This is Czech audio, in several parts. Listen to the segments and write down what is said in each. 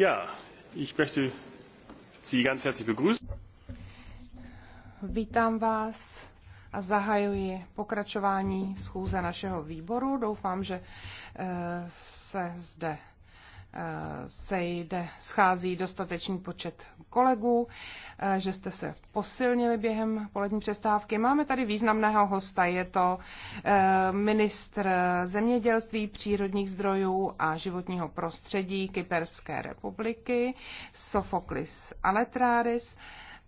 Ja, ich möchte Sie ganz herzlich begrüßen. Vítám vás a zahajuji pokračování schůze našeho výboru. Doufám, že eh, se zde se jde schází dostatečný počet kolegů, eh, že jste se posilnili během polední přestávky. Máme tady významného hosta, je to eh, ministr zemědělství, přírodních zdrojů a životního prostředí Kyperské republiky, Sofoklis Aletráris.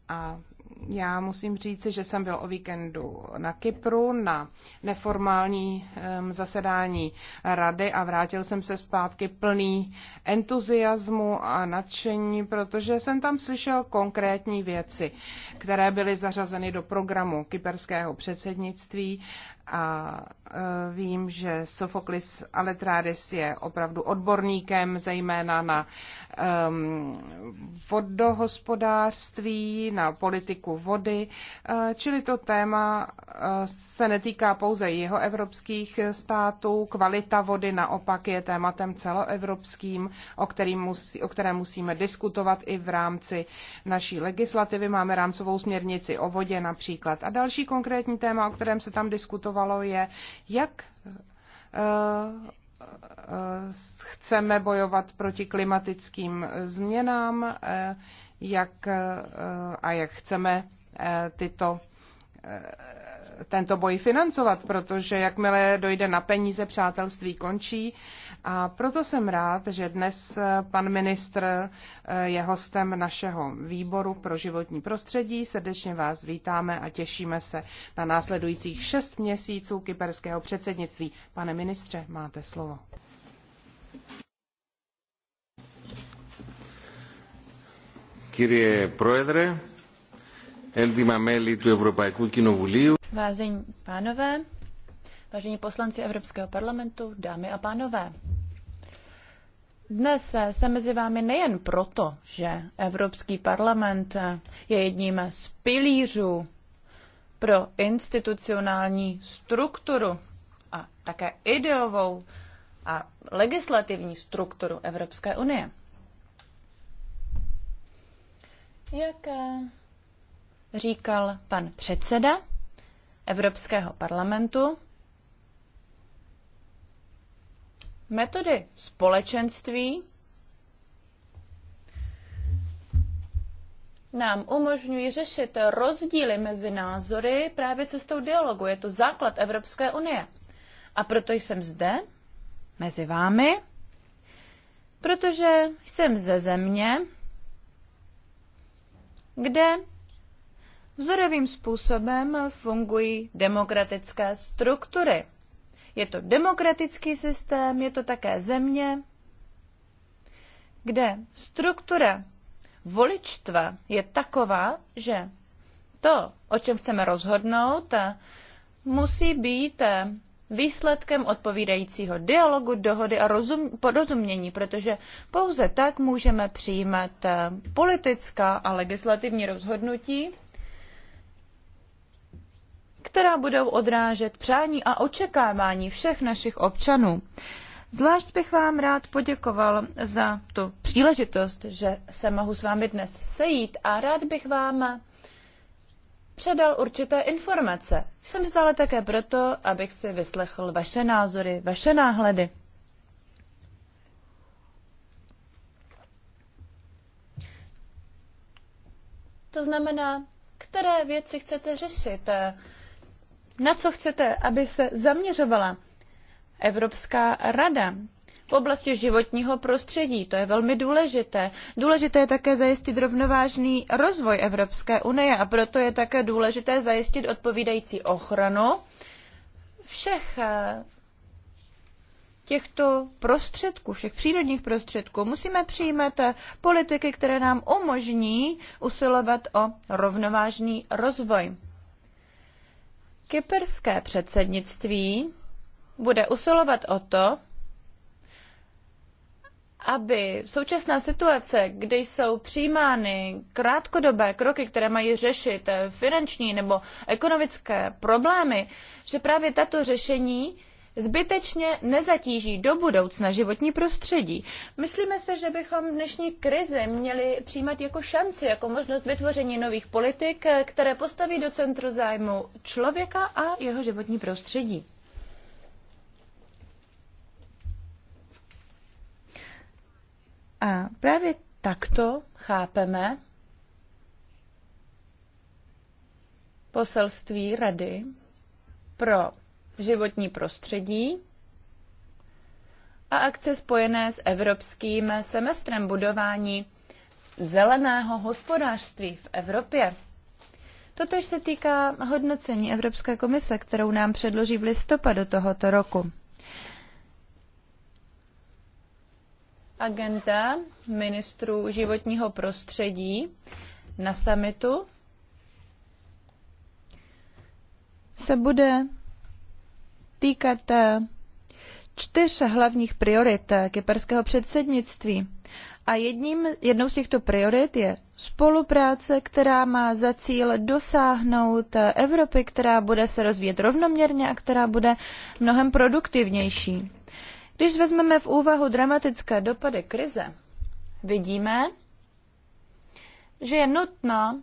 A já musím říct, že jsem byl o víkendu na Kypru na neformální zasedání rady a vrátil jsem se zpátky plný entuziasmu a nadšení, protože jsem tam slyšel konkrétní věci, které byly zařazeny do programu kyperského předsednictví a e, vím, že Sofoklis Aletrades je opravdu odborníkem, zejména na vodohospodářství, na politiku vody, e, čili to téma e, se netýká pouze jeho evropských států. Kvalita vody naopak je tématem celoevropským, o, kterým musí, o kterém musíme diskutovat i v rámci naší legislativy. Máme rámcovou směrnici o vodě například. A další konkrétní téma, o kterém se tam diskutovalo, diskutovalo, je, jak eh, eh, chceme bojovat proti klimatickým změnám eh, jak, a jak chceme tyto tento boj financovat, protože jakmile dojde na peníze, přátelství končí. A proto jsem rád, že dnes eh, pan ministr eh, je hostem našeho výboru pro životní prostředí. Srdečně vás vítáme a těšíme se na následujících šest měsíců kyperského předsednictví. Pane ministře, máte slovo. Kyrie Proedre, μέλη του Ευρωπαϊκού Κοινοβουλίου. Vážení pánové, vážení poslanci Evropského parlamentu, dámy a pánové. Dnes jsem mezi vámi nejen proto, že Evropský parlament je jedním z pilířů pro institucionální strukturu a také ideovou a legislativní strukturu Evropské unie. Jak eh, říkal pan předseda Evropského parlamentu, metody společenství nám umožňují řešit rozdíly mezi názory právě cestou dialogu. Je to základ Evropské unie. A proto jsem zde, mezi vámi, protože jsem ze země, kde vzorovým způsobem fungují demokratické struktury. Je to demokratický systém, je to také země, kde struktura voličstva je taková, že to, o čem chceme rozhodnout, musí být výsledkem odpovídajícího dialogu, dohody a rozum, porozumění, protože pouze tak můžeme přijímat politická a legislativní rozhodnutí, která budou odrážet přání a očekávání všech našich občanů. Zvlášť bych vám rád poděkoval za tu příležitost, že se mohu s vámi dnes sejít a rád bych vám předal určité informace. Jsem zde také proto, abych si vyslechl vaše názory, vaše náhledy. To znamená, které věci chcete řešit, na co chcete, aby se zaměřovala Evropská rada v oblasti životního prostředí. To je velmi důležité. Důležité je také zajistit rovnovážný rozvoj Evropské unie a proto je také důležité zajistit odpovídající ochranu všech eh, těchto prostředků, všech přírodních prostředků, musíme přijímat eh, politiky, které nám umožní usilovat o rovnovážný rozvoj. Kyperské předsednictví bude usilovat o to, aby současná situace, kdy jsou přijímány krátkodobé kroky, které mají řešit finanční nebo ekonomické problémy, že právě tato řešení zbytečně nezatíží do budoucna životní prostředí. Myslíme se, že bychom dnešní krizi měli přijímat jako šanci, jako možnost vytvoření nových politik, které postaví do centru zájmu člověka a jeho životní prostředí. A právě takto chápeme poselství Rady pro v životní prostředí a akce spojené s evropským semestrem budování zeleného hospodářství v Evropě. Totež se týká hodnocení Evropské komise, kterou nám předloží v listopadu tohoto roku. Agenda ministrů životního prostředí na summitu se bude týkat eh, čtyř hlavních priorit eh, kyperského předsednictví. A jedním, jednou z těchto priorit je spolupráce, která má za cíl dosáhnout eh, Evropy, která bude se rozvíjet rovnoměrně a která bude mnohem produktivnější. Když vezmeme v úvahu dramatické dopady krize, vidíme, že je nutno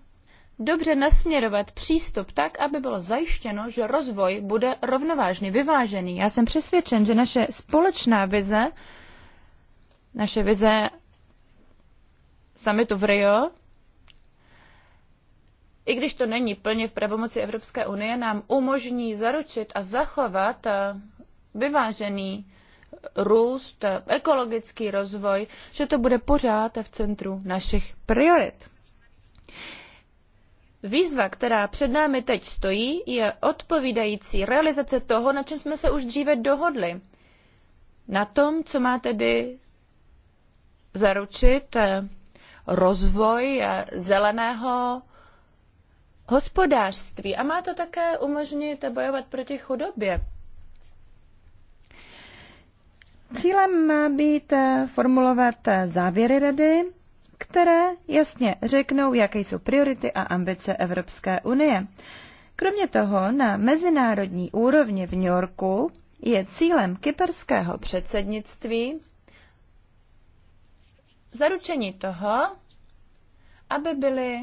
dobře nasměrovat přístup tak, aby bylo zajištěno, že rozvoj bude rovnovážný, vyvážený. Já jsem přesvědčen, že naše společná vize, naše vize summitu v Rio, i když to není plně v pravomoci Evropské unie, nám umožní zaručit a zachovat eh, vyvážený růst, eh, ekologický rozvoj, že to bude pořád v centru našich priorit. Výzva, která před námi teď stojí, je odpovídající realizace toho, na čem jsme se už dříve dohodli. Na tom, co má tedy zaručit eh, rozvoj eh, zeleného hospodářství a má to také umožnit bojovat proti chudobě. Cílem má být eh, formulovat závěry rady které jasně řeknou, jaké jsou priority a ambice Evropské unie. Kromě toho na mezinárodní úrovni v New Yorku je cílem kyperského předsednictví zaručení toho, aby byly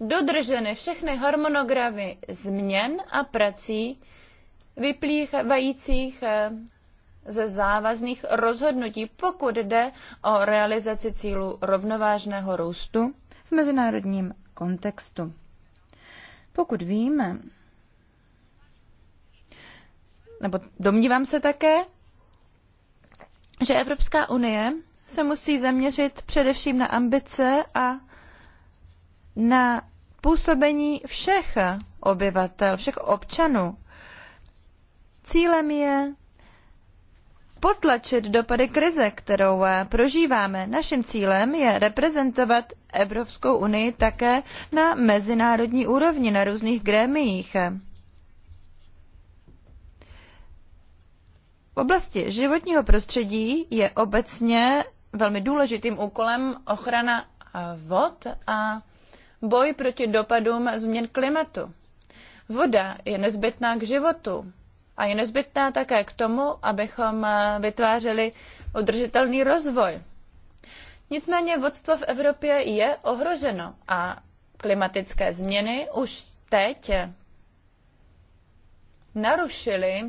dodrženy všechny harmonogramy změn a prací vyplývajících eh, ze závazných rozhodnutí, pokud jde o realizaci cílu rovnovážného růstu v mezinárodním kontextu. Pokud víme, nebo domnívám se také, že Evropská unie se musí zaměřit především na ambice a na působení všech obyvatel, všech občanů. Cílem je potlačit dopady krize, kterou eh, prožíváme. Naším cílem je reprezentovat Evropskou unii také na mezinárodní úrovni, na různých grémiích. V oblasti životního prostředí je obecně velmi důležitým úkolem ochrana eh, vod a boj proti dopadům změn klimatu. Voda je nezbytná k životu a je nezbytná také k tomu, abychom eh, vytvářeli udržitelný rozvoj. Nicméně vodstvo v Evropě je ohroženo a klimatické změny už teď narušily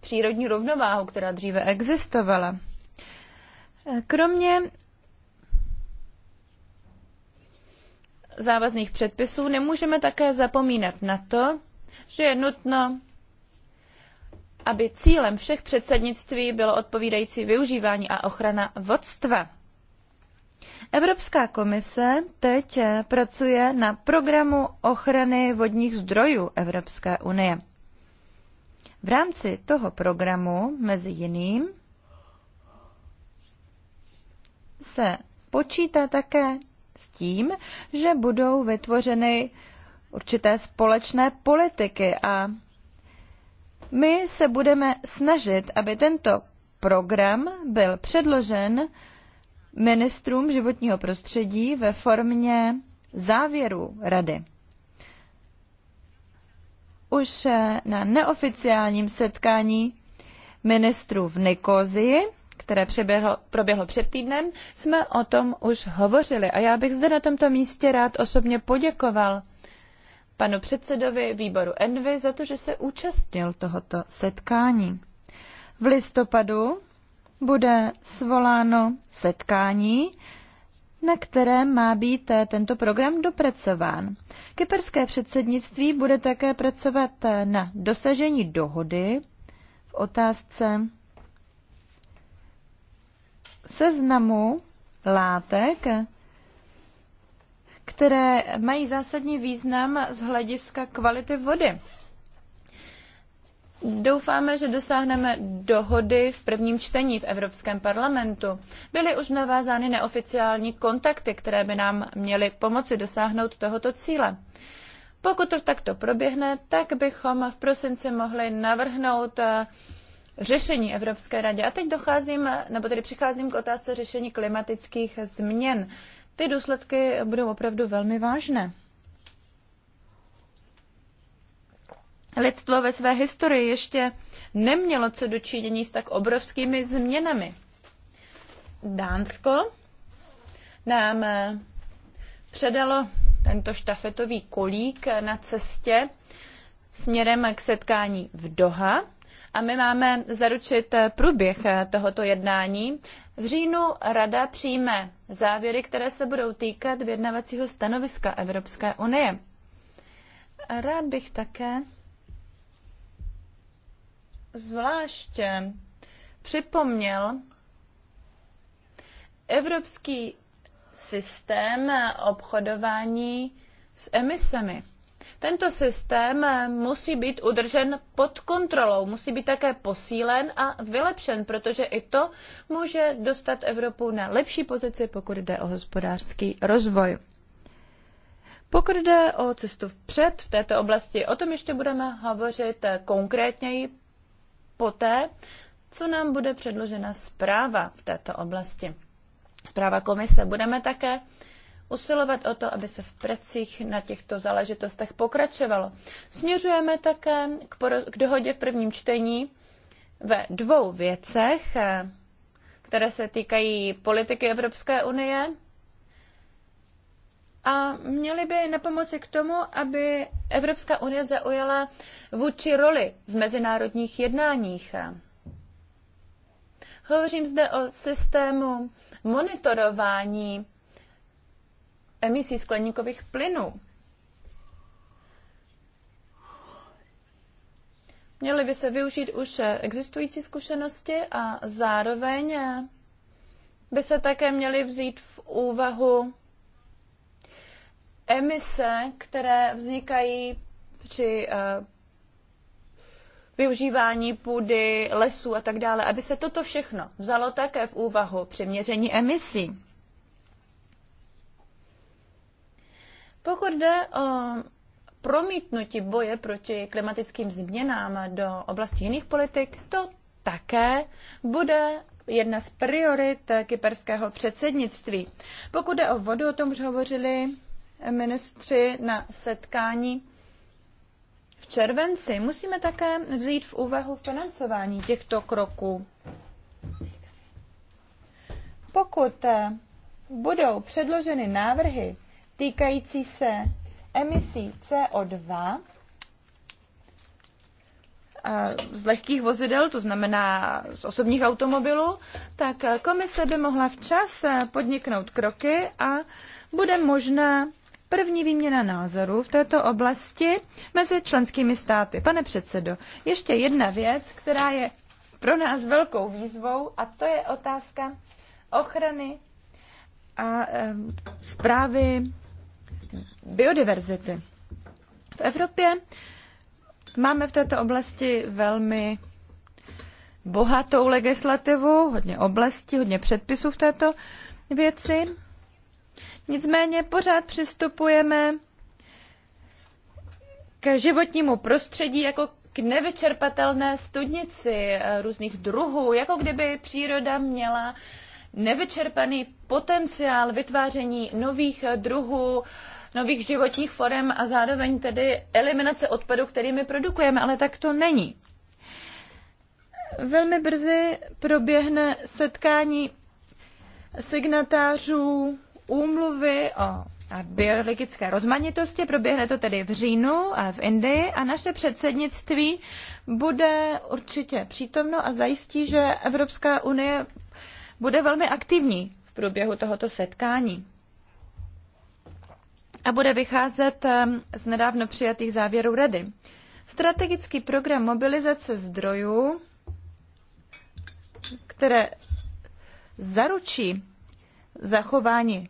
přírodní rovnováhu, která dříve existovala. Kromě závazných předpisů nemůžeme také zapomínat na to, že je nutno aby cílem všech předsednictví bylo odpovídající využívání a ochrana vodstva. Evropská komise teď pracuje na programu ochrany vodních zdrojů Evropské unie. V rámci toho programu mezi jiným se počítá také s tím, že budou vytvořeny určité společné politiky a my se budeme snažit, aby tento program byl předložen ministrům životního prostředí ve formě závěru rady. Už na neoficiálním setkání ministrů v Nikozii, které přeběhlo, proběhlo před týdnem, jsme o tom už hovořili a já bych zde na tomto místě rád osobně poděkoval panu předsedovi výboru Envy za to, že se účastnil tohoto setkání. V listopadu bude svoláno setkání, na kterém má být tento program dopracován. Kyperské předsednictví bude také pracovat na dosažení dohody v otázce seznamu látek, které mají zásadní význam z hlediska kvality vody. Doufáme, že dosáhneme dohody v prvním čtení v Evropském parlamentu. Byly už navázány neoficiální kontakty, které by nám měly pomoci dosáhnout tohoto cíle. Pokud to takto proběhne, tak bychom v prosinci mohli navrhnout eh, řešení Evropské radě. A teď docházím, nebo tedy přicházím k otázce řešení klimatických změn. Ty důsledky budou opravdu velmi vážné. Lidstvo ve své historii ještě nemělo co dočinění s tak obrovskými změnami. Dánsko nám eh, předalo tento štafetový kolík na cestě směrem k setkání v Doha. A my máme zaručit eh, průběh eh, tohoto jednání v říjnu Rada přijme závěry, které se budou týkat vyjednavacího stanoviska Evropské unie. rád bych také zvláště připomněl evropský systém obchodování s emisemi. Tento systém musí být udržen pod kontrolou, musí být také posílen a vylepšen, protože i to může dostat Evropu na lepší pozici, pokud jde o hospodářský rozvoj. Pokud jde o cestu vpřed v této oblasti, o tom ještě budeme hovořit konkrétněji poté, co nám bude předložena zpráva v této oblasti. Zpráva komise. Budeme také usilovat o to, aby se v pracích na těchto záležitostech pokračovalo. Směřujeme také k, k dohodě v prvním čtení ve dvou věcech, eh, které se týkají politiky Evropské unie a měly by na pomoci k tomu, aby Evropská unie zaujala vůči roli v mezinárodních jednáních. Hovořím zde o systému monitorování emisí skleníkových plynů. Měly by se využít už existující zkušenosti a zároveň by se také měly vzít v úvahu emise, které vznikají při eh, využívání půdy, lesů a tak dále, aby se toto všechno vzalo také v úvahu při měření emisí. Pokud jde o promítnutí boje proti klimatickým změnám do oblasti jiných politik, to také bude jedna z priorit kyperského předsednictví. Pokud jde o vodu, o tom už hovořili ministři na setkání v červenci. Musíme také vzít v úvahu financování těchto kroků. Pokud eh, budou předloženy návrhy týkající se emisí CO2 z lehkých vozidel, to znamená z osobních automobilů, tak komise by mohla včas podniknout kroky a bude možná první výměna názorů v této oblasti mezi členskými státy. Pane předsedo, ještě jedna věc, která je pro nás velkou výzvou, a to je otázka ochrany a e, zprávy biodiverzity. V Evropě máme v této oblasti velmi bohatou legislativu, hodně oblastí, hodně předpisů v této věci. Nicméně pořád přistupujeme k životnímu prostředí jako k nevyčerpatelné studnici eh, různých druhů, jako kdyby příroda měla nevyčerpaný potenciál vytváření nových druhů, nových životních forem a zároveň tedy eliminace odpadu, který my produkujeme, ale tak to není. Velmi brzy proběhne setkání signatářů úmluvy o biologické rozmanitosti. Proběhne to tedy v říjnu a v Indii a naše předsednictví bude určitě přítomno a zajistí, že Evropská unie bude velmi aktivní v průběhu tohoto setkání a bude vycházet z nedávno přijatých závěrů Rady. Strategický program mobilizace zdrojů, které zaručí zachování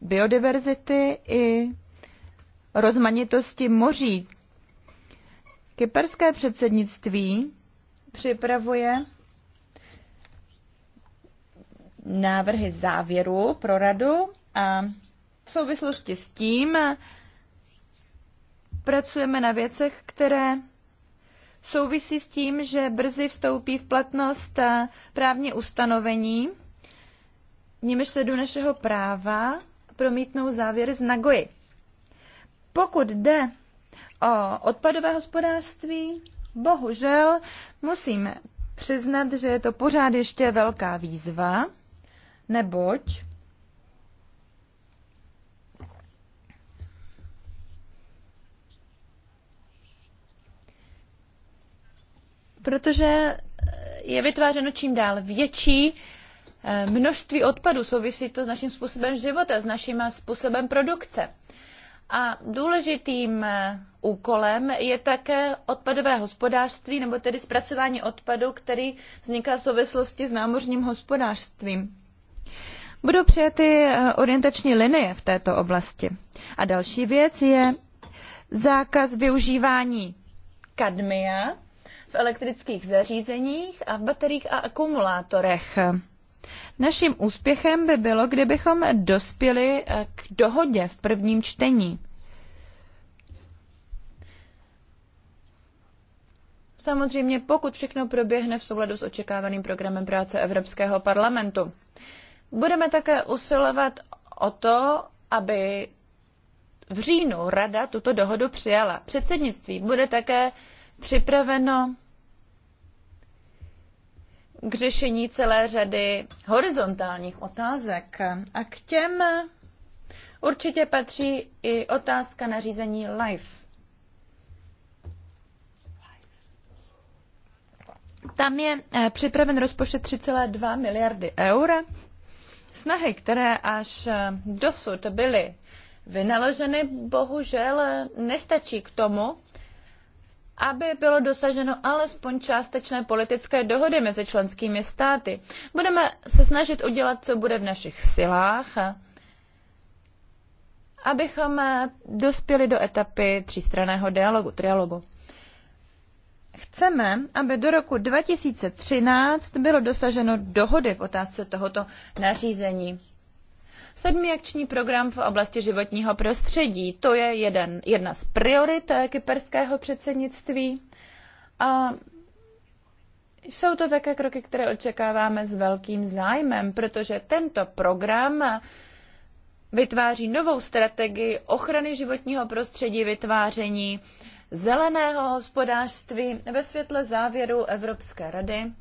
biodiverzity i rozmanitosti moří. Kyperské předsednictví připravuje návrhy závěru pro radu a v souvislosti s tím pracujeme na věcech, které souvisí s tím, že brzy vstoupí v platnost právní ustanovení, nimiž se do našeho práva promítnou závěry z Nagoji. Pokud jde o odpadové hospodářství, bohužel musím přiznat, že je to pořád ještě velká výzva, neboť protože eh, je vytvářeno čím dál větší eh, množství odpadu. Souvisí to s naším způsobem života, s naším eh, způsobem produkce. A důležitým úkolem je také odpadové hospodářství, nebo tedy zpracování odpadu, který vzniká v souvislosti s námořním hospodářstvím. Budou přijaty orientační linie v této oblasti. A další věc je zákaz využívání kadmia v elektrických zařízeních a v bateriích a akumulátorech. Naším úspěchem by bylo, kdybychom dospěli eh, k dohodě v prvním čtení. Samozřejmě, pokud všechno proběhne v souladu s očekávaným programem práce Evropského parlamentu. Budeme také usilovat o to, aby v říjnu Rada tuto dohodu přijala. Předsednictví bude také připraveno k řešení celé řady horizontálních otázek. A k těm určitě patří i otázka nařízení LIFE. Tam je eh, připraven rozpočet 3,2 miliardy eur. Snahy, které až eh, dosud byly vynaloženy, bohužel eh, nestačí k tomu, aby bylo dosaženo alespoň částečné politické dohody mezi členskými státy. Budeme se snažit udělat, co bude v našich silách, abychom eh, dospěli do etapy třístraného dialogu, trialogu. Chceme, aby do roku 2013 bylo dosaženo dohody v otázce tohoto nařízení sedmý akční program v oblasti životního prostředí, to je jeden, jedna z priorit kyperského předsednictví. A jsou to také kroky, které očekáváme s velkým zájmem, protože tento program vytváří novou strategii ochrany životního prostředí, vytváření zeleného hospodářství ve světle závěru Evropské rady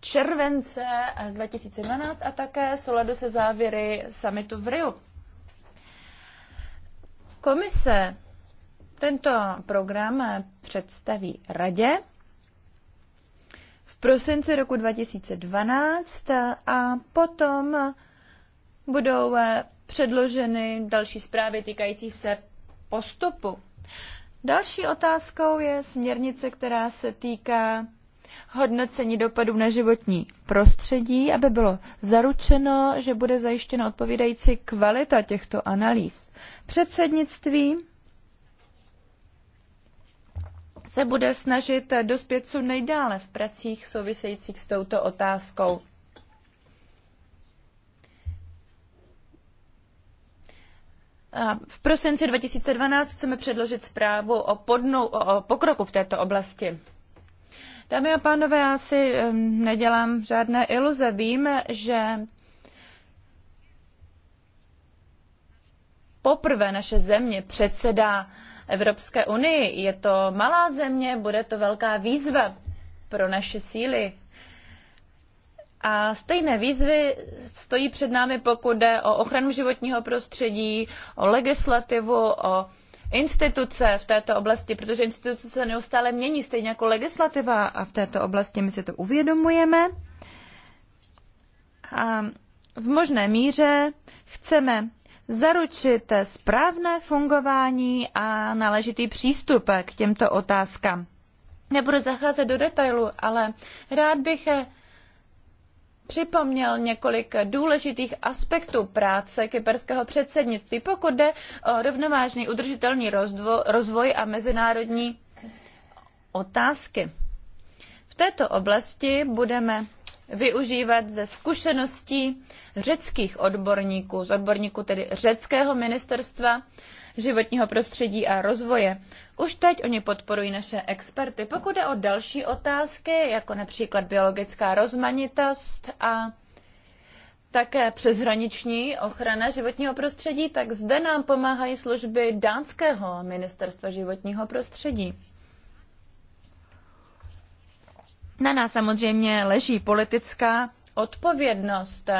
července 2012 a také souladu se závěry summitu v Riu. Komise tento program představí radě v prosinci roku 2012 a potom budou předloženy další zprávy týkající se postupu. Další otázkou je směrnice, která se týká hodnocení dopadů na životní prostředí, aby bylo zaručeno, že bude zajištěna odpovídající kvalita těchto analýz. Předsednictví se bude snažit dospět co nejdále v pracích souvisejících s touto otázkou. v prosinci 2012 chceme předložit zprávu o, podnou, o pokroku v této oblasti. Dámy a pánové, já si nedělám žádné iluze. Vím, že poprvé naše země předsedá Evropské unii. Je to malá země, bude to velká výzva pro naše síly. A stejné výzvy stojí před námi, pokud jde o ochranu životního prostředí, o legislativu, o instituce v této oblasti, protože instituce se neustále mění, stejně jako legislativa a v této oblasti my si to uvědomujeme. A v možné míře chceme zaručit správné fungování a náležitý přístup k těmto otázkám. Nebudu zacházet do detailu, ale rád bych připomněl několik důležitých aspektů práce kyperského předsednictví, pokud jde o rovnovážný udržitelný rozvoj a mezinárodní otázky. V této oblasti budeme využívat ze zkušeností řeckých odborníků, z odborníků tedy řeckého ministerstva životního prostředí a rozvoje. Už teď oni podporují naše experty. Pokud jde o další otázky, jako například biologická rozmanitost a také přeshraniční ochrana životního prostředí, tak zde nám pomáhají služby dánského ministerstva životního prostředí. Na nás samozřejmě leží politická odpovědnost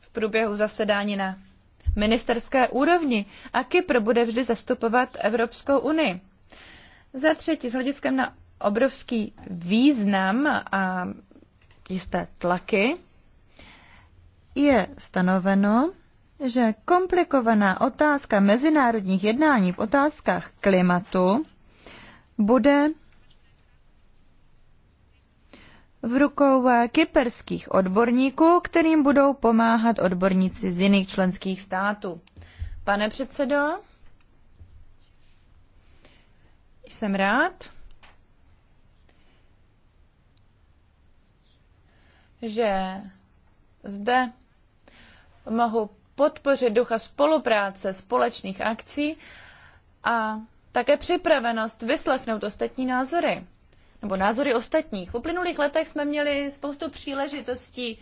v průběhu zasedání na ministerské úrovni a Kypr bude vždy zastupovat Evropskou unii. Za třetí, s hlediskem na obrovský význam a jisté tlaky, je stanoveno, že komplikovaná otázka mezinárodních jednání v otázkách klimatu bude v rukou eh, kyperských odborníků, kterým budou pomáhat odborníci z jiných členských států. Pane předsedo, jsem rád, že zde mohu podpořit ducha spolupráce, společných akcí a také připravenost vyslechnout ostatní názory nebo názory ostatních. V uplynulých letech jsme měli spoustu příležitostí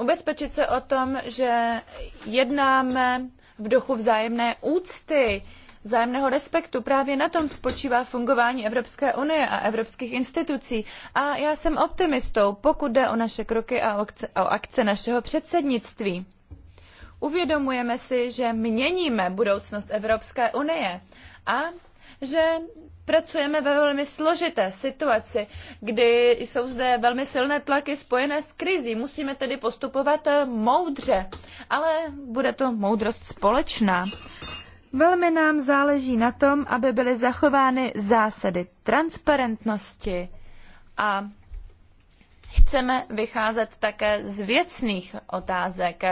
ubezpečit se o tom, že jednáme v duchu vzájemné úcty, vzájemného respektu. Právě na tom spočívá fungování Evropské unie a evropských institucí. A já jsem optimistou, pokud jde o naše kroky a o akce našeho předsednictví. Uvědomujeme si, že měníme budoucnost Evropské unie a že pracujeme ve velmi složité situaci, kdy jsou zde velmi silné tlaky spojené s krizí. Musíme tedy postupovat eh, moudře, ale bude to moudrost společná. Velmi nám záleží na tom, aby byly zachovány zásady transparentnosti a chceme vycházet také z věcných otázek.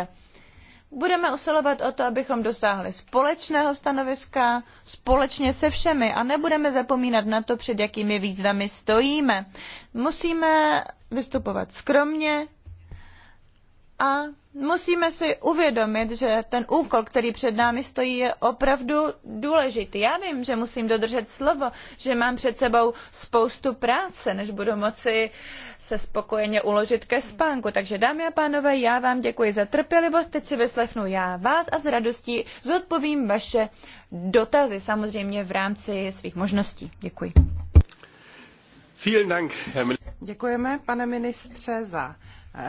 Budeme usilovat o to, abychom dosáhli společného stanoviska společně se všemi a nebudeme zapomínat na to, před jakými výzvami stojíme. Musíme vystupovat skromně, a musíme si uvědomit, že ten úkol, který před námi stojí, je opravdu důležitý. Já vím, že musím dodržet slovo, že mám před sebou spoustu práce, než budu moci se spokojeně uložit ke spánku. Takže dámy a pánové, já vám děkuji za trpělivost, teď si vyslechnu já vás a s radostí zodpovím vaše dotazy, samozřejmě v rámci svých možností. Děkuji. Děkujeme, pane ministře, za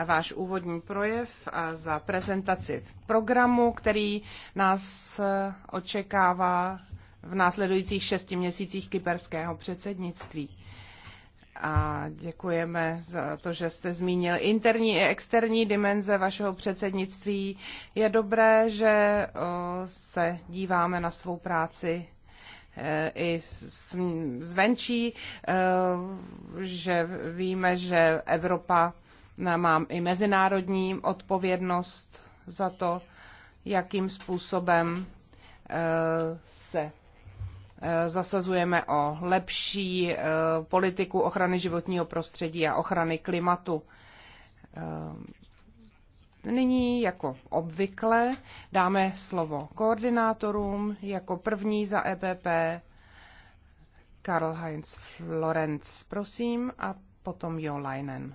váš úvodní projev a za prezentaci programu, který nás eh, očekává v následujících šesti měsících kyperského předsednictví. A děkujeme za to, že jste zmínil interní i externí dimenze vašeho předsednictví. Je dobré, že se díváme na svou práci eh, i zvenčí, eh, že víme, že Evropa mám i mezinárodní odpovědnost za to, jakým způsobem eh, se eh, zasazujeme o lepší eh, politiku ochrany životního prostředí a ochrany klimatu. Nyní, jako obvykle, dáme slovo koordinátorům. Jako první za EPP Karl-Heinz Florenz, prosím, a potom Jo Leinen.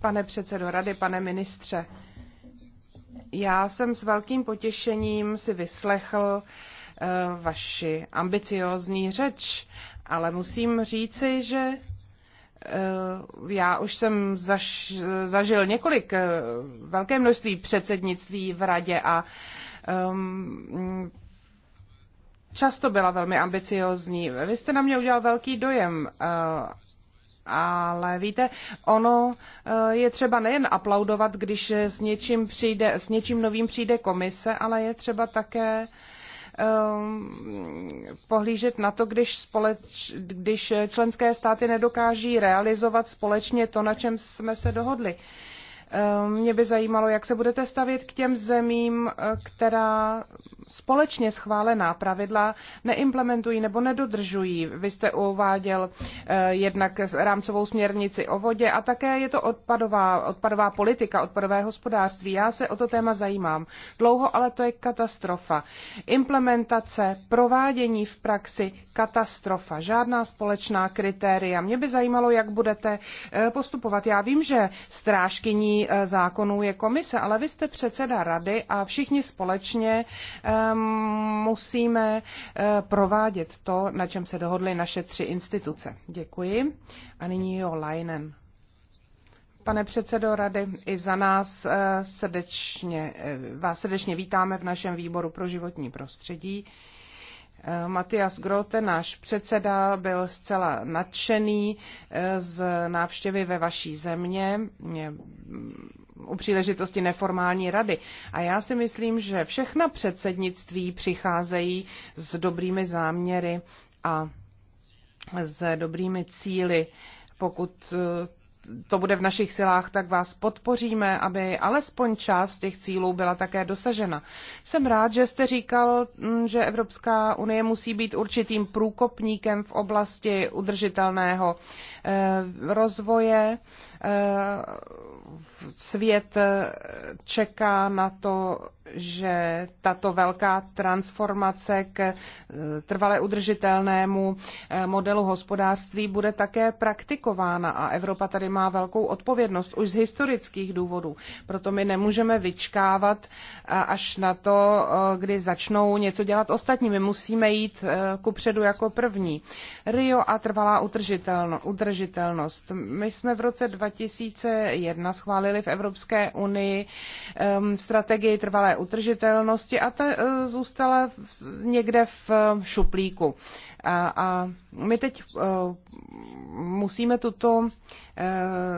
Pane předsedo rady, pane ministře, já jsem s velkým potěšením si vyslechl eh, vaši ambiciózní řeč, ale musím říci, že eh, já už jsem zaž, zažil několik eh, velké množství předsednictví v radě a um, často byla velmi ambiciózní. Vy jste na mě udělal velký dojem ale víte, ono eh, je třeba nejen aplaudovat, když s něčím, přijde, s něčím novým přijde komise, ale je třeba také ehm, pohlížet na to, když, společ, když členské státy nedokáží realizovat společně to, na čem jsme se dohodli. Eh, mě by zajímalo, jak se budete stavět k těm zemím, eh, která společně schválená pravidla neimplementují nebo nedodržují. Vy jste uváděl eh, jednak rámcovou směrnici o vodě a také je to odpadová, odpadová politika, odpadové hospodářství. Já se o to téma zajímám. Dlouho, ale to je katastrofa. Implementace, provádění v praxi, katastrofa. Žádná společná kritéria. Mě by zajímalo, jak budete postupovat. Já vím, že strážkyní Eh, zákonů je komise, ale vy jste předseda rady a všichni společně ehm, musíme eh, provádět to, na čem se dohodly naše tři instituce. Děkuji. A nyní jo, Leinen. Pane předsedo rady, i za nás eh, srdečně, vás srdečně vítáme v našem výboru pro životní prostředí. Eh, Matias Grote, náš předseda, byl zcela nadšený eh, z návštěvy ve vaší země eh, u příležitosti neformální rady. A já si myslím, že všechna předsednictví přicházejí s dobrými záměry a s dobrými cíly, pokud to bude v našich silách, tak vás podpoříme, aby alespoň část těch cílů byla také dosažena. Jsem rád, že jste říkal, mm, že Evropská unie musí být určitým průkopníkem v oblasti udržitelného eh, rozvoje. Eh, svět eh, čeká na to, že tato velká transformace k eh, trvale udržitelnému eh, modelu hospodářství bude také praktikována a Evropa tady má velkou odpovědnost už z historických důvodů. Proto my nemůžeme vyčkávat eh, až na to, kdy začnou něco dělat ostatní. My musíme jít kupředu jako první. Rio a trvalá udržitelnost. My jsme v roce 2001 schválili v Evropské unii ehm, strategii trvalé udržitelnosti utržitelnosti a ta eh, zůstala někde v eh, šuplíku. A, a my teď eh, musíme tuto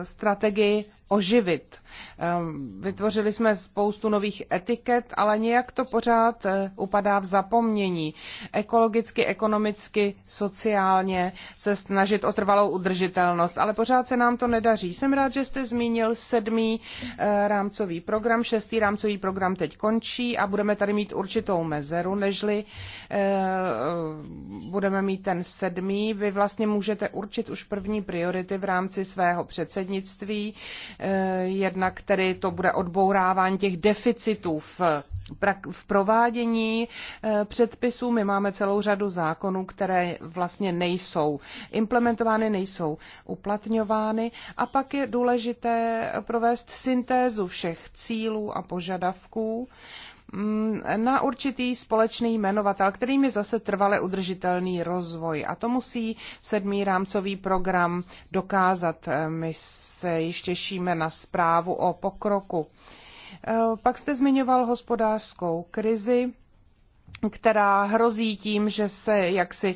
strategii oživit. Ehm, vytvořili jsme spoustu nových etiket, ale nějak to pořád eh, upadá v zapomnění. Ekologicky, ekonomicky, sociálně se snažit o trvalou udržitelnost, ale pořád se nám to nedaří. Jsem rád, že jste zmínil sedmý eh, rámcový program, šestý rámcový program teď končí a budeme tady mít určitou mezeru, nežli eh, budeme mít ten sedmý. Vy vlastně můžete určit už první priority v rámci svého předsednictví. Jedna na který to bude odbourávání těch deficitů v v provádění eh, předpisů my máme celou řadu zákonů, které vlastně nejsou implementovány, nejsou uplatňovány. A pak je důležité provést syntézu všech cílů a požadavků Mm, na určitý společný jmenovatel, kterým je zase trvale udržitelný rozvoj. A to musí sedmý rámcový program dokázat. Eh, my se již těšíme na zprávu o pokroku. Eh, pak jste zmiňoval hospodářskou krizi která hrozí tím, že se jaksi,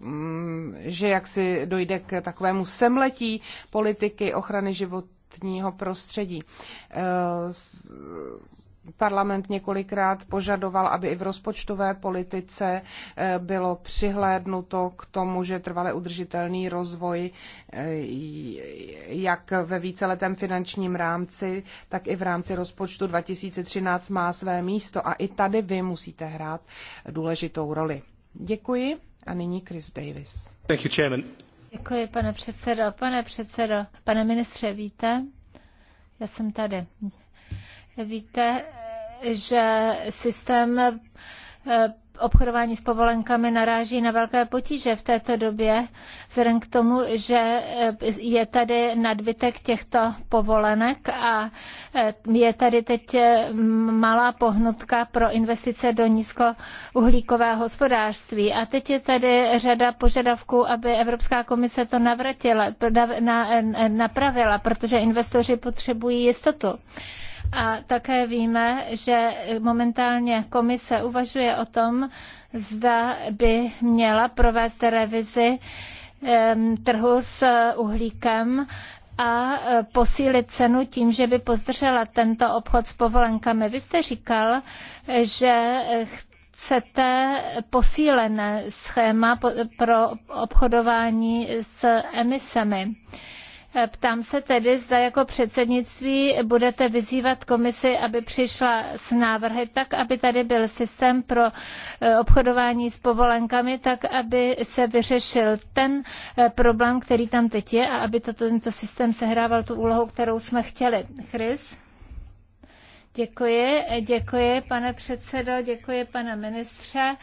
mm, že jaksi dojde k takovému semletí politiky ochrany životního prostředí. Eh, Parlament několikrát požadoval, aby i v rozpočtové politice eh, bylo přihlédnuto k tomu, že trvale udržitelný rozvoj eh, jak ve víceletém finančním rámci, tak i v rámci rozpočtu 2013 má své místo a i tady vy musíte hrát důležitou roli. Děkuji a nyní Chris Davis. Thank you, chairman. Děkuji, pane předsedo. Pane předsedo, pane ministře, víte, já jsem tady. Víte, že systém eh, obchodování s povolenkami naráží na velké potíže v této době, vzhledem k tomu, že eh, je tady nadbytek těchto povolenek a eh, je tady teď malá pohnutka pro investice do nízkouhlíkového hospodářství. A teď je tady řada požadavků, aby Evropská komise to navratila, napravila, protože investoři potřebují jistotu. A také víme, že momentálně komise uvažuje o tom, zda by měla provést revizi trhu s uhlíkem a e, posílit cenu tím, že by pozdržela tento obchod s povolenkami. Vy jste říkal, že chcete posílené schéma pro obchodování s emisemi. Ptám se tedy, zda jako předsednictví budete vyzývat komisi, aby přišla s návrhy tak, aby tady byl systém pro e, obchodování s povolenkami, tak, aby se vyřešil ten e, problém, který tam teď je a aby to, tento systém sehrával tu úlohu, kterou jsme chtěli. Chris? Děkuji, e, děkuji pane předsedo, děkuji pane ministře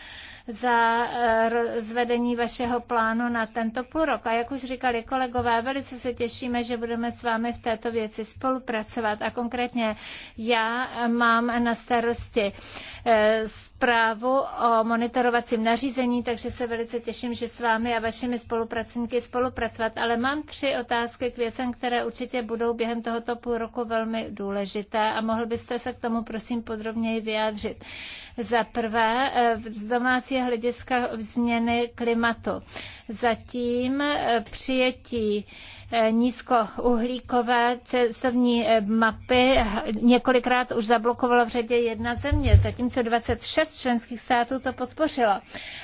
za eh, zvedení vašeho plánu na tento rok. A jak už říkali kolegové, velice se těšíme, že budeme s vámi v této věci spolupracovat. A konkrétně já mám na starosti eh, zprávu o monitorovacím nařízení, takže se velice těším, že s vámi a vašimi spolupracníky spolupracovat. Ale mám tři otázky k věcem, které určitě budou během tohoto půl roku velmi důležité a mohl byste se k tomu prosím podrobněji vyjádřit. Za prvé, eh, z domácí je hlediska změny klimatu. Zatím eh, přijetí nízkouhlíkové cestovní eh, mapy několikrát už zablokovala v řadě jedna země, zatímco 26 členských států to podpořilo.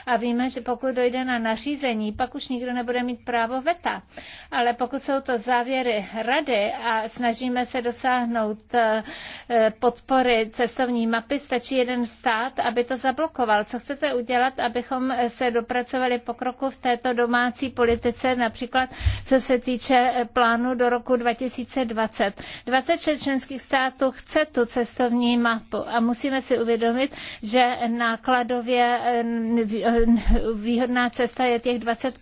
A víme, že pokud dojde na nařízení, pak už nikdo nebude mít právo veta. Ale pokud jsou to závěry rady a snažíme se dosáhnout eh, podpory cestovní mapy, stačí jeden stát, aby to zablokoval. Co chcete udělat, abychom se dopracovali pokroku v této domácí politice, například co se týče týče eh, plánu do roku 2020. 26 členských států chce tu cestovní mapu a musíme si uvědomit, že nákladově eh, eh, výhodná cesta je těch 20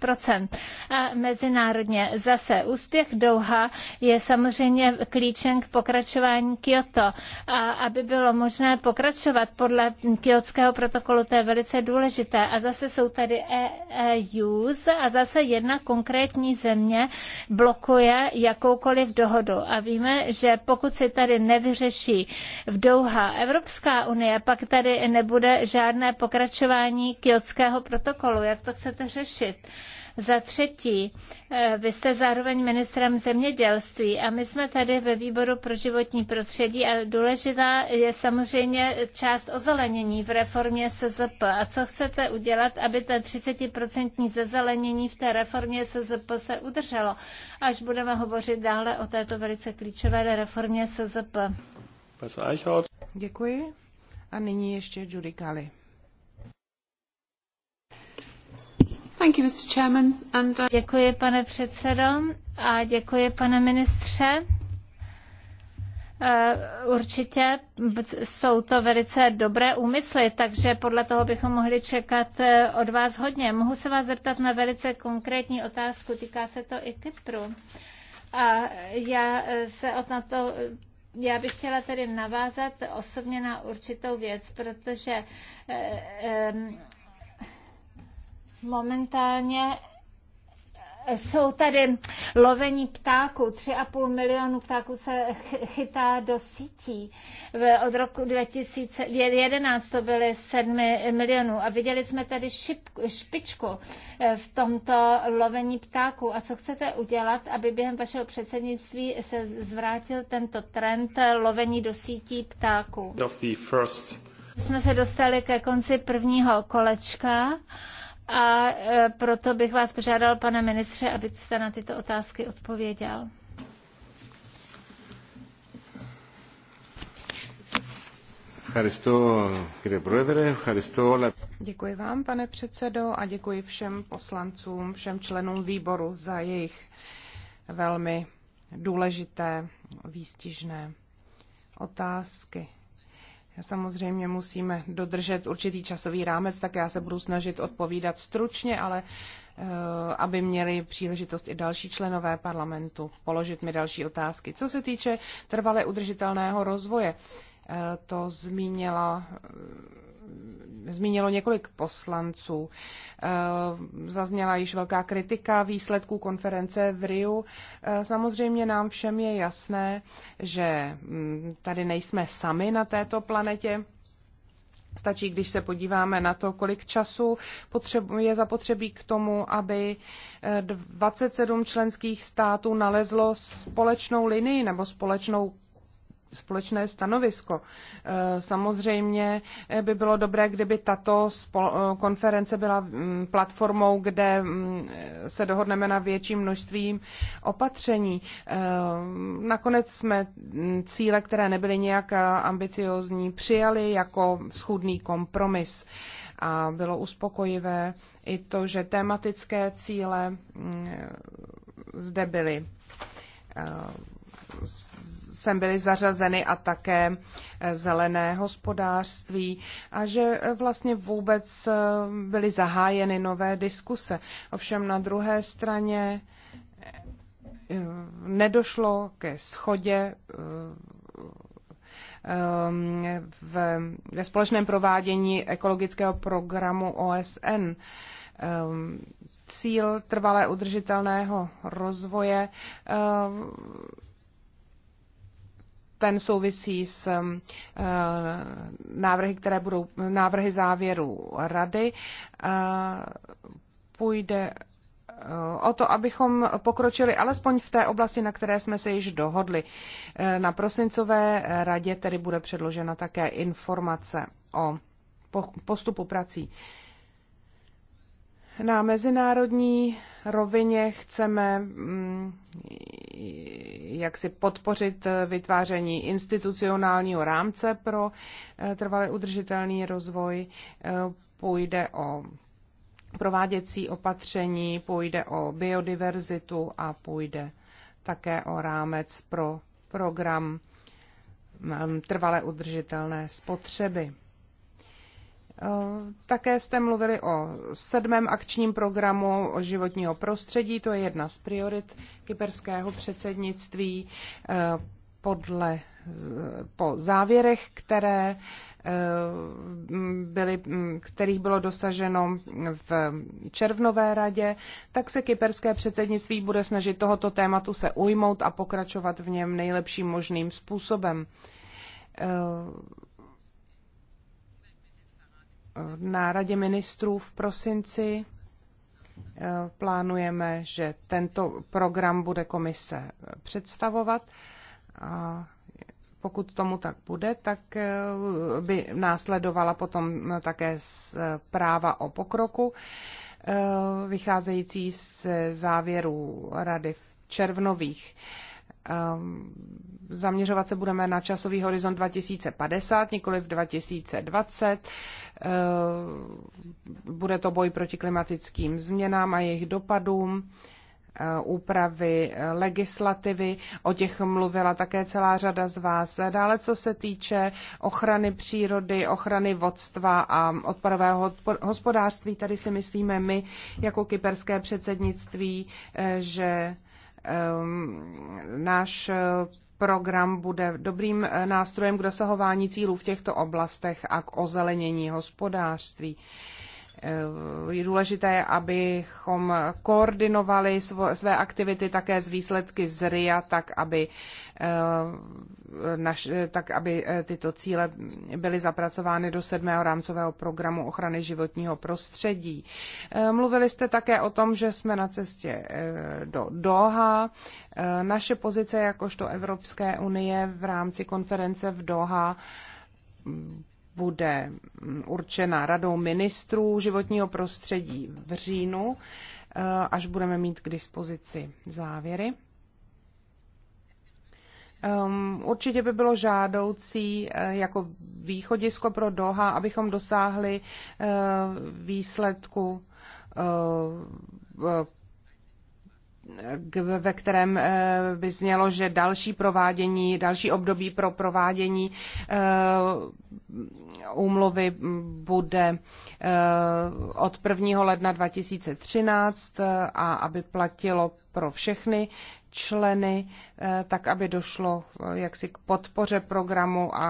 A mezinárodně zase úspěch Doha je samozřejmě klíčem k pokračování Kyoto. A aby bylo možné pokračovat podle Kyotského protokolu, to je velice důležité. A zase jsou tady EU e a zase jedna konkrétní země blokuje jakoukoliv dohodu. A víme, že pokud se tady nevyřeší v Douha Evropská unie, pak tady nebude žádné pokračování kiotského protokolu. Jak to chcete řešit? Za třetí, eh, vy jste zároveň ministrem zemědělství a my jsme tady ve výboru pro životní prostředí a důležitá je samozřejmě část ozelenění v reformě SZP. A co chcete udělat, aby ta 30% zezelenění v té reformě SZP se udrželo, až budeme hovořit dále o této velice klíčové reformě SZP. Děkuji. A nyní ještě Judy Kali. Thank you, Mr. Chairman, and, uh... Děkuji, pane předsedo, a děkuji, pane ministře. Eh, určitě jsou to velice dobré úmysly, takže podle toho bychom mohli čekat eh, od vás hodně. Mohu se vás zeptat na velice konkrétní otázku, týká se to i Kypru. A já eh, se od na to já bych chtěla tedy navázat osobně na určitou věc, protože momentálně jsou tady lovení ptáků. 3,5 milionu ptáků se chytá do sítí. Od roku 2011 to byly 7 milionů. A viděli jsme tady špičku eh, v tomto lovení ptáků. A co chcete udělat, aby během vašeho předsednictví se zvrátil tento trend eh, lovení do sítí ptáků? Jsme se dostali ke konci prvního kolečka. A e, proto bych vás požádal, pane ministře, abyste na tyto otázky odpověděl. Děkuji vám, pane předsedo, a děkuji všem poslancům, všem členům výboru za jejich velmi důležité, výstižné otázky samozřejmě musíme dodržet určitý časový rámec, tak já se budu snažit odpovídat stručně, ale eh, aby měli příležitost i další členové parlamentu položit mi další otázky. Co se týče trvale udržitelného rozvoje, eh, to zmínila eh, zmínilo několik poslanců. Eh, zazněla již velká kritika výsledků konference v Riu. Eh, samozřejmě nám všem je jasné, že mm, tady nejsme sami na této planetě. Stačí, když se podíváme na to, kolik času je zapotřebí k tomu, aby 27 eh, členských států nalezlo společnou linii nebo společnou společné stanovisko. Eh, samozřejmě eh, by bylo dobré, kdyby tato eh, konference byla mm, platformou, kde mm, se dohodneme na větším množství opatření. Nakonec jsme mm, cíle, které nebyly nějak ambiciozní, přijali jako schůdný kompromis. A bylo uspokojivé i to, že tematické cíle zde byly sem byly zařazeny a také eh, zelené hospodářství a že eh, vlastně vůbec eh, byly zahájeny nové diskuse. Ovšem na druhé straně nedošlo ke schodě ve společném provádění ekologického programu OSN ehm, cíl trvalé udržitelného rozvoje ehm, ten souvisí s eh, návrhy, které budou návrhy závěrů rady. Eh, půjde eh, o to, abychom pokročili alespoň v té oblasti, na které jsme se již dohodli. Na prosincové radě tedy bude předložena také informace o postupu prací. Na mezinárodní rovině chceme mm, jak si podpořit vytváření institucionálního rámce pro eh, trvalý udržitelný rozvoj. Eh, půjde o prováděcí opatření, půjde o biodiverzitu a půjde také o rámec pro program mm, trvalé udržitelné spotřeby. Eh, také jste mluvili o sedmém akčním programu o životního prostředí, to je jedna z priorit kyperského předsednictví eh, podle, eh, po závěrech, které byly, kterých bylo dosaženo v červnové radě, tak se kyperské předsednictví bude snažit tohoto tématu se ujmout a pokračovat v něm nejlepším možným způsobem Eh, na Radě ministrů v prosinci eh, plánujeme, že tento program bude komise představovat. A pokud tomu tak bude, tak eh, by následovala potom také zpráva o pokroku, vycházející z závěrů Rady v červnových Ehm, zaměřovat se budeme na časový horizont 2050, nikoli v 2020. Ehm, bude to boj proti klimatickým změnám a jejich dopadům eh, úpravy eh, legislativy, o těch mluvila také celá řada z vás. Dále, co se týče ochrany přírody, ochrany vodstva a odpadového hospodářství, tady si myslíme my jako kyperské předsednictví, eh, že Ehm, náš eh, program bude dobrým eh, nástrojem k dosahování cílů v těchto oblastech a k ozelenění hospodářství. Eh, je důležité, abychom koordinovali své aktivity také z výsledky z RIA, tak aby Eh, naš, eh, tak aby eh, tyto cíle byly zapracovány do sedmého rámcového programu ochrany životního prostředí. Mluvili jste také o tom, že jsme na cestě do Doha. Naše pozice jakožto Evropské unie v rámci konference v Doha mm, bude mm, určena radou ministrů životního prostředí v říjnu, až budeme mít k dispozici závěry. Um, určitě by bylo žádoucí eh, jako východisko pro Doha, abychom dosáhli uh, výsledku uh, ve kterém by znělo, že další provádění, další období pro provádění úmluvy bude od 1. ledna 2013 a aby platilo pro všechny členy, eh, tak aby došlo eh, jaksi k podpoře programu a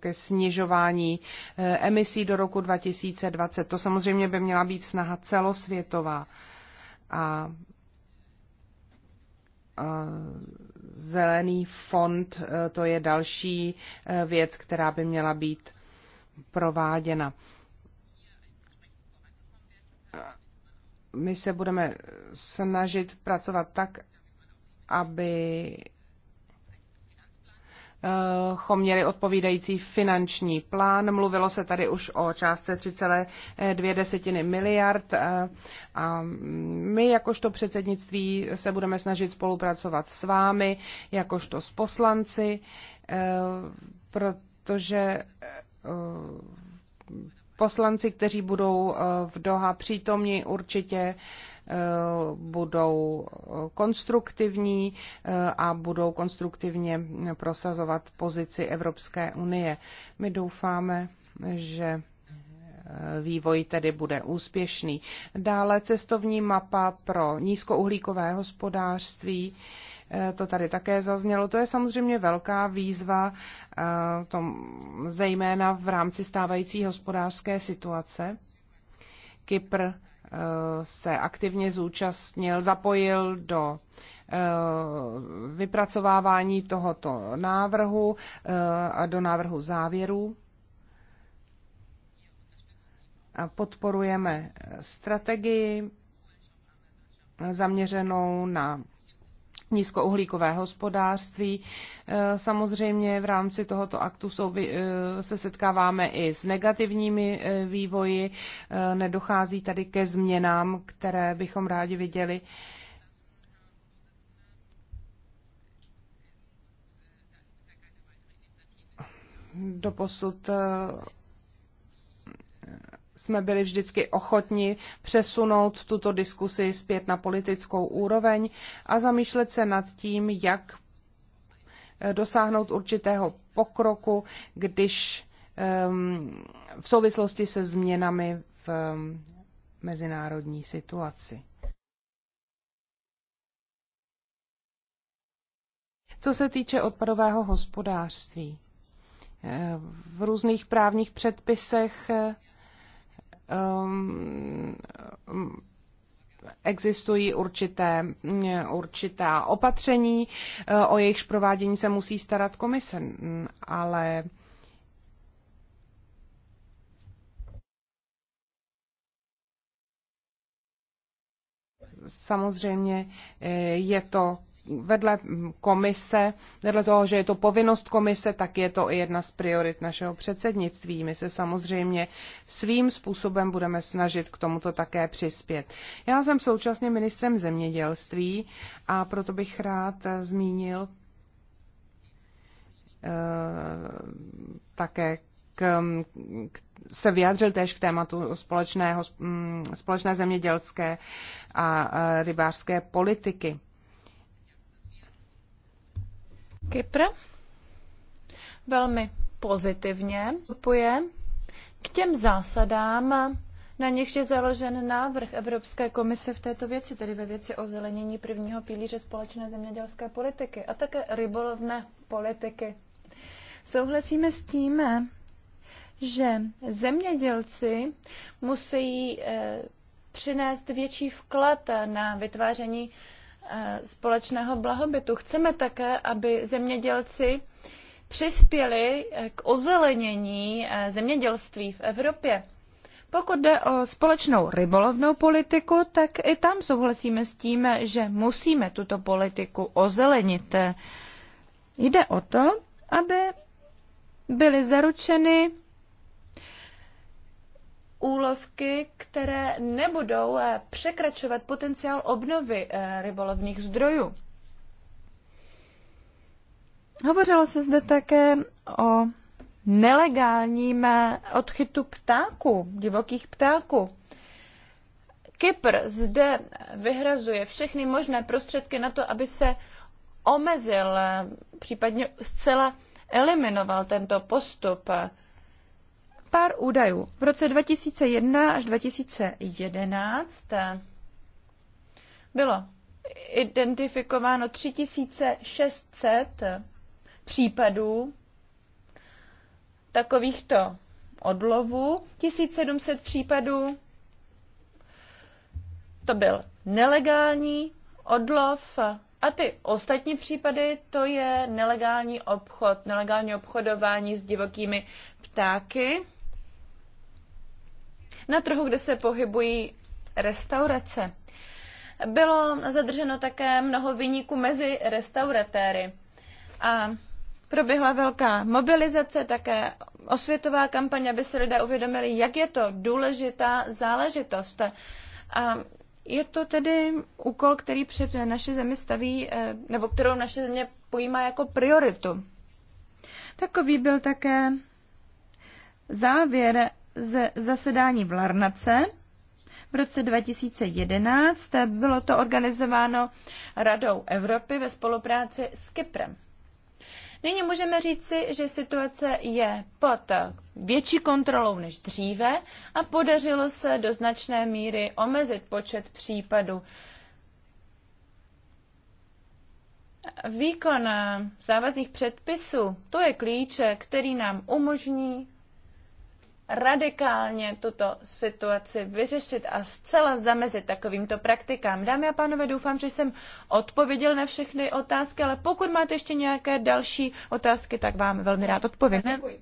ke snižování eh, emisí do roku 2020. To samozřejmě by měla být snaha celosvětová. A zelený fond, to je další věc, která by měla být prováděna. My se budeme snažit pracovat tak, aby chom eh, měli odpovídající finanční plán. Mluvilo se tady už o částce 3,2 desetiny miliard eh, a my jakožto předsednictví se budeme snažit spolupracovat s vámi, jakožto s poslanci, eh, protože poslanci, kteří budou v Doha přítomni, určitě Eh, budou konstruktivní eh, a budou konstruktivně prosazovat pozici Evropské unie. My doufáme, že eh, vývoj tedy bude úspěšný. Dále cestovní mapa pro nízkouhlíkové hospodářství to tady také zaznělo. To je samozřejmě velká výzva, tom, zejména v rámci stávající hospodářské situace. Kypr se aktivně zúčastnil, zapojil do eh, vypracovávání tohoto návrhu eh, a do návrhu závěrů. A podporujeme strategii zaměřenou na nízkouhlíkové hospodářství. E, samozřejmě v rámci tohoto aktu e, se setkáváme i s negativními e, vývoji. Nedochází tady ke změnám, které bychom rádi viděli. Doposud jsme byli vždycky ochotni přesunout tuto diskusi zpět na politickou úroveň a zamýšlet se nad tím, jak eh, dosáhnout určitého pokroku, když ehm, v souvislosti se změnami v ehm, mezinárodní situaci. Co se týče odpadového hospodářství, eh, v různých právních předpisech eh, um, existují určité, určitá opatření, eh, o jejichž provádění se musí starat komise, ale samozřejmě eh, je to vedle komise, vedle toho, že je to povinnost komise, tak je to i jedna z priorit našeho předsednictví. My se samozřejmě svým způsobem budeme snažit k tomuto také přispět. Já jsem současně ministrem zemědělství a proto bych rád zmínil eh, také k, k, se vyjádřil též k tématu společného, hm, společné zemědělské a eh, rybářské politiky. Kypr velmi pozitivně vstupuje k těm zásadám, na nichž je založen návrh Evropské komise v této věci, tedy ve věci o zelenění prvního pilíře společné zemědělské politiky a také rybolovné politiky. Souhlasíme s tím, že zemědělci musí eh, přinést větší vklad na vytváření Eh, společného blahobytu. Chceme také, aby zemědělci přispěli eh, k ozelenění eh, zemědělství v Evropě. Pokud jde o společnou rybolovnou politiku, tak i tam souhlasíme s tím, že musíme tuto politiku ozelenit. Jde o to, aby byly zaručeny úlovky, které nebudou eh, překračovat potenciál obnovy eh, rybolovných zdrojů. Hovořilo se zde také o nelegálním eh, odchytu ptáků, divokých ptáků. Kypr zde vyhrazuje všechny možné prostředky na to, aby se omezil, případně zcela eliminoval tento postup. Pár údajů. V roce 2001 až 2011 eh, bylo identifikováno 3600 eh, případů takovýchto odlovů, 1700 případů to byl nelegální odlov eh, a ty ostatní případy to je nelegální obchod, nelegální obchodování s divokými ptáky na trhu, kde se pohybují restaurace. Bylo zadrženo také mnoho vyníků mezi restauratéry a proběhla velká mobilizace, také osvětová kampaň, aby se lidé uvědomili, jak je to důležitá záležitost. A je to tedy úkol, který před naše zemi staví, eh, nebo kterou naše země pojímá jako prioritu. Takový byl také závěr ze zasedání v Larnace v roce 2011. Bylo to organizováno Radou Evropy ve spolupráci s Kyprem. Nyní můžeme říci, že situace je pod větší kontrolou než dříve a podařilo se do značné míry omezit počet případů. Výkon závazných předpisů, to je klíče, který nám umožní radikálně tuto situaci vyřešit a zcela zamezit takovýmto praktikám. Dámy a pánové, doufám, že jsem odpověděl na všechny otázky, ale pokud máte ještě nějaké další otázky, tak vám velmi rád odpovím. Děkuji.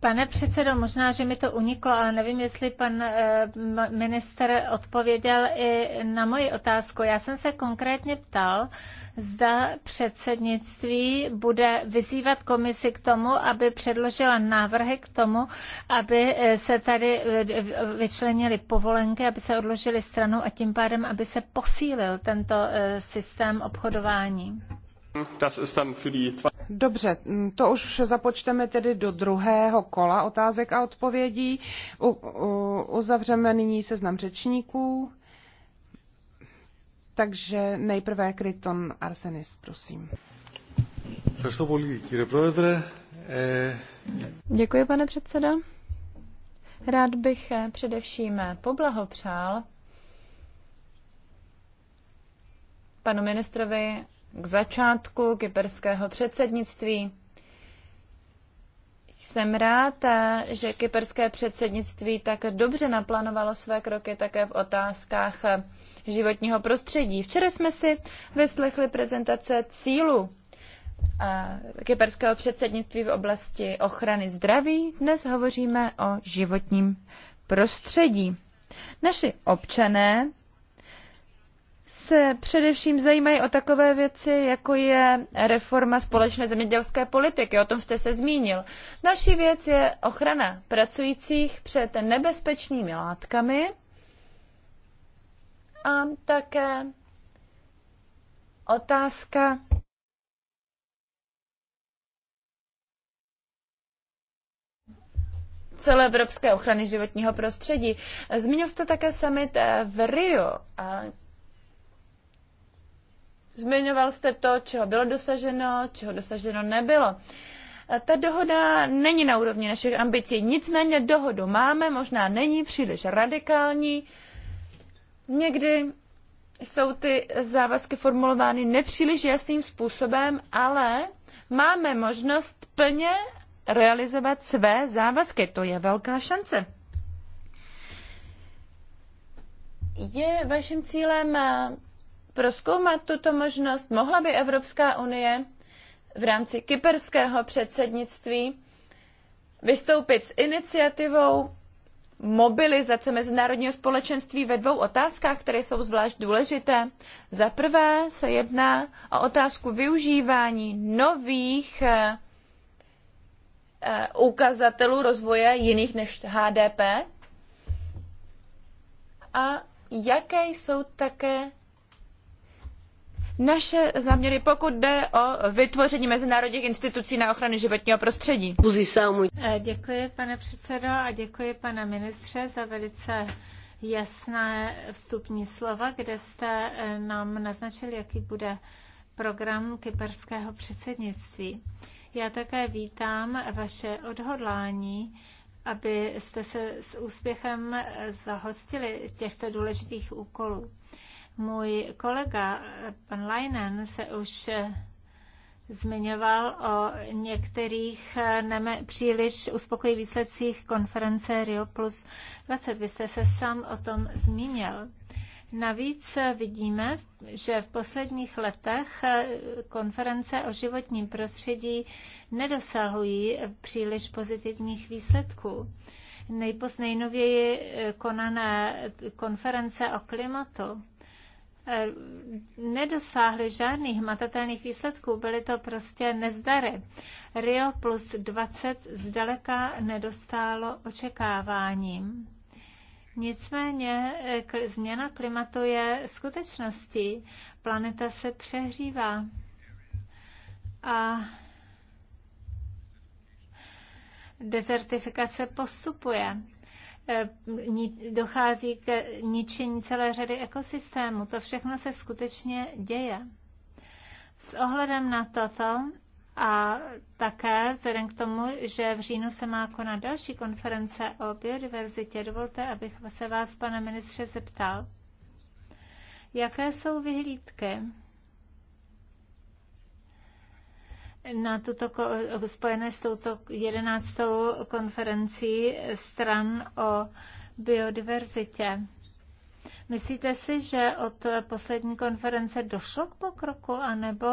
Pane předsedo, možná, že mi to uniklo, ale nevím, jestli pan eh, minister odpověděl i na moji otázku. Já jsem se konkrétně ptal, zda předsednictví bude vyzývat komisi k tomu, aby předložila návrhy k tomu, aby eh, se tady eh, vyčlenily povolenky, aby se odložily stranou a tím pádem, aby se posílil tento systém obchodování. Dobře, mm, to už započteme tedy do druhého kola otázek a odpovědí. U, u, uzavřeme nyní seznam řečníků. Takže nejprve Kryton Arsenis, prosím. Děkuji, pane předsedo. Rád bych eh, především eh, poblahopřál panu ministrovi k začátku kyperského předsednictví. Jsem rád, že kyperské předsednictví tak dobře naplánovalo své kroky také v otázkách životního prostředí. Včera jsme si vyslechli prezentace cílu eh, kyperského předsednictví v oblasti ochrany zdraví. Dnes hovoříme o životním prostředí. Naši občané se především zajímají o takové věci, jako je reforma společné zemědělské politiky, o tom jste se zmínil. Další věc je ochrana pracujících před nebezpečnými látkami a také otázka celoevropské ochrany životního prostředí. Zmínil jste také summit v Rio. A Zmiňoval jste to, čeho bylo dosaženo, čeho dosaženo nebylo. E, ta dohoda není na úrovni našich ambicí, nicméně dohodu máme, možná není příliš radikální. Někdy jsou ty závazky formulovány nepříliš jasným způsobem, ale máme možnost plně realizovat své závazky. To je velká šance. Je vaším cílem e, proskoumat tuto možnost? Mohla by Evropská unie v rámci kyperského předsednictví vystoupit s iniciativou mobilizace mezinárodního společenství ve dvou otázkách, které jsou zvlášť důležité. Za prvé se jedná o otázku využívání nových eh, eh, ukazatelů rozvoje jiných než HDP a jaké jsou také naše záměry, pokud jde o vytvoření mezinárodních institucí na ochranu životního prostředí. Eh, děkuji, pane předsedo, a děkuji, pane ministře, za velice jasné vstupní slova, kde jste eh, nám naznačili, jaký bude program kyperského předsednictví. Já také vítám vaše odhodlání, abyste se s úspěchem eh, zahostili těchto důležitých úkolů. Můj kolega, pan Leinen, se už eh, zmiňoval o některých eh, neme, příliš uspokojivých výsledcích konference Rio plus 20. Vy jste se sám o tom zmínil. Navíc eh, vidíme, že v posledních letech konference o životním prostředí nedosahují příliš pozitivních výsledků. Nejpoznejnověji konané konference o klimatu Eh, nedosáhly žádných matatelných výsledků, byly to prostě nezdary. Rio plus 20 zdaleka nedostálo očekáváním. Nicméně eh, změna klimatu je skutečností. Planeta se přehřívá. A dezertifikace postupuje. Eh, dochází k ničení celé řady ekosystémů. To všechno se skutečně děje. S ohledem na toto a také vzhledem k tomu, že v říjnu se má konat další konference o biodiverzitě, dovolte, abych se vás, pane ministře, zeptal, jaké jsou vyhlídky na tuto, spojené s touto jedenáctou konferencí stran o biodiverzitě. Myslíte si, že od poslední konference došlo k pokroku, anebo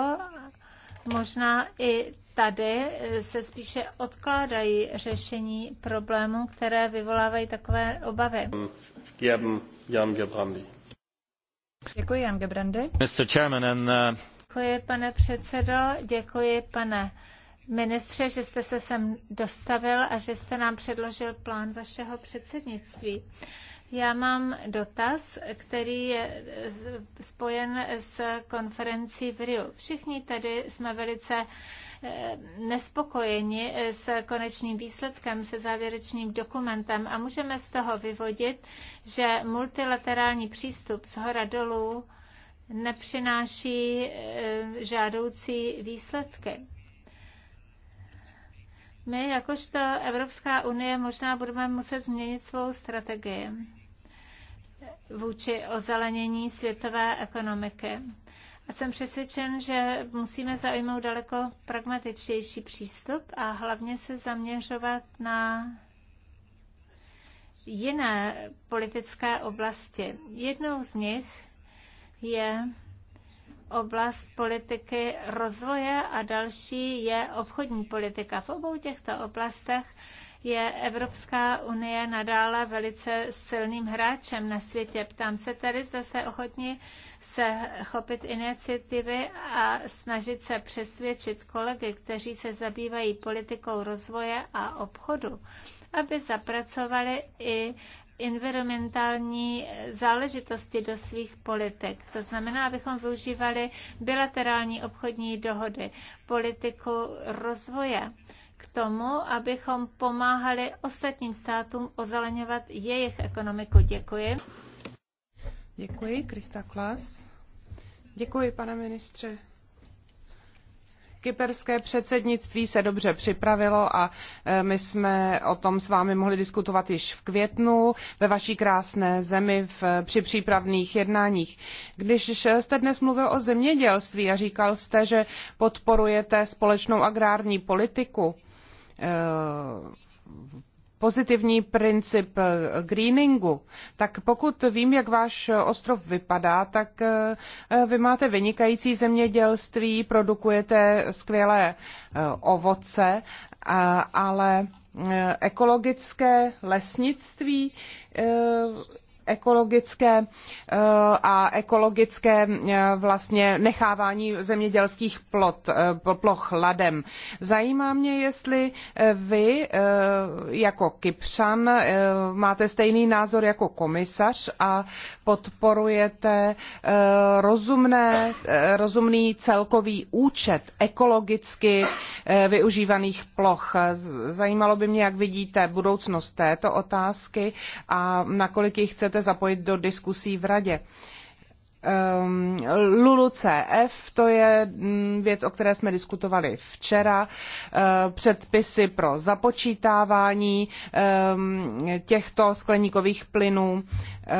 možná i tady se spíše odkládají řešení problémů, které vyvolávají takové obavy? Jan Gebrandy. Děkuji, Jan Gebrandy. Mr. Chairman, and, uh... Děkuji, pane předsedo, děkuji, pane ministře, že jste se sem dostavil a že jste nám předložil plán vašeho předsednictví. Já mám dotaz, který je spojen s konferencí v Rio. Všichni tady jsme velice eh, nespokojeni s konečným výsledkem, se závěrečným dokumentem a můžeme z toho vyvodit, že multilaterální přístup z hora dolů nepřináší eh, žádoucí výsledky. My jakožto Evropská unie možná budeme muset změnit svou strategii vůči ozelenění světové ekonomiky. A jsem přesvědčen, že musíme zaujmout daleko pragmatičtější přístup a hlavně se zaměřovat na jiné politické oblasti. Jednou z nich je oblast politiky rozvoje a další je obchodní politika. V obou těchto oblastech je Evropská unie nadále velice silným hráčem na světě. Ptám se tedy, zda se ochotní se chopit iniciativy a snažit se přesvědčit kolegy, kteří se zabývají politikou rozvoje a obchodu, aby zapracovali i environmentální záležitosti do svých politik. To znamená, abychom využívali bilaterální obchodní dohody, politiku rozvoje k tomu, abychom pomáhali ostatním státům ozeleňovat jejich ekonomiku. Děkuji. Děkuji, Krista Klas. Děkuji, pane ministře Kyperské předsednictví se dobře připravilo a e, my jsme o tom s vámi mohli diskutovat již v květnu ve vaší krásné zemi v, při přípravných jednáních. Když jste dnes mluvil o zemědělství a říkal jste, že podporujete společnou agrární politiku, e, pozitivní princip eh, greeningu, tak pokud vím, jak váš eh, ostrov vypadá, tak eh, vy máte vynikající zemědělství, produkujete skvělé ovoce, ale ekologické lesnictví ekologické eh, a ekologické eh, vlastně nechávání zemědělských plot, eh, ploch ladem. Zajímá mě, jestli vy jako Kypřan máte stejný názor jako komisař a podporujete rozumné, rozumný celkový účet ekologicky využívaných ploch. Zajímalo by mě, jak vidíte budoucnost této otázky a nakolik ji chcete chcete zapojit do diskusí v radě um, CF, to je mm, věc, o které jsme diskutovali včera, uh, předpisy pro započítávání um, těchto skleníkových plynů uh,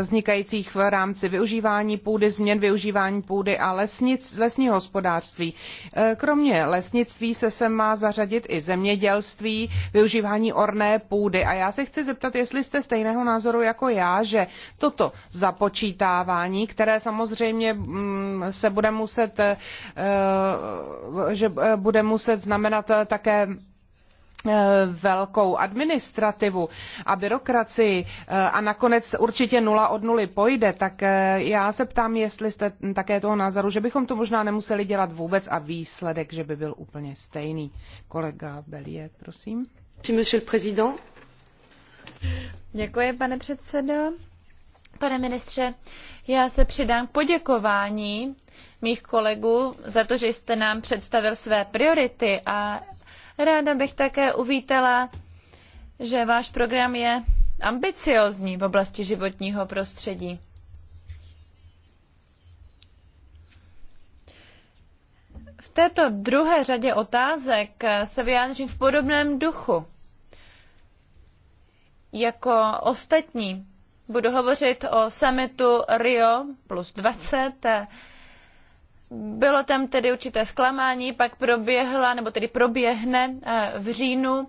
vznikajících v rámci využívání půdy, změn využívání půdy a lesnic, lesního hospodářství. Uh, kromě lesnictví se sem má zařadit i zemědělství, využívání orné půdy. A já se chci zeptat, jestli jste stejného názoru jako já, že toto započítávání vzdělávání, které samozřejmě mm, se bude muset, eh, že eh, bude muset znamenat eh, také velkou administrativu a byrokracii a nakonec určitě nula od nuly pojde, tak já se ptám, jestli jste také toho názoru, že bychom to možná nemuseli dělat vůbec a výsledek, že by byl úplně stejný. Kolega Belie, prosím. Děkuji, pane předsedo. Pane ministře, já se přidám k poděkování mých kolegů za to, že jste nám představil své priority a ráda bych také uvítala, že váš program je ambiciózní v oblasti životního prostředí. V této druhé řadě otázek se vyjádřím v podobném duchu jako ostatní budu hovořit o summitu Rio plus 20. Bylo tam tedy určité zklamání, pak proběhla, nebo tedy proběhne eh, v říjnu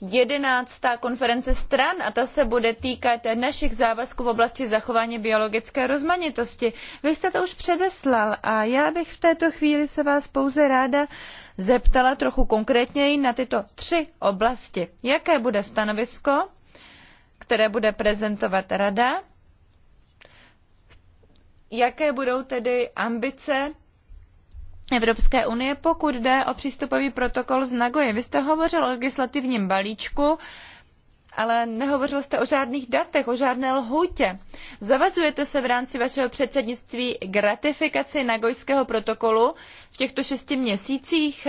jedenáctá konference stran a ta se bude týkat našich závazků v oblasti zachování biologické rozmanitosti. Vy jste to už předeslal a já bych v této chvíli se vás pouze ráda zeptala trochu konkrétněji na tyto tři oblasti. Jaké bude stanovisko které bude prezentovat Rada. Jaké budou tedy ambice Evropské unie, pokud jde o přístupový protokol z Nagoje? Vy jste hovořil o legislativním balíčku ale nehovořil jste o žádných datech, o žádné lhůtě. Zavazujete se v rámci vašeho předsednictví k ratifikaci Nagojského protokolu v těchto šesti měsících?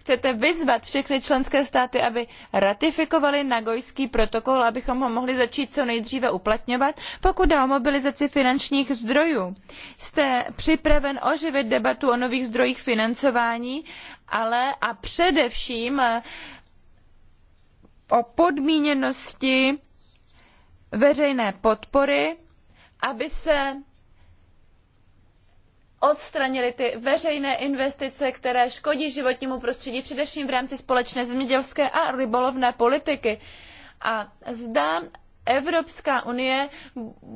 Chcete vyzvat všechny členské státy, aby ratifikovali Nagojský protokol, abychom ho mohli začít co nejdříve uplatňovat, pokud jde o mobilizaci finančních zdrojů. Jste připraven oživit debatu o nových zdrojích financování, ale a především o podmíněnosti veřejné podpory, aby se odstranily ty veřejné investice, které škodí životnímu prostředí, především v rámci společné zemědělské a rybolovné politiky. A zda Evropská unie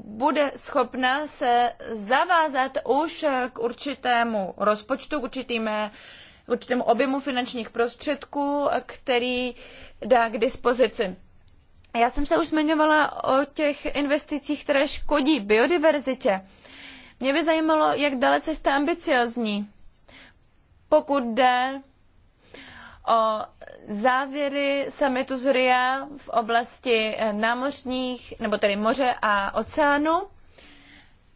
bude schopna se zavázat už k určitému rozpočtu, k určitým určitému objemu finančních prostředků, který dá k dispozici. Já jsem se už zmiňovala o těch investicích, které škodí biodiverzitě. Mě by zajímalo, jak dalece jste ambiciozní, pokud jde o závěry summitu z RIA v oblasti eh, námořních, nebo tedy moře a oceánu.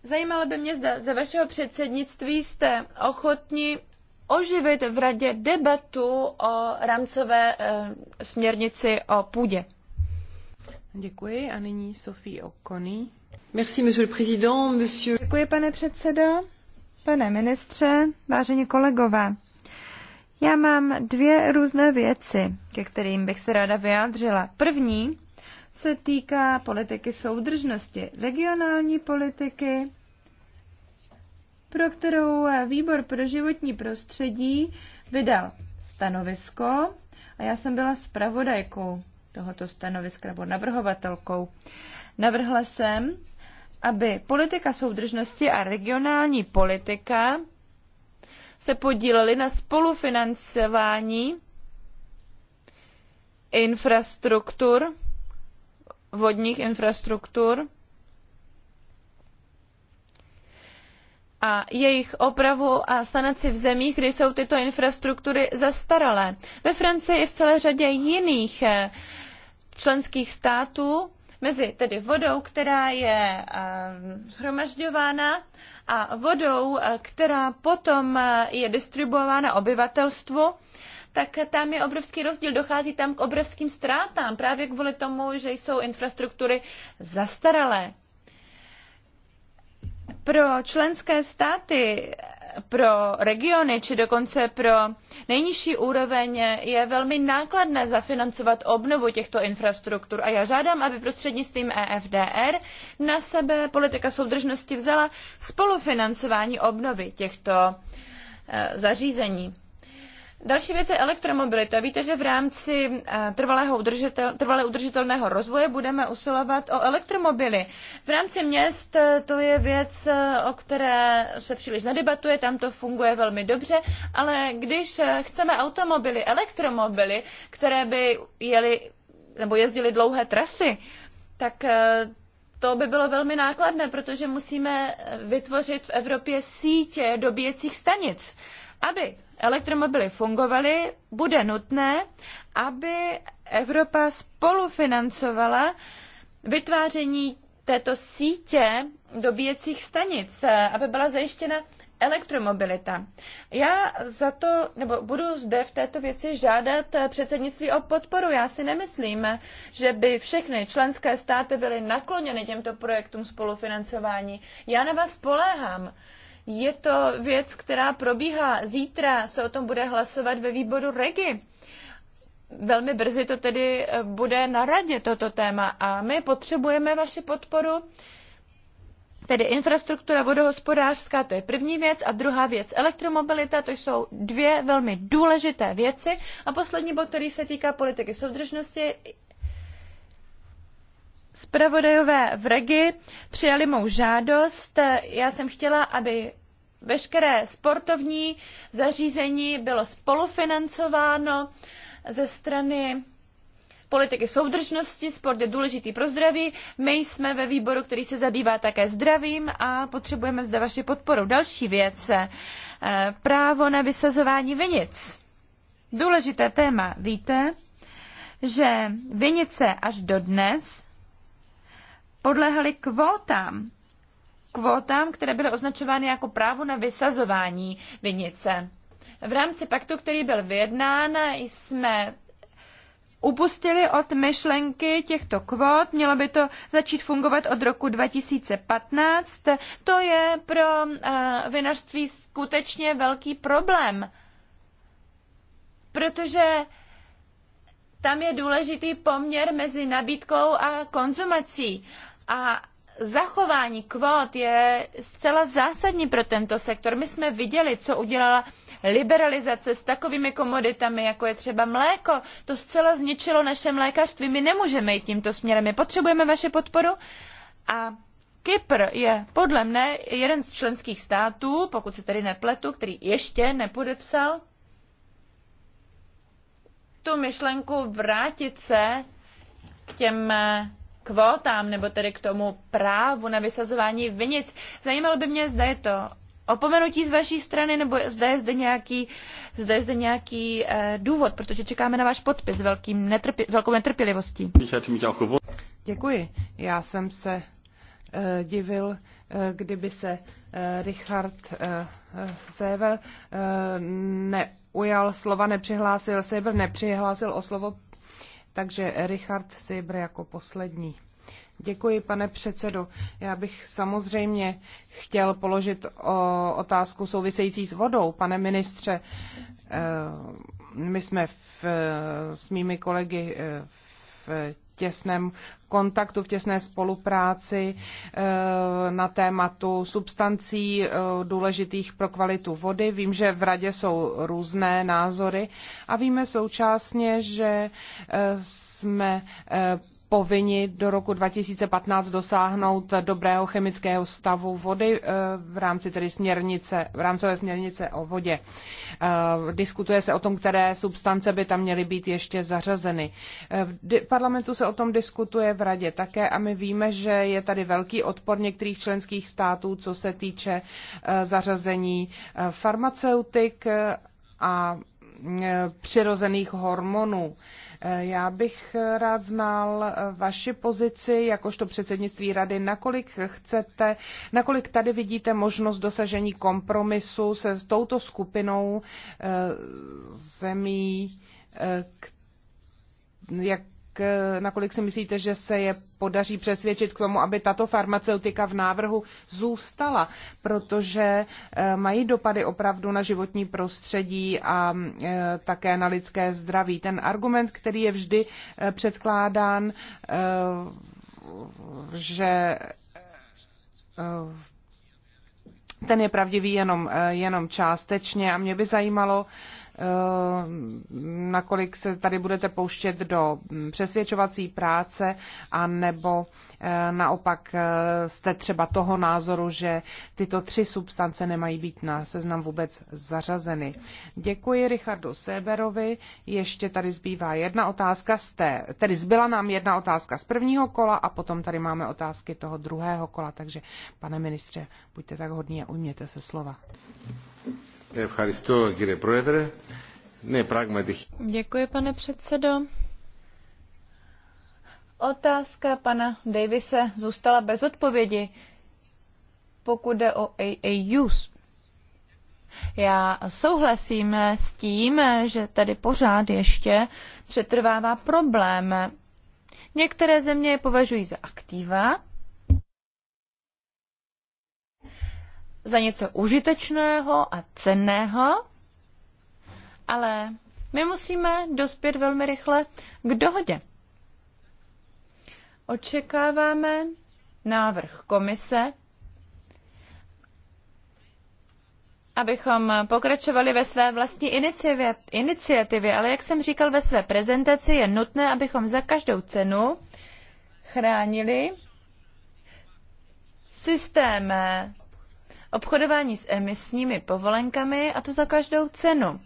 Zajímalo by mě, zda ze vašeho předsednictví jste ochotni oživit v radě debatu o rámcové eh, směrnici o půdě. Děkuji a nyní Sophie Okony. Merci, monsieur le président, monsieur... Děkuji, pane předsedo, pane ministře, vážení kolegové. Já mám dvě různé věci, ke kterým bych se ráda vyjádřila. První se týká politiky soudržnosti, regionální politiky pro kterou výbor pro životní prostředí vydal stanovisko a já jsem byla zpravodajkou tohoto stanoviska nebo navrhovatelkou. Navrhla jsem, aby politika soudržnosti a regionální politika se podílely na spolufinancování infrastruktur, vodních infrastruktur a jejich opravu a sanaci v zemích, kde jsou tyto infrastruktury zastaralé. Ve Francii i v celé řadě jiných eh, členských států mezi tedy vodou, která je eh, shromažďována a vodou, eh, která potom je distribuována obyvatelstvu, tak tam je obrovský rozdíl. Dochází tam k obrovským ztrátám právě kvůli tomu, že jsou infrastruktury zastaralé pro členské státy, pro regiony či dokonce pro nejnižší úroveň je velmi nákladné zafinancovat obnovu těchto infrastruktur a já žádám, aby prostřednictvím EFDR na sebe politika soudržnosti vzala spolufinancování obnovy těchto eh, zařízení. Další věc je elektromobilita. Víte, že v rámci eh, trvalého udržitel, trvalé udržitelného rozvoje budeme usilovat o elektromobily. V rámci měst eh, to je věc, eh, o které se příliš nedebatuje, tam to funguje velmi dobře, ale když chceme automobily, elektromobily, které by jeli nebo jezdili dlouhé trasy, tak to by bylo velmi nákladné, protože musíme vytvořit v Evropě sítě dobíjecích stanic. Aby elektromobily fungovaly, bude nutné, aby Evropa spolufinancovala vytváření této sítě dobíjecích stanic, aby byla zajištěna elektromobilita. Já za to, nebo budu zde v této věci žádat předsednictví o podporu. Já si nemyslím, že by všechny členské státy byly nakloněny těmto projektům spolufinancování. Já na vás spoléhám. Je to věc, která probíhá. Zítra se o tom bude hlasovat ve výboru REGI. Velmi brzy to tedy eh, bude na radě toto téma a my potřebujeme vaši podporu. Tedy infrastruktura vodohospodářská, to je první věc, a druhá věc elektromobilita, to jsou dvě velmi důležité věci. A poslední bod, který se týká politiky soudržnosti, Spravodajové v Regi přijali mou žádost. Já jsem chtěla, aby veškeré sportovní zařízení bylo spolufinancováno ze strany politiky soudržnosti. Sport je důležitý pro zdraví. My jsme ve výboru, který se zabývá také zdravím a potřebujeme zde vaši podporu. Další věc, eh, právo na vysazování vinic. Důležité téma. Víte, že vinice až dodnes podléhaly kvótám. Kvótám, které byly označovány jako právo na vysazování vinice. V rámci paktu, který byl vyjednán, jsme upustili od myšlenky těchto kvót. Mělo by to začít fungovat od roku 2015. To je pro uh, vinařství skutečně velký problém, protože tam je důležitý poměr mezi nabídkou a konzumací. A zachování kvót je zcela zásadní pro tento sektor. My jsme viděli, co udělala liberalizace s takovými komoditami, jako je třeba mléko. To zcela zničilo naše mlékařství. My nemůžeme jít tímto směrem. My potřebujeme vaše podporu. A Kypr je podle mne jeden z členských států, pokud se tedy nepletu, který ještě nepodepsal tu myšlenku vrátit se k těm eh, kvótám, nebo tedy k tomu právu na vysazování vinic. Zajímalo by mě, zda je to opomenutí z vaší strany, nebo zda je zde nějaký, zda je zde nějaký eh, důvod, protože čekáme na váš podpis velkým netrpi, velkou netrpělivostí. Děkuji. Já jsem se eh, divil, eh, kdyby se eh, Richard eh, eh Sever eh, neujal slova, nepřihlásil, Sever nepřihlásil o slovo takže Richard Sibr jako poslední. Děkuji, pane předsedo. Já bych samozřejmě chtěl položit otázku související s vodou. Pane ministře, eh, my jsme v, s mými kolegy v eh, v těsném kontaktu, v těsné spolupráci eh, na tématu substancí eh, důležitých pro kvalitu vody. Vím, že v radě jsou různé názory a víme současně, že eh, jsme povinni do roku 2015 dosáhnout dobrého chemického stavu vody eh, v rámci tedy směrnice, v rámcové směrnice o vodě. Eh, diskutuje se o tom, které substance by tam měly být ještě zařazeny. Eh, v parlamentu se o tom diskutuje v radě také a my víme, že je tady velký odpor některých členských států, co se týče zařazení farmaceutik a přirozených hormonů. Eh, já bych rád znal eh, vaši pozici jakožto předsednictví rady, nakolik chcete, nakolik tady vidíte možnost dosažení kompromisu se s touto skupinou eh, zemí, jak Eh, nakolik si myslíte, že se je podaří přesvědčit k tomu, aby tato farmaceutika v návrhu zůstala, protože eh, mají dopady opravdu na životní prostředí a eh, také na lidské zdraví. Ten argument, který je vždy předkládán, že ten je pravdivý jenom, jenom částečně a mě by zajímalo, Eh, nakolik se tady budete pouštět do mm, přesvědčovací práce, a nebo eh, naopak eh, jste třeba toho názoru, že tyto tři substance nemají být na seznam vůbec zařazeny. Děkuji Richardu Seberovi. Ještě tady zbývá jedna otázka z té, tedy zbyla nám jedna otázka z prvního kola a potom tady máme otázky toho druhého kola, takže pane ministře, buďte tak hodní a ujměte se slova. Děkuji, pane předsedo. Otázka pana Davise zůstala bez odpovědi, pokud jde o AAUs. Já souhlasím s tím, že tady pořád ještě přetrvává problém. Některé země je považují za aktiva, za něco užitečného a cenného, ale my musíme dospět velmi rychle k dohodě. Očekáváme návrh komise, abychom pokračovali ve své vlastní iniciativě, ale jak jsem říkal ve své prezentaci, je nutné, abychom za každou cenu chránili systém obchodování s emisními povolenkami a to za každou cenu.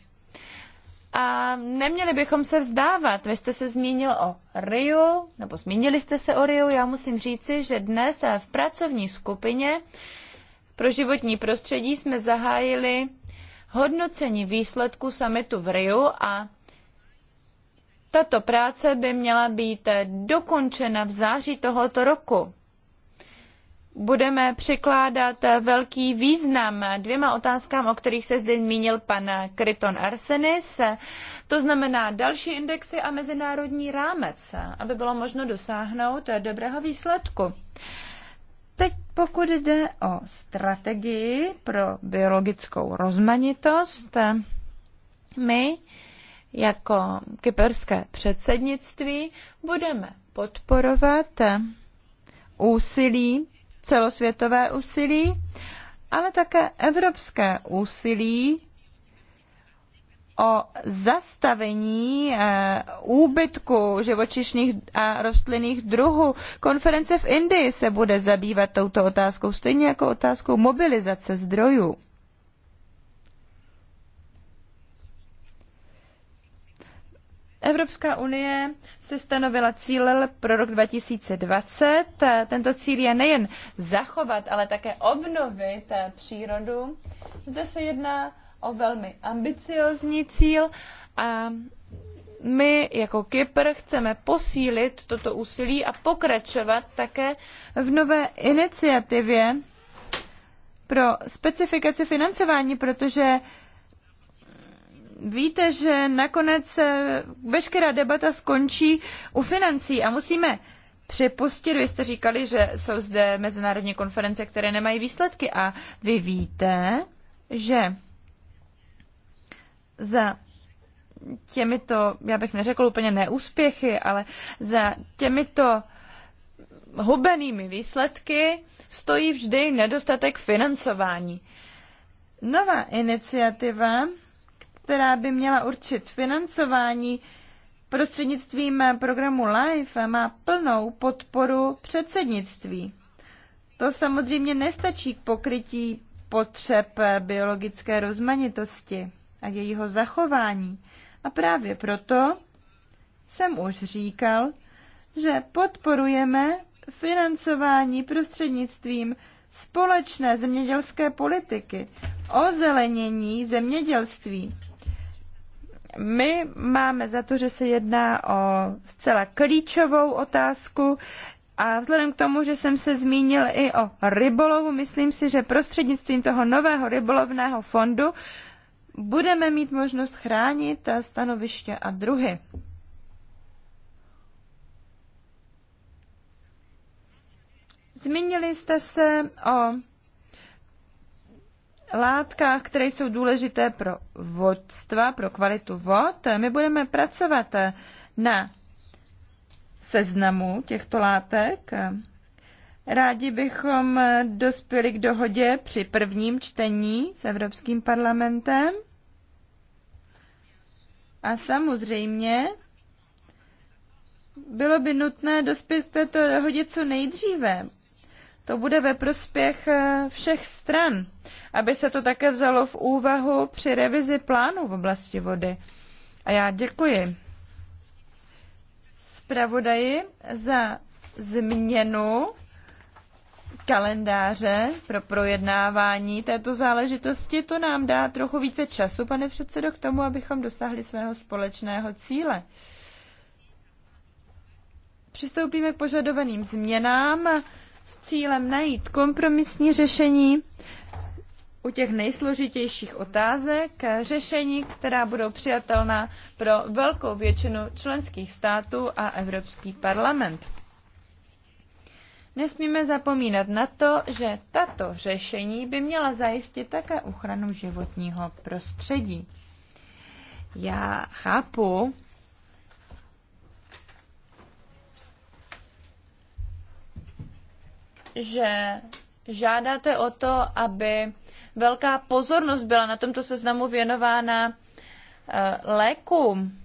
A neměli bychom se vzdávat. Vy jste se zmínil o RIU, nebo zmínili jste se o RIU. Já musím říci, že dnes v pracovní skupině pro životní prostředí jsme zahájili hodnocení výsledku summitu v RIU a tato práce by měla být dokončena v září tohoto roku budeme překládat velký význam dvěma otázkám, o kterých se zde zmínil pan Kryton Arsenis. To znamená další indexy a mezinárodní rámec, aby bylo možno dosáhnout dobrého výsledku. Teď pokud jde o strategii pro biologickou rozmanitost, my jako kyperské předsednictví budeme podporovat úsilí celosvětové úsilí, ale také evropské úsilí o zastavení eh, úbytku živočišných a rostlinných druhů. Konference v Indii se bude zabývat touto otázkou, stejně jako otázkou mobilizace zdrojů. Evropská unie se stanovila cíl pro rok 2020. Tento cíl je nejen zachovat, ale také obnovit přírodu. Zde se jedná o velmi ambiciozní cíl a my jako Kypr chceme posílit toto úsilí a pokračovat také v nové iniciativě pro specifikaci financování, protože víte, že nakonec eh, veškerá debata skončí u financí a musíme připustit, vy jste říkali, že jsou zde mezinárodní konference, které nemají výsledky a vy víte, že za těmito, já bych neřekl úplně neúspěchy, ale za těmito hubenými výsledky stojí vždy nedostatek financování. Nová iniciativa která by měla určit financování prostřednictvím programu LIFE, má plnou podporu předsednictví. To samozřejmě nestačí k pokrytí potřeb biologické rozmanitosti a jejího zachování. A právě proto jsem už říkal, že podporujeme financování prostřednictvím společné zemědělské politiky, ozelenění zemědělství my máme za to, že se jedná o zcela klíčovou otázku, a vzhledem k tomu, že jsem se zmínil i o rybolovu, myslím si, že prostřednictvím toho nového rybolovného fondu budeme mít možnost chránit stanoviště a druhy. Zmínili jste se o látkách, které jsou důležité pro vodstva, pro kvalitu vod. My budeme pracovat na seznamu těchto látek. Rádi bychom dospěli k dohodě při prvním čtení s Evropským parlamentem. A samozřejmě bylo by nutné dospět k této dohodě co nejdříve. To bude ve prospěch eh, všech stran, aby se to také vzalo v úvahu při revizi plánu v oblasti vody. A já děkuji zpravodaji za změnu kalendáře pro projednávání této záležitosti. To nám dá trochu více času, pane předsedo, k tomu, abychom dosáhli svého společného cíle. Přistoupíme k požadovaným změnám s cílem najít kompromisní řešení u těch nejsložitějších otázek, řešení, která budou přijatelná pro velkou většinu členských států a Evropský parlament. Nesmíme zapomínat na to, že tato řešení by měla zajistit také ochranu životního prostředí. Já chápu, že žádáte o to, aby velká pozornost byla na tomto seznamu věnována eh, lékům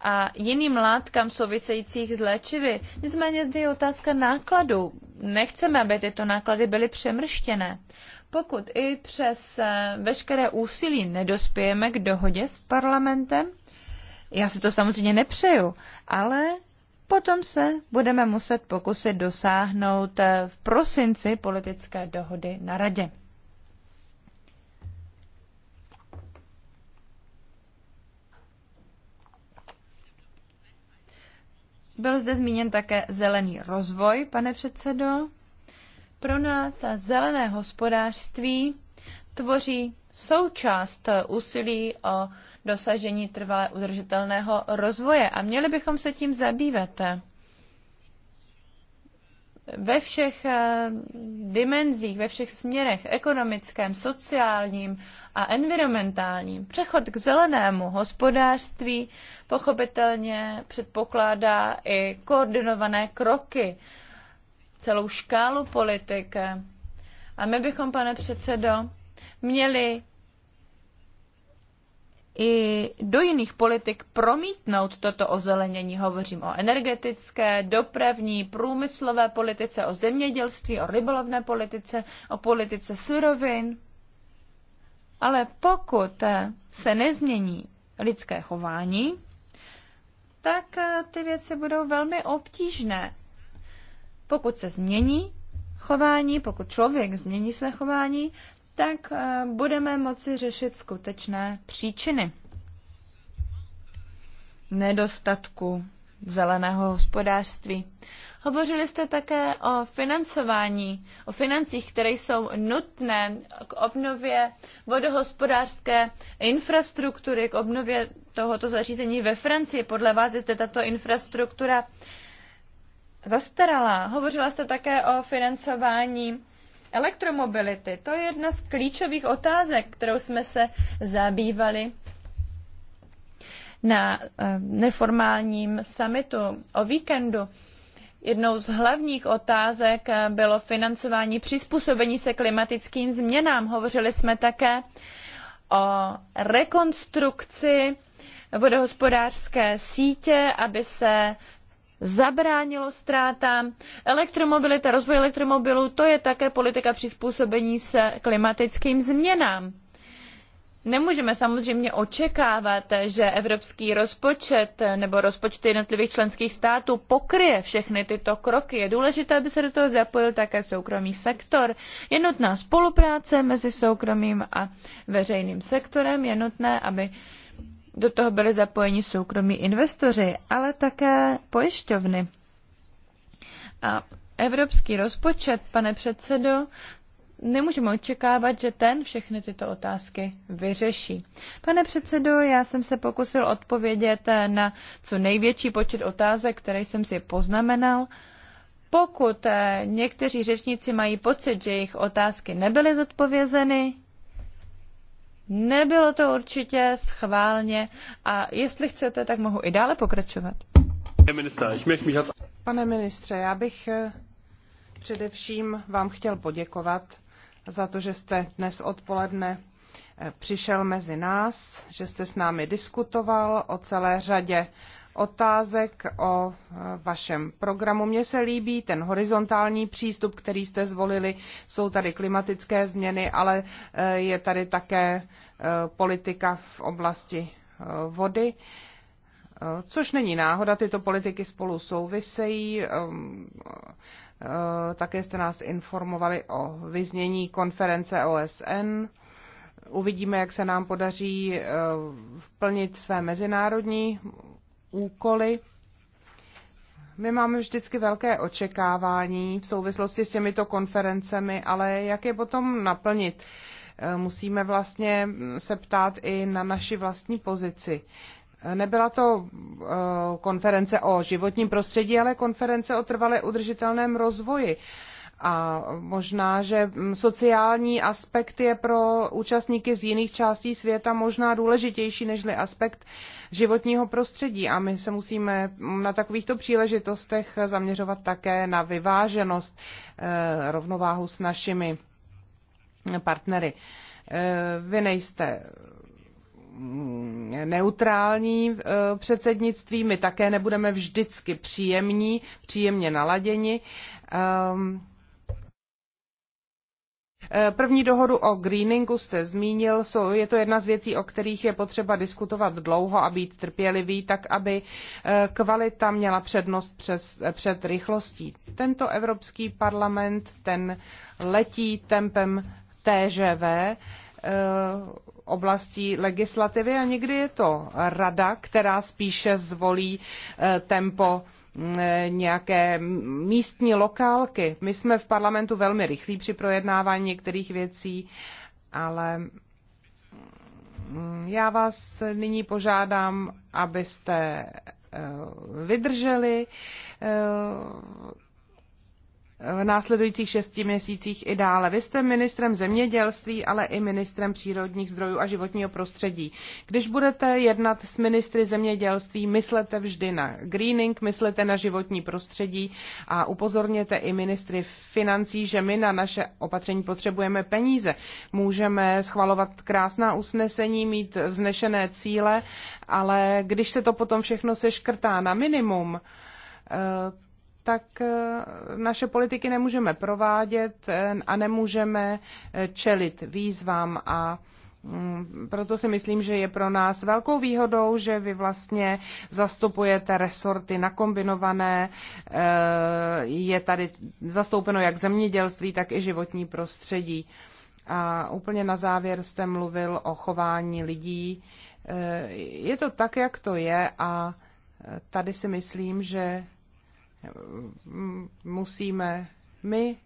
a jiným látkám souvisejících s léčivy. Nicméně zde je otázka nákladů. Nechceme, aby tyto náklady byly přemrštěné. Pokud i přes eh, veškeré úsilí nedospějeme k dohodě s parlamentem, já si to samozřejmě nepřeju, ale Potom se budeme muset pokusit dosáhnout eh, v prosinci politické dohody na radě. Byl zde zmíněn také zelený rozvoj, pane předsedo. Pro nás zelené hospodářství tvoří součást úsilí o dosažení trvalé udržitelného rozvoje. A měli bychom se tím zabývat ve všech eh, dimenzích, ve všech směrech, ekonomickém, sociálním a environmentálním. Přechod k zelenému hospodářství pochopitelně předpokládá i koordinované kroky, celou škálu politik. A my bychom, pane předsedo, měli i do jiných politik promítnout toto ozelenění. Hovořím o energetické, dopravní, průmyslové politice, o zemědělství, o rybolovné politice, o politice surovin. Ale pokud se nezmění lidské chování, tak ty věci budou velmi obtížné. Pokud se změní chování, pokud člověk změní své chování, tak eh, budeme moci řešit skutečné příčiny nedostatku zeleného hospodářství. Hovořili jste také o financování, o financích, které jsou nutné k obnově vodohospodářské infrastruktury, k obnově tohoto zařízení ve Francii. Podle vás je zde tato infrastruktura zastaralá. Hovořila jste také o financování elektromobility. To je jedna z klíčových otázek, kterou jsme se zabývali na eh, neformálním summitu o víkendu. Jednou z hlavních otázek eh, bylo financování přizpůsobení se klimatickým změnám. Hovořili jsme také o rekonstrukci vodohospodářské sítě, aby se zabránilo ztrátám. Elektromobilita, rozvoj elektromobilů, to je také politika přizpůsobení se klimatickým změnám. Nemůžeme samozřejmě očekávat, že evropský rozpočet nebo rozpočty jednotlivých členských států pokryje všechny tyto kroky. Je důležité, aby se do toho zapojil také soukromý sektor. Je nutná spolupráce mezi soukromým a veřejným sektorem. Je nutné, aby do toho byly zapojeni soukromí investoři, ale také pojišťovny. A evropský rozpočet, pane předsedo, nemůžeme očekávat, že ten všechny tyto otázky vyřeší. Pane předsedo, já jsem se pokusil odpovědět na co největší počet otázek, které jsem si poznamenal. Pokud eh, někteří řečníci mají pocit, že jejich otázky nebyly zodpovězeny, Nebylo to určitě schválně a jestli chcete, tak mohu i dále pokračovat. Pane ministře, já bych eh, především vám chtěl poděkovat za to, že jste dnes odpoledne eh, přišel mezi nás, že jste s námi diskutoval o celé řadě otázek o eh, vašem programu. Mně se líbí ten horizontální přístup, který jste zvolili. Jsou tady klimatické změny, ale eh, je tady také eh, politika v oblasti vody. Což není náhoda, tyto politiky spolu souvisejí. Také jste nás informovali o vyznění konference OSN. Uvidíme, jak se nám podaří plnit své mezinárodní úkoly. My máme vždycky velké očekávání v souvislosti s těmito konferencemi, ale jak je potom naplnit? Eh, musíme vlastně hm, se ptát i na naši vlastní pozici. Eh, nebyla to eh, konference o životním prostředí, ale konference o trvalé udržitelném rozvoji. A možná, že sociální aspekt je pro účastníky z jiných částí světa možná důležitější než aspekt životního prostředí. A my se musíme na takovýchto příležitostech zaměřovat také na vyváženost, eh, rovnováhu s našimi partnery. Eh, vy nejste mm, neutrální eh, předsednictví, my také nebudeme vždycky příjemní, příjemně naladěni. Ehm, Eh, první dohodu o greeningu jste zmínil, je to jedna z věcí, o kterých je potřeba diskutovat dlouho a být trpělivý, tak aby eh, kvalita měla přednost přes, eh, před rychlostí. Tento Evropský parlament, ten letí tempem TŽV, oblastí legislativy a někdy je to rada, která spíše zvolí tempo Eh, nějaké místní lokálky. My jsme v parlamentu velmi rychlí při projednávání některých věcí, ale mm, já vás nyní požádám, abyste eh, vydrželi eh, v následujících šesti měsících i dále. Vy jste ministrem zemědělství, ale i ministrem přírodních zdrojů a životního prostředí. Když budete jednat s ministry zemědělství, myslete vždy na greening, myslete na životní prostředí a upozorněte i ministry financí, že my na naše opatření potřebujeme peníze. Můžeme schvalovat krásná usnesení, mít vznešené cíle, ale když se to potom všechno seškrtá na minimum, eh, tak eh, naše politiky nemůžeme provádět eh, a nemůžeme eh, čelit výzvám a mm, proto si myslím, že je pro nás velkou výhodou, že vy vlastně zastupujete resorty nakombinované. Je tady zastoupeno jak zemědělství, tak i životní prostředí. A úplně na závěr jste mluvil o chování lidí. Je to tak, jak to je a tady si myslím, že musíme my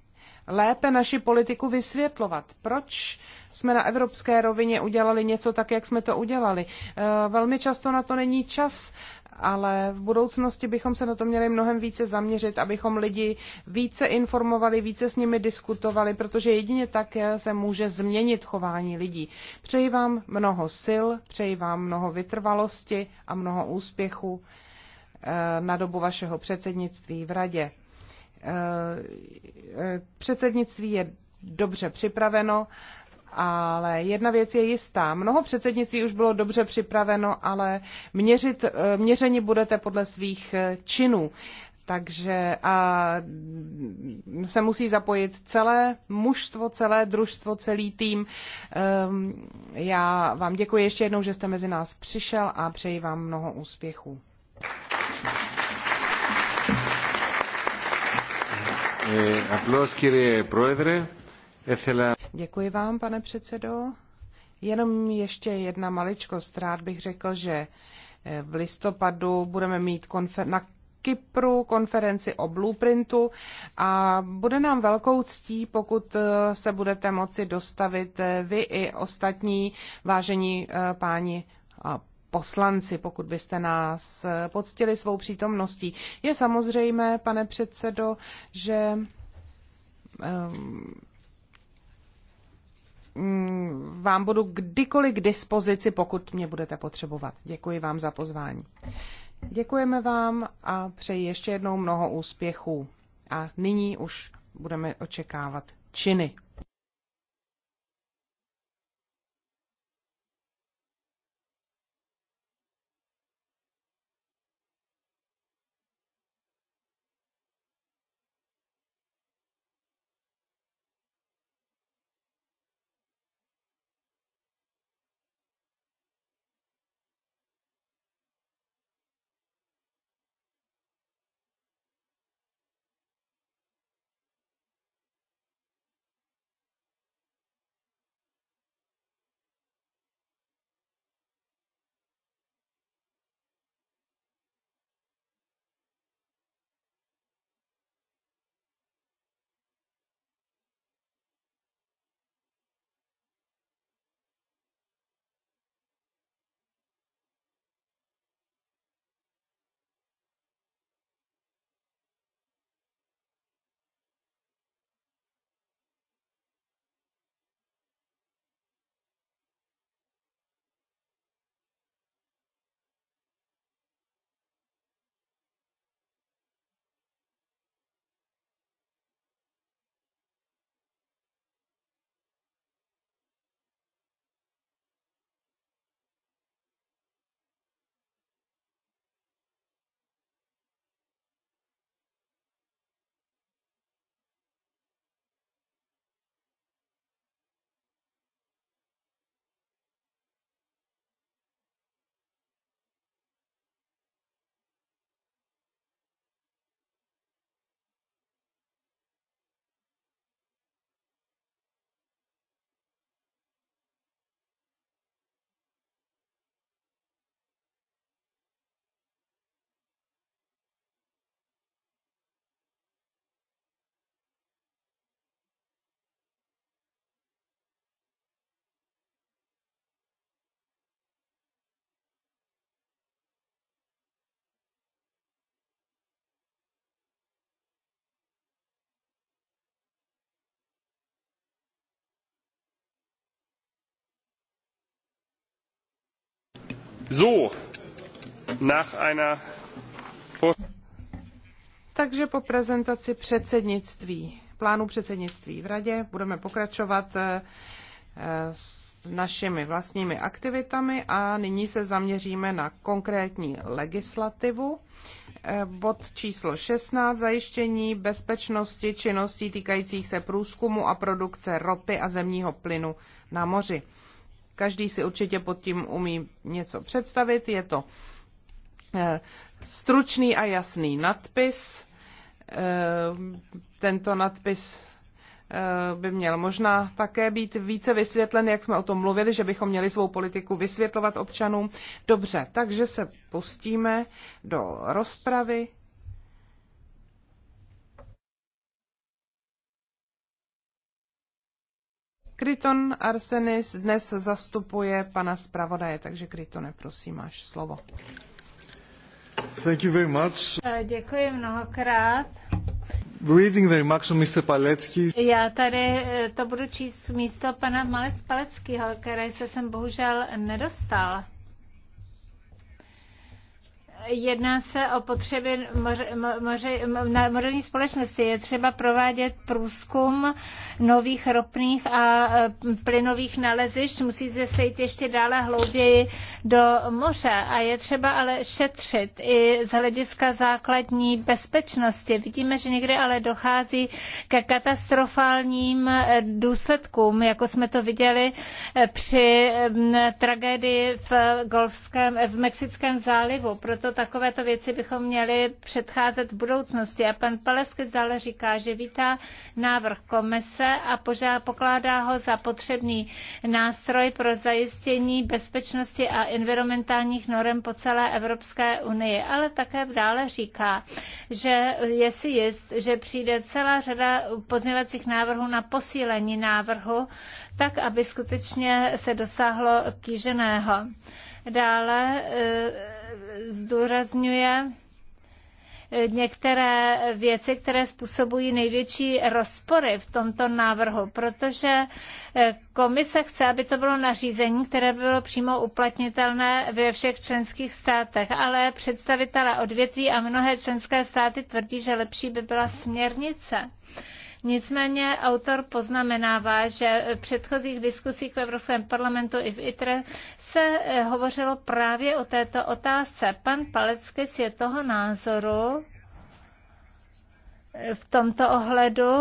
lépe naši politiku vysvětlovat. Proč jsme na evropské rovině udělali něco tak, jak jsme to udělali? Eh, velmi často na to není čas, ale v budoucnosti bychom se na to měli mnohem více zaměřit, abychom lidi více informovali, více s nimi diskutovali, protože jedině tak se může změnit chování lidí. Přeji vám mnoho sil, přeji vám mnoho vytrvalosti a mnoho úspěchu. Eh, na dobu vašeho předsednictví v radě. Eh, eh, předsednictví je dobře připraveno, ale jedna věc je jistá. Mnoho předsednictví už bylo dobře připraveno, ale měřit, měření budete podle svých činů. Takže a mm, se musí zapojit celé mužstvo, celé družstvo, celý tým. Ehm, já vám děkuji ještě jednou, že jste mezi nás přišel a přeji vám mnoho úspěchů. Děkuji vám, pane předsedo. Jenom ještě jedna maličkost. Rád bych řekl, že eh, v listopadu budeme mít konfer- na Kypru konferenci o blueprintu a bude nám velkou ctí, pokud eh, se budete moci dostavit eh, vy i ostatní vážení páni a poslanci, pokud byste nás eh, poctili svou přítomností. Je samozřejmé, pane předsedo, že ehm, vám budu kdykoliv k dispozici, pokud mě budete potřebovat. Děkuji vám za pozvání. Děkujeme vám a přeji ještě jednou mnoho úspěchů. A nyní už budeme očekávat činy. So, nach einer... Takže po prezentaci předsednictví, plánu předsednictví v Radě, budeme pokračovat eh, s našimi vlastními aktivitami a nyní se zaměříme na konkrétní legislativu. Eh, bod číslo 16. Zajištění bezpečnosti činností týkajících se průzkumu a produkce ropy a zemního plynu na moři. Každý si určitě pod tím umí něco představit. Je to eh, stručný a jasný nadpis. Eh, tento nadpis eh, by měl možná také být více vysvětlen, jak jsme o tom mluvili, že bychom měli svou politiku vysvětlovat občanům. Dobře, takže se pustíme do rozpravy. Kryton Arsenis dnes zastupuje pana zpravodaje, takže Krytone, prosím, máš slovo. Thank you very much. Eh, děkuji mnohokrát. Reading the remarks of Mr. Paletsky. Já tady eh, to budu číst místo pana Malec Paleckého, které se sem bohužel nedostal jedná se o potřeby moderní společnosti. Je třeba provádět průzkum nových ropných a e, plynových nalezišť. Musí se sejít ještě dále hlouběji do moře. A je třeba ale šetřit i z hlediska základní bezpečnosti. Vidíme, že někde ale dochází ke katastrofálním e, důsledkům, jako jsme to viděli e, při tragédii v, Golfském, v Mexickém zálivu. Proto takovéto věci bychom měli předcházet v budoucnosti. A pan Palesky zále říká, že vítá návrh komise a požá, pokládá ho za potřebný nástroj pro zajištění bezpečnosti a environmentálních norem po celé Evropské unii. Ale také dále říká, že je si jist, že přijde celá řada pozměvacích návrhů na posílení návrhu, tak, aby skutečně se dosáhlo kýženého. Dále eh, zdůrazňuje některé věci, které způsobují největší rozpory v tomto návrhu, protože eh, komise chce, aby to bylo nařízení, které bylo přímo uplatnitelné ve všech členských státech, ale představitelé odvětví a mnohé členské státy tvrdí, že lepší by byla směrnice. Nicméně autor poznamenává, že v předchozích diskusích v Evropském parlamentu i v ITRE se eh, hovořilo právě o této otázce. Pan si je toho názoru, eh, v tomto ohledu,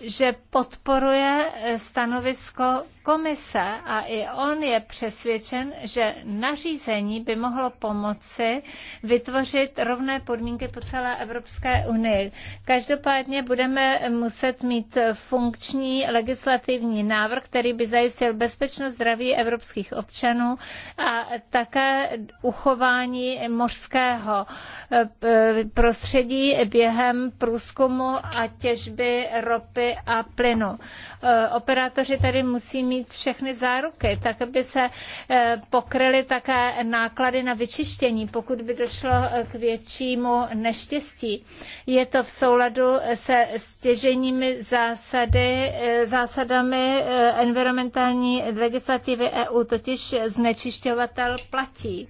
že podporuje eh, stanovisko komise a i on je přesvědčen, že nařízení by mohlo pomoci vytvořit rovné podmínky po celé Evropské unii. Každopádně budeme muset mít funkční legislativní návrh, který by zajistil bezpečnost zdraví evropských občanů a také uchování mořského eh, eh, prostředí během průzkumu a těžby ropy ropy a plynu. Eh, operátoři tady musí mít všechny záruky, tak aby se eh, pokryly také náklady na vyčištění, pokud by došlo eh, k většímu neštěstí. Je to v souladu se stěženími zásady, zásadami environmentální legislativy EU, totiž znečišťovatel platí.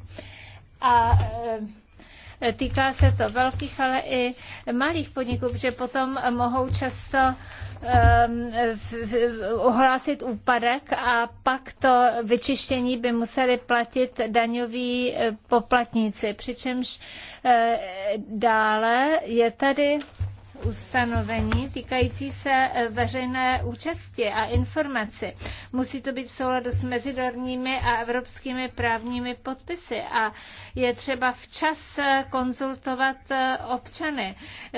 A Týká se to velkých, ale i malých podniků, protože potom mohou často ehm, ohlásit úpadek a pak to vyčištění by museli platit daňoví eh, poplatníci. Přičemž eh, dále je tady ustanovení týkající se eh, veřejné účasti a informaci. Musí to být v souladu s mezidorními a evropskými právními podpisy a je třeba včas eh, konzultovat eh, občany,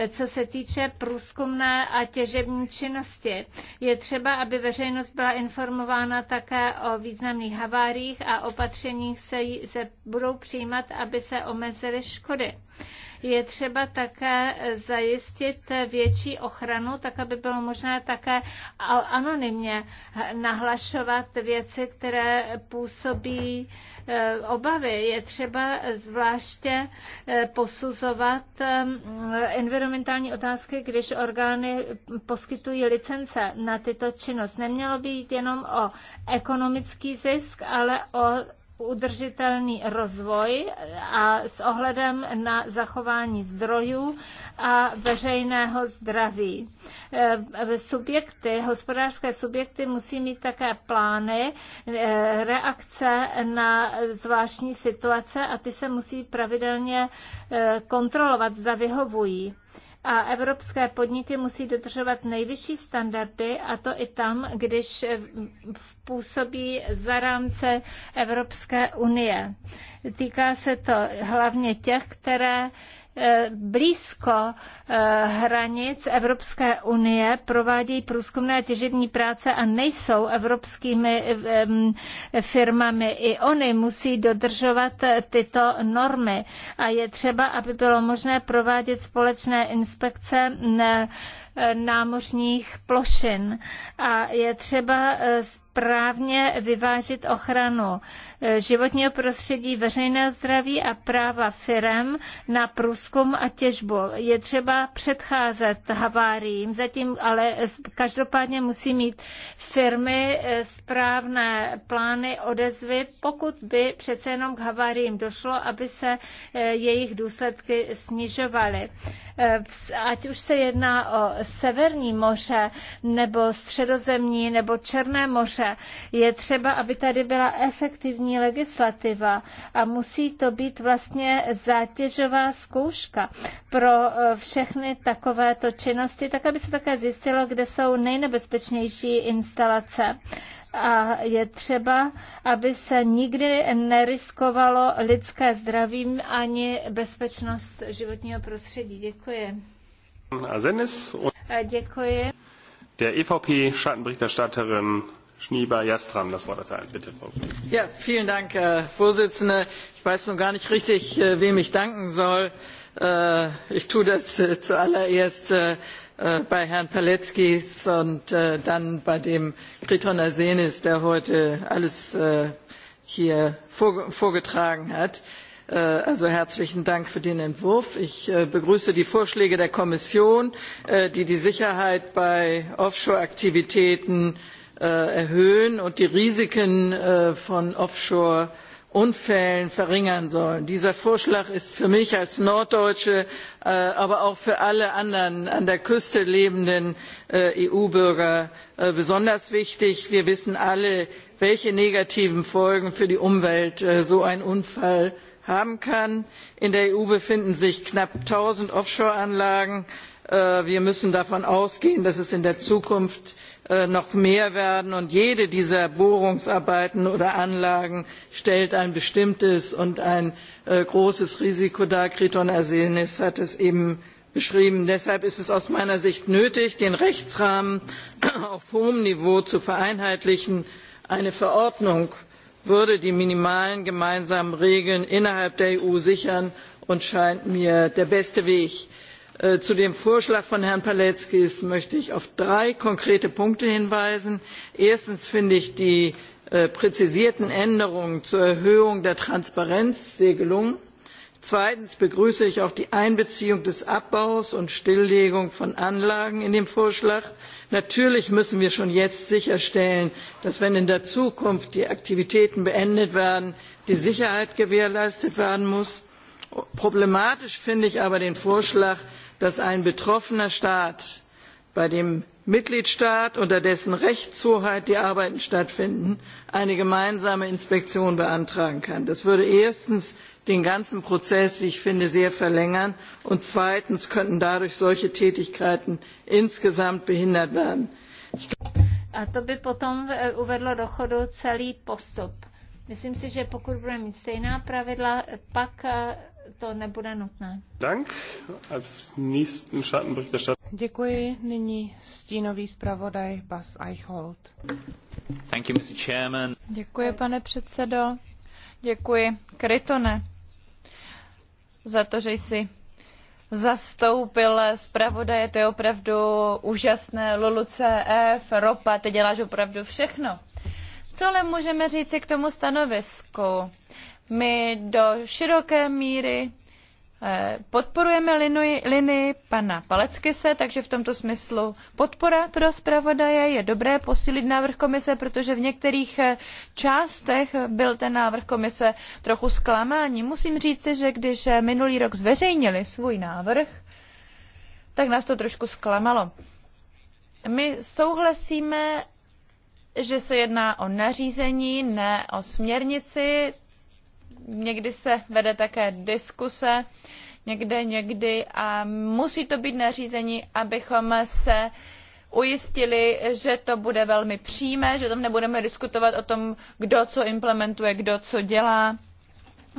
co se týče průzkumné a těžební činnosti. Je třeba, aby veřejnost byla informována také o významných haváriích a opatřeních se, se budou přijímat, aby se omezily škody je třeba také zajistit větší ochranu, tak aby bylo možné také anonymně nahlašovat věci, které působí e, obavy. Je třeba zvláště e, posuzovat environmentální otázky, když orgány poskytují licence na tyto činnost. Nemělo by jít jenom o ekonomický zisk, ale o udržitelný rozvoj a s ohledem na zachování zdrojů a veřejného zdraví. Eh, subjekty, hospodářské subjekty musí mít také plány eh, reakce na zvláštní situace a ty se musí pravidelně eh, kontrolovat, zda vyhovují a evropské podniky musí dodržovat nejvyšší standardy a to i tam, když působí za rámce Evropské unie. Týká se to hlavně těch, které Eh, blízko eh, hranic Evropské unie provádějí průzkumné těžební práce a nejsou evropskými eh, firmami. I oni musí dodržovat tyto normy a je třeba, aby bylo možné provádět společné inspekce námořních plošin a je třeba eh, správně vyvážit ochranu eh, životního prostředí, veřejného zdraví a práva firem na průzkum a těžbu. Je třeba předcházet haváriím, zatím ale každopádně musí mít firmy eh, správné plány odezvy, pokud by přece jenom k haváriím došlo, aby se jejich důsledky snižovaly. Eh, ať už se jedná o Severní moře, nebo Středozemní, nebo Černé moře, je třeba, aby tady byla efektivní legislativa a musí to být vlastně zátěžová zkouška pro eh, všechny takovéto činnosti, tak aby se také zjistilo, kde jsou nejnebezpečnější instalace a je třeba, aby se nikdy neriskovalo lidské zdraví ani bezpečnost životního prostředí. Děkuji. Děkuji. Der EVP-Schattenberichterstatterin Schnieber Jastram das Wort erteilen. Bitte, Frau ja, vielen Dank, Herr Vorsitzende. Ich weiß nun gar nicht richtig, äh, wem ich danken soll. Äh, ich tue das äh, zuallererst Äh, bei Herrn Paleckis und äh, dann bei dem Kriton Arsenis, der heute alles äh, hier vorgetragen hat. Also herzlichen Dank für den Entwurf. Ich begrüße die Vorschläge der Kommission, die die Sicherheit bei Offshore-Aktivitäten erhöhen und die Risiken von Offshore-Aktivitäten unfällen verringern sollen. dieser vorschlag ist für mich als norddeutsche äh, aber auch für alle anderen an der küste lebenden äh, eu bürger äh, besonders wichtig. wir wissen alle welche negativen folgen für die umwelt so ein unfall haben kann. in der eu befinden sich knapp eins null offshore anlagen. wir müssen davon ausgehen dass es in der zukunft Äh, noch mehr werden und jede dieser bohrungsarbeiten oder anlagen stellt ein bestimmtes und ein äh, großes risiko dar kriton arsenis hat es eben beschrieben. deshalb ist es aus meiner sicht nötig den rechtsrahmen auf hohem niveau zu vereinheitlichen. eine verordnung würde die minimalen gemeinsamen regeln innerhalb der eu sichern und scheint mir der beste weg. Äh, zu dem vorschlag von herrn paleckis möchte ich auf drei konkrete punkte hinweisen erstens finde ich die äh, präzisierten änderungen zur erhöhung der transparenz sehr gelungen zweitens begrüße ich auch die einbeziehung des abbaus und stilllegung von anlagen in den vorschlag. natürlich müssen wir schon jetzt sicherstellen dass wenn in der zukunft die aktivitäten beendet werden die sicherheit gewährleistet werden muss. problematisch finde ich aber den vorschlag dass ein betroffener Staat bei dem Mitgliedstaat, unter dessen Rechtshoheit die Arbeiten stattfinden, eine gemeinsame Inspektion beantragen kann. Das würde erstens den ganzen Prozess, wie ich finde, sehr verlängern und zweitens könnten dadurch solche Tätigkeiten insgesamt behindert werden. A to by potom eh, uvedlo do chodu celý postup. Myslím si, že pokud budeme mít stejná pravidla, pak eh, to nebude nutné. Dank. Als nächsten Schattenberichterstatter. Děkuji. Nyní stínový zpravodaj Bas Eichhold. Thank you, Mr. Chairman. Děkuji, pane předsedo. Děkuji, Krytone, za to, že jsi zastoupil zpravodaje, to je opravdu úžasné, Lulu CF, ropa, ty děláš opravdu všechno. Co ale můžeme říci k tomu stanovisku? My do široké míry eh, podporujeme linii, linii pana Paleckise, takže v tomto smyslu podpora pro zpravodaje je dobré posílit návrh komise, protože v některých eh, částech byl ten návrh komise trochu zklamání. Musím říci, že když eh, minulý rok zveřejnili svůj návrh, tak nás to trošku zklamalo. My souhlasíme, že se jedná o nařízení, ne o směrnici, někdy se vede také diskuse, někde, někdy a musí to být nařízení, abychom se ujistili, že to bude velmi přímé, že tam nebudeme diskutovat o tom, kdo co implementuje, kdo co dělá,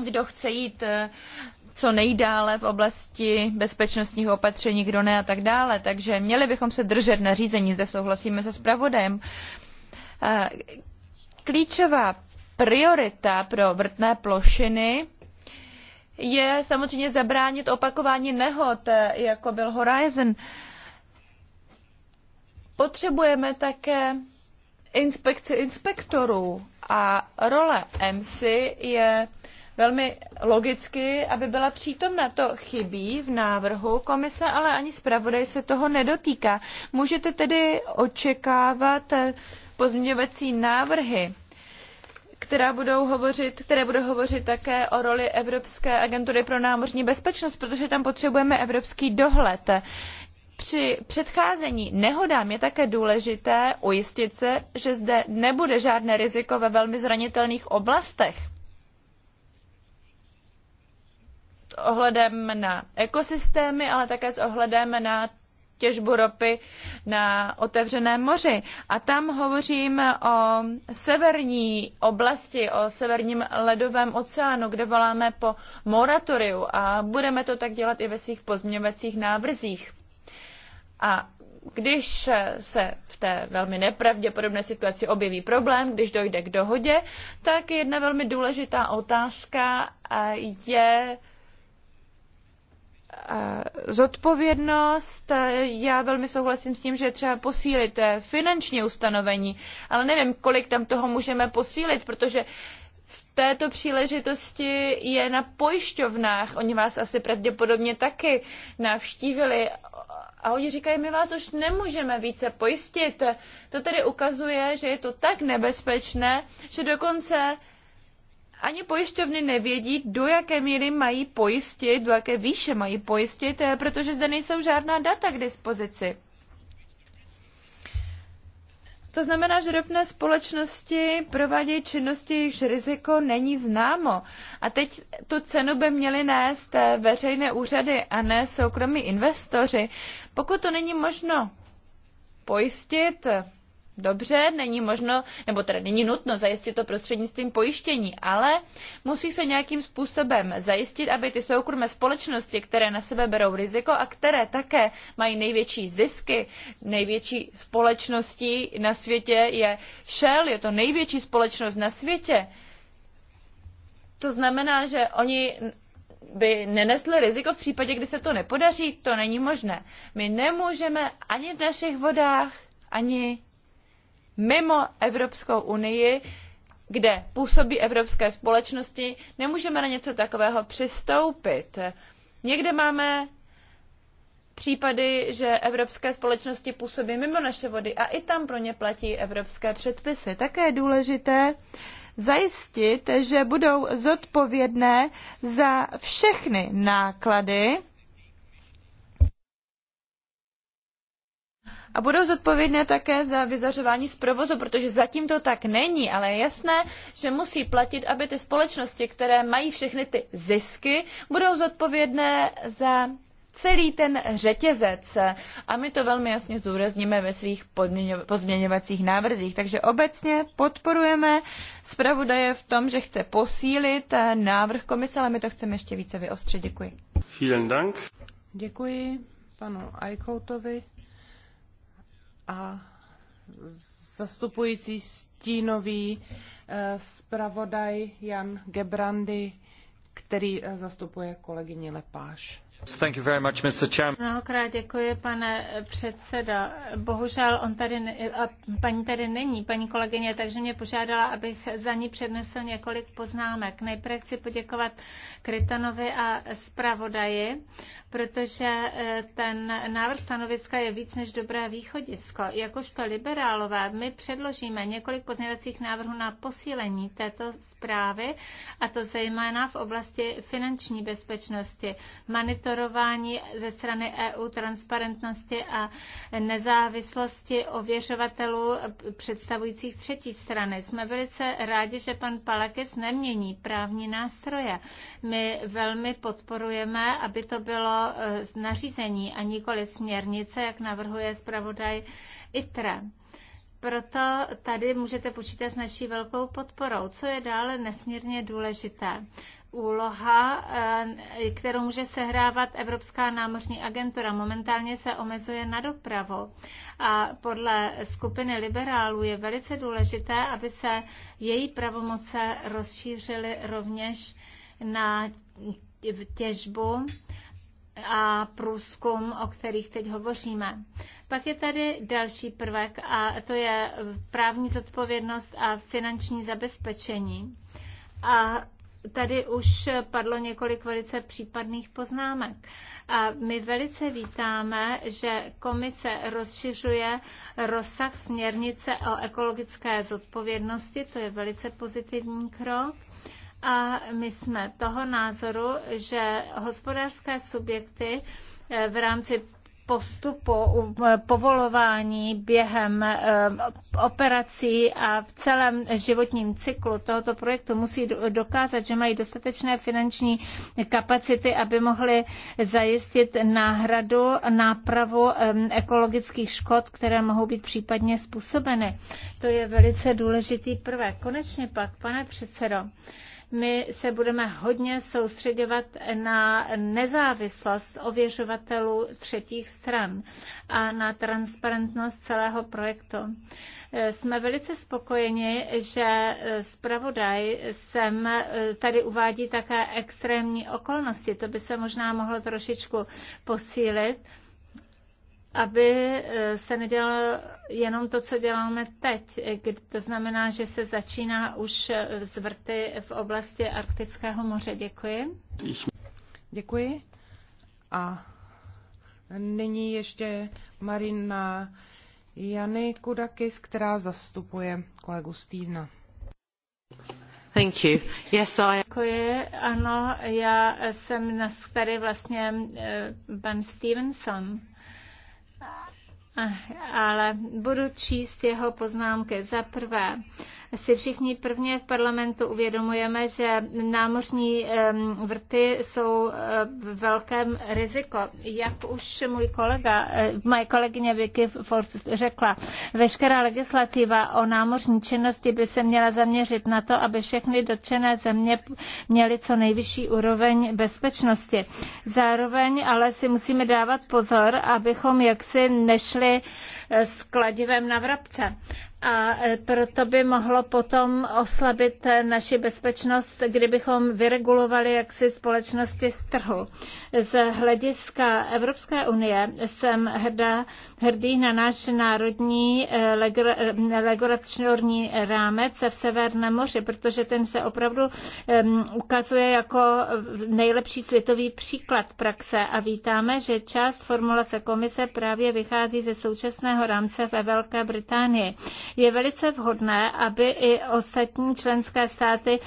kdo chce jít eh, co nejdále v oblasti bezpečnostních opatření, kdo ne a tak dále. Takže měli bychom se držet nařízení, zde souhlasíme se zpravodajem. Eh, klíčová priorita pro vrtné plošiny je samozřejmě zabránit opakování nehod, jako byl Horizon. Potřebujeme také inspekci inspektorů a role MC je velmi logicky, aby byla přítomna. To chybí v návrhu komise, ale ani zpravodaj se toho nedotýká. Můžete tedy očekávat pozměňovací návrhy která budou hovořit, které budou hovořit také o roli Evropské agentury pro námořní bezpečnost, protože tam potřebujeme evropský dohled. Při předcházení nehodám je také důležité ujistit se, že zde nebude žádné riziko ve velmi zranitelných oblastech. S ohledem na ekosystémy, ale také s ohledem na těžbu ropy na otevřeném moři. A tam hovořím o severní oblasti, o severním ledovém oceánu, kde voláme po moratoriu a budeme to tak dělat i ve svých pozměňovacích návrzích. A když se v té velmi nepravděpodobné situaci objeví problém, když dojde k dohodě, tak jedna velmi důležitá otázka je, zodpovědnost. Já velmi souhlasím s tím, že je třeba posílit eh, finanční ustanovení, ale nevím, kolik tam toho můžeme posílit, protože v této příležitosti je na pojišťovnách, oni vás asi pravděpodobně taky navštívili a oni říkají, my vás už nemůžeme více pojistit. To tedy ukazuje, že je to tak nebezpečné, že dokonce ani pojišťovny nevědí, do jaké míry mají pojistit, do jaké výše mají pojistit, eh, protože zde nejsou žádná data k dispozici. To znamená, že ropné společnosti provádějí činnosti, jejichž riziko není známo. A teď tu cenu by měly nést eh, veřejné úřady a ne soukromí investoři. Pokud to není možno pojistit, Dobře, není možno, nebo tedy není nutno zajistit to prostřednictvím pojištění, ale musí se nějakým způsobem zajistit, aby ty soukromé společnosti, které na sebe berou riziko a které také mají největší zisky, největší společností na světě je Shell, je to největší společnost na světě. To znamená, že oni by nenesli riziko v případě, kdy se to nepodaří, to není možné. My nemůžeme ani v našich vodách, ani mimo Evropskou unii, kde působí evropské společnosti, nemůžeme na něco takového přistoupit. Někde máme případy, že evropské společnosti působí mimo naše vody a i tam pro ně platí evropské předpisy. Také je důležité zajistit, že budou zodpovědné za všechny náklady, a budou zodpovědné také za vyzařování z provozu, protože zatím to tak není, ale je jasné, že musí platit, aby ty společnosti, které mají všechny ty zisky, budou zodpovědné za celý ten řetězec. A my to velmi jasně zdůrazníme ve svých pozměňovacích návrzích. Takže obecně podporujeme zpravodaje v tom, že chce posílit eh, návrh komise, ale my to chceme ještě více vyostřit. Děkuji. Vielen Dank. Děkuji panu Aikoutovi a zastupující stínový eh, zpravodaj Jan Gebrandy, který eh, zastupuje kolegyni Lepáš. Thank you very much, Mr. Chairman. Mnohokrát děkuji, pane předseda. Bohužel on tady ne, a paní tady není, paní kolegyně, takže mě požádala, abych za ní přednesl několik poznámek. Nejprve chci poděkovat Krytanovi a zpravodaji protože eh, ten návrh stanoviska je víc než dobré východisko. Jakožto liberálové, my předložíme několik pozměňovacích návrhů na posílení této zprávy, a to zejména v oblasti finanční bezpečnosti, monitorování ze strany EU transparentnosti a nezávislosti ověřovatelů představujících třetí strany. Jsme velice rádi, že pan Palakis nemění právní nástroje. My velmi podporujeme, aby to bylo Eh, nařízení a nikoli směrnice, jak navrhuje zpravodaj ITRE. Proto tady můžete počítat s naší velkou podporou, co je dále nesmírně důležité úloha, eh, kterou může sehrávat Evropská námořní agentura. Momentálně se omezuje na dopravu a podle skupiny liberálů je velice důležité, aby se její pravomoce rozšířily rovněž na těžbu a průzkum, o kterých teď hovoříme. Pak je tady další prvek a to je právní zodpovědnost a finanční zabezpečení. A tady už padlo několik velice případných poznámek. A my velice vítáme, že komise rozšiřuje rozsah směrnice o ekologické zodpovědnosti, to je velice pozitivní krok. A my jsme toho názoru, že hospodářské subjekty eh, v rámci postupu eh, povolování během eh, operací a v celém životním cyklu tohoto projektu musí dokázat, že mají dostatečné finanční kapacity, aby mohly zajistit náhradu, nápravu ekologických škod, které mohou být případně způsobeny. To je velice důležitý prvek. Konečně pak, pane předsedo, my se budeme hodně soustředovat na nezávislost ověřovatelů třetích stran a na transparentnost celého projektu. Jsme velice spokojeni, že zpravodaj sem eh, tady uvádí také extrémní okolnosti. To by se možná mohlo trošičku posílit aby eh, se nedělalo jenom to, co děláme teď. To znamená, že se začíná už eh, zvrty v oblasti Arktického moře. Děkuji. Děkuji. A nyní ještě Marina Jany Kudakis, která zastupuje kolegu Stevena. Thank you. Yes, I... Děkuji. Ano, já jsem tady vlastně eh, pan Stevenson Eh, ale budu číst jeho poznámky. Za prvé, si všichni prvně v parlamentu uvědomujeme, že námořní vrty jsou eh, v velkém riziko. Jak už můj kolega, eh, moje kolegyně Vicky Ford řekla, veškerá legislativa o námořní činnosti by se měla zaměřit na to, aby všechny dotčené země měly co nejvyšší úroveň bezpečnosti. Zároveň ale si musíme dávat pozor, abychom jaksi nešli eh, s kladivem na vrabce a e, proto by mohlo potom oslabit naši bezpečnost, kdybychom vyregulovali jaksi společnosti z trhu. Z hlediska Evropské unie jsem hrdá, hrdý na náš národní regulační e, e, rámec v Severném moři, protože ten se opravdu ukazuje jako nejlepší světový příklad praxe a vítáme, že část formulace komise právě vychází ze současného rámce ve Velké Británii je velice vhodné, aby i ostatní členské státy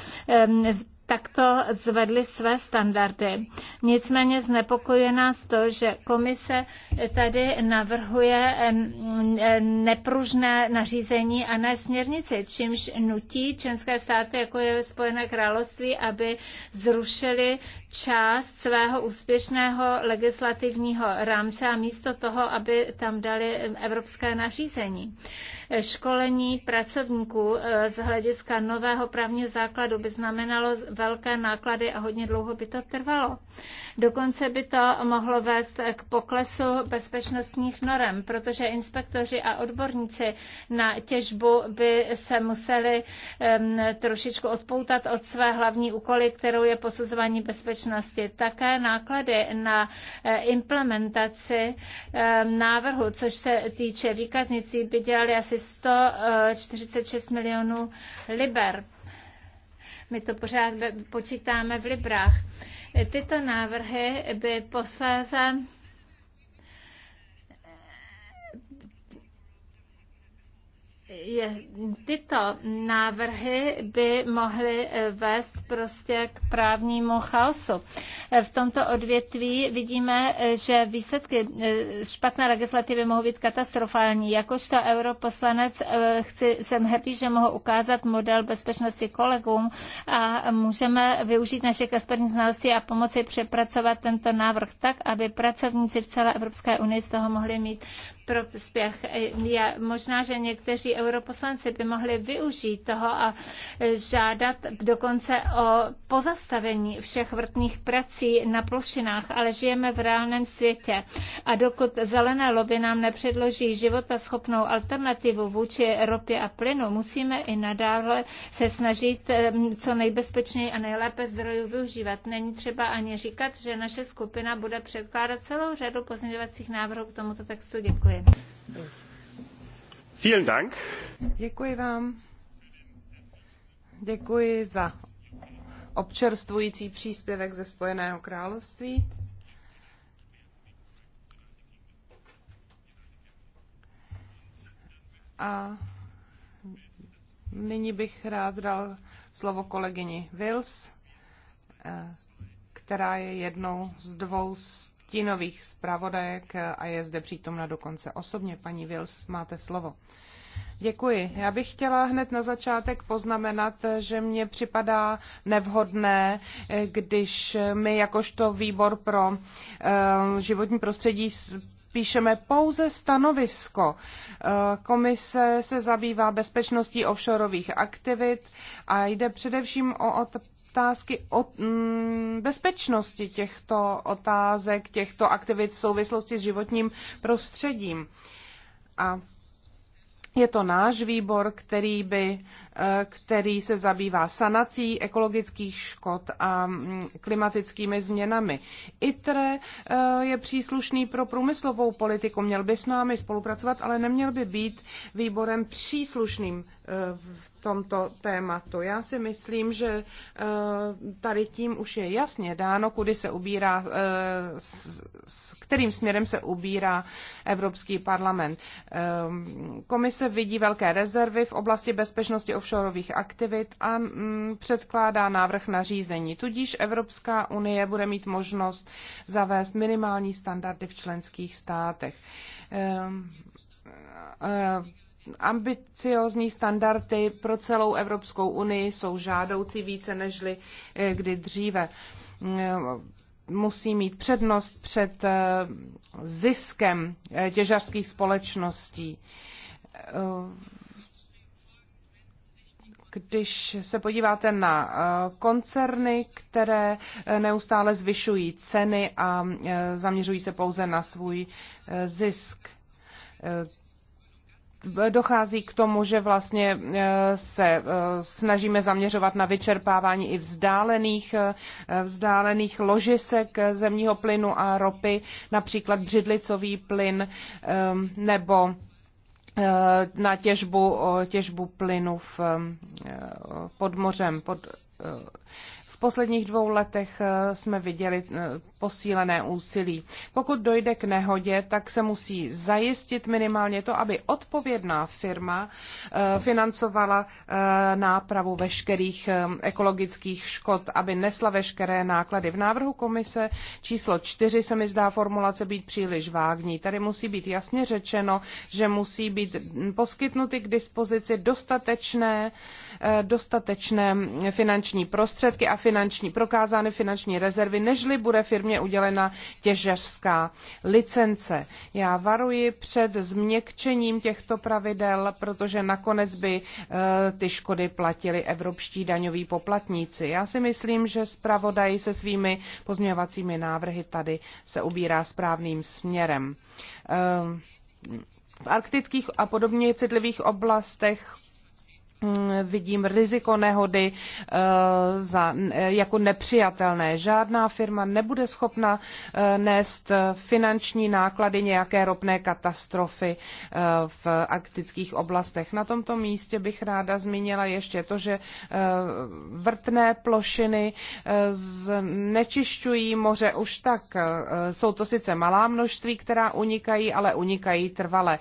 takto zvedly své standardy. Nicméně znepokojuje nás to, že komise tady navrhuje nepružné nařízení a ne směrnici, čímž nutí členské státy, jako je Spojené království, aby zrušili část svého úspěšného legislativního rámce a místo toho, aby tam dali evropské nařízení. Školení pracovníků eh, z hlediska nového právního základu by znamenalo velké náklady a hodně dlouho by to trvalo. Dokonce by to mohlo vést k poklesu bezpečnostních norem, protože inspektoři a odborníci na těžbu by se museli um, trošičku odpoutat od své hlavní úkoly, kterou je posuzování bezpečnosti. Také náklady na eh, implementaci um, návrhu, což se týče výkaznicí, by dělali asi 346 milionů liber. My to pořád počítáme v librách. Tyto návrhy by posléze je, tyto návrhy by mohly eh, vést prostě k právnímu chaosu. Eh, v tomto odvětví vidíme, eh, že výsledky špatné legislativy mohou být katastrofální. Jakožto europoslanec chci, jsem happy, že mohu ukázat model bezpečnosti kolegům a můžeme využít naše kasperní znalosti a pomoci přepracovat tento návrh tak, aby pracovníci v celé Evropské unii z toho mohli mít prospěch. Je možná, že někteří europoslanci by mohli využít toho a žádat dokonce o pozastavení všech vrtných prací na plošinách, ale žijeme v reálném světě. A dokud zelené lobby nám nepředloží života schopnou alternativu vůči ropě a plynu, musíme i nadále se snažit co nejbezpečněji a nejlépe zdrojů využívat. Není třeba ani říkat, že naše skupina bude předkládat celou řadu pozměňovacích návrhů k tomuto textu. Děkuji. Děkuji. Vielen Dank. Děkuji vám. Děkuji za občerstvující příspěvek ze Spojeného království. A nyní bych rád dal slovo kolegyni Wills, eh, která je jednou z dvou z stínových zpravodajek a je zde přítomna dokonce osobně. Paní Vils, máte slovo. Děkuji. Já bych chtěla hned na začátek poznamenat, že mně připadá nevhodné, když my jakožto výbor pro eh, životní prostředí píšeme pouze stanovisko. Eh, komise se zabývá bezpečností offshoreových aktivit a jde především o otázky o mm, bezpečnosti těchto otázek, těchto aktivit v souvislosti s životním prostředím. A je to náš výbor, který by který se zabývá sanací ekologických škod a mm, klimatickými změnami. ITRE eh, je příslušný pro průmyslovou politiku, měl by s námi spolupracovat, ale neměl by být výborem příslušným eh, v tomto tématu. Já si myslím, že eh, tady tím už je jasně dáno, kudy se ubírá, s kterým směrem se ubírá Evropský parlament. Ehm, komise vidí velké rezervy v oblasti bezpečnosti offshoreových aktivit a mm, předkládá návrh na řízení. Tudíž Evropská unie bude mít možnost zavést minimální standardy v členských státech. Ehm, eh, ambiciozní standardy pro celou Evropskou unii jsou žádoucí více nežli eh, kdy dříve eh, musí mít přednost před ziskem těžařských společností. Když se podíváte na eh, koncerny, které eh, neustále zvyšují ceny a eh, zaměřují se pouze na svůj zisk, dochází k tomu, že vlastně se snažíme zaměřovat na vyčerpávání i vzdálených, vzdálených ložisek zemního plynu a ropy, například břidlicový plyn nebo Eh, na těžbu, těžbu plynu v, eh, pod mořem. Pod, eh, v posledních dvou letech jsme viděli posílené úsilí. Pokud dojde k nehodě, tak se musí zajistit minimálně to, aby odpovědná firma eh, financovala eh, nápravu veškerých eh, ekologických škod, aby nesla veškeré náklady. V návrhu komise číslo 4 se mi zdá formulace být příliš vágní. Tady musí být jasně řečeno, že musí být poskytnuty k dispozici dostatečné, dostatečné finanční prostředky a finanční, prokázány finanční rezervy, nežli bude firmě mě udělena těžařská licence. Já varuji před změkčením těchto pravidel, protože nakonec by eh, ty škody platili evropští daňoví poplatníci. Já si myslím, že zpravodaj se svými pozměňovacími návrhy tady se ubírá správným směrem eh, v arktických a podobně citlivých oblastech Mm, vidím riziko nehody eh, za, eh, jako nepřijatelné. Žádná firma nebude schopna eh, nést finanční náklady nějaké ropné katastrofy v arktických oblastech. Na tomto místě bych ráda zmínila ještě to, že vrtné plošiny znečišťují moře už tak. Jsou to sice malá množství, která unikají, ale unikají trvale.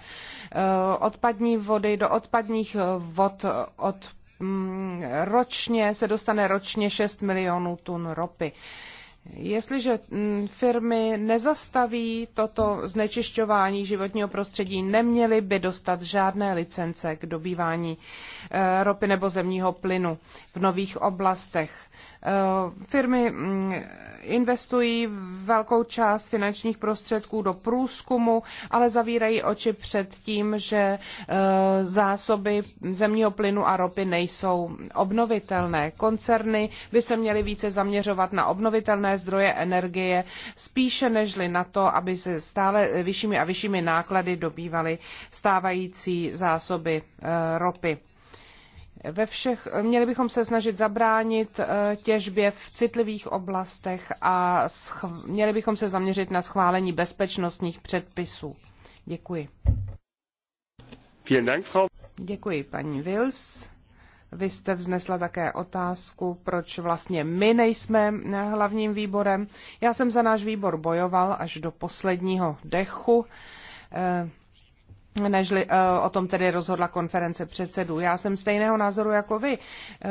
Eh, odpadní vody do odpadních eh, vod eh, od mm, ročně se dostane ročně 6 milionů tun ropy. Jestliže mm, firmy nezastaví toto znečišťování životního prostředí, neměly by dostat žádné licence k dobývání ropy nebo zemního plynu v nových oblastech. Eh, firmy mm, investují velkou část finančních prostředků do průzkumu, ale zavírají oči před tím, že eh, zásoby zemního plynu a ropy nejsou obnovitelné. Koncerny by se měly více zaměřovat na obnovitelné zdroje energie, spíše nežli na to, aby se stále vyššími a vyššími náklady dobývaly stávající zásoby eh, ropy. Ve všech, měli bychom se snažit zabránit eh, těžbě v citlivých oblastech a schv, měli bychom se zaměřit na schválení bezpečnostních předpisů. Děkuji. Děkuji, paní Wills. Vy jste vznesla také otázku, proč vlastně my nejsme eh, hlavním výborem. Já jsem za náš výbor bojoval až do posledního dechu. Eh, nežli eh, o tom tedy rozhodla konference předsedů. Já jsem stejného názoru jako vy eh,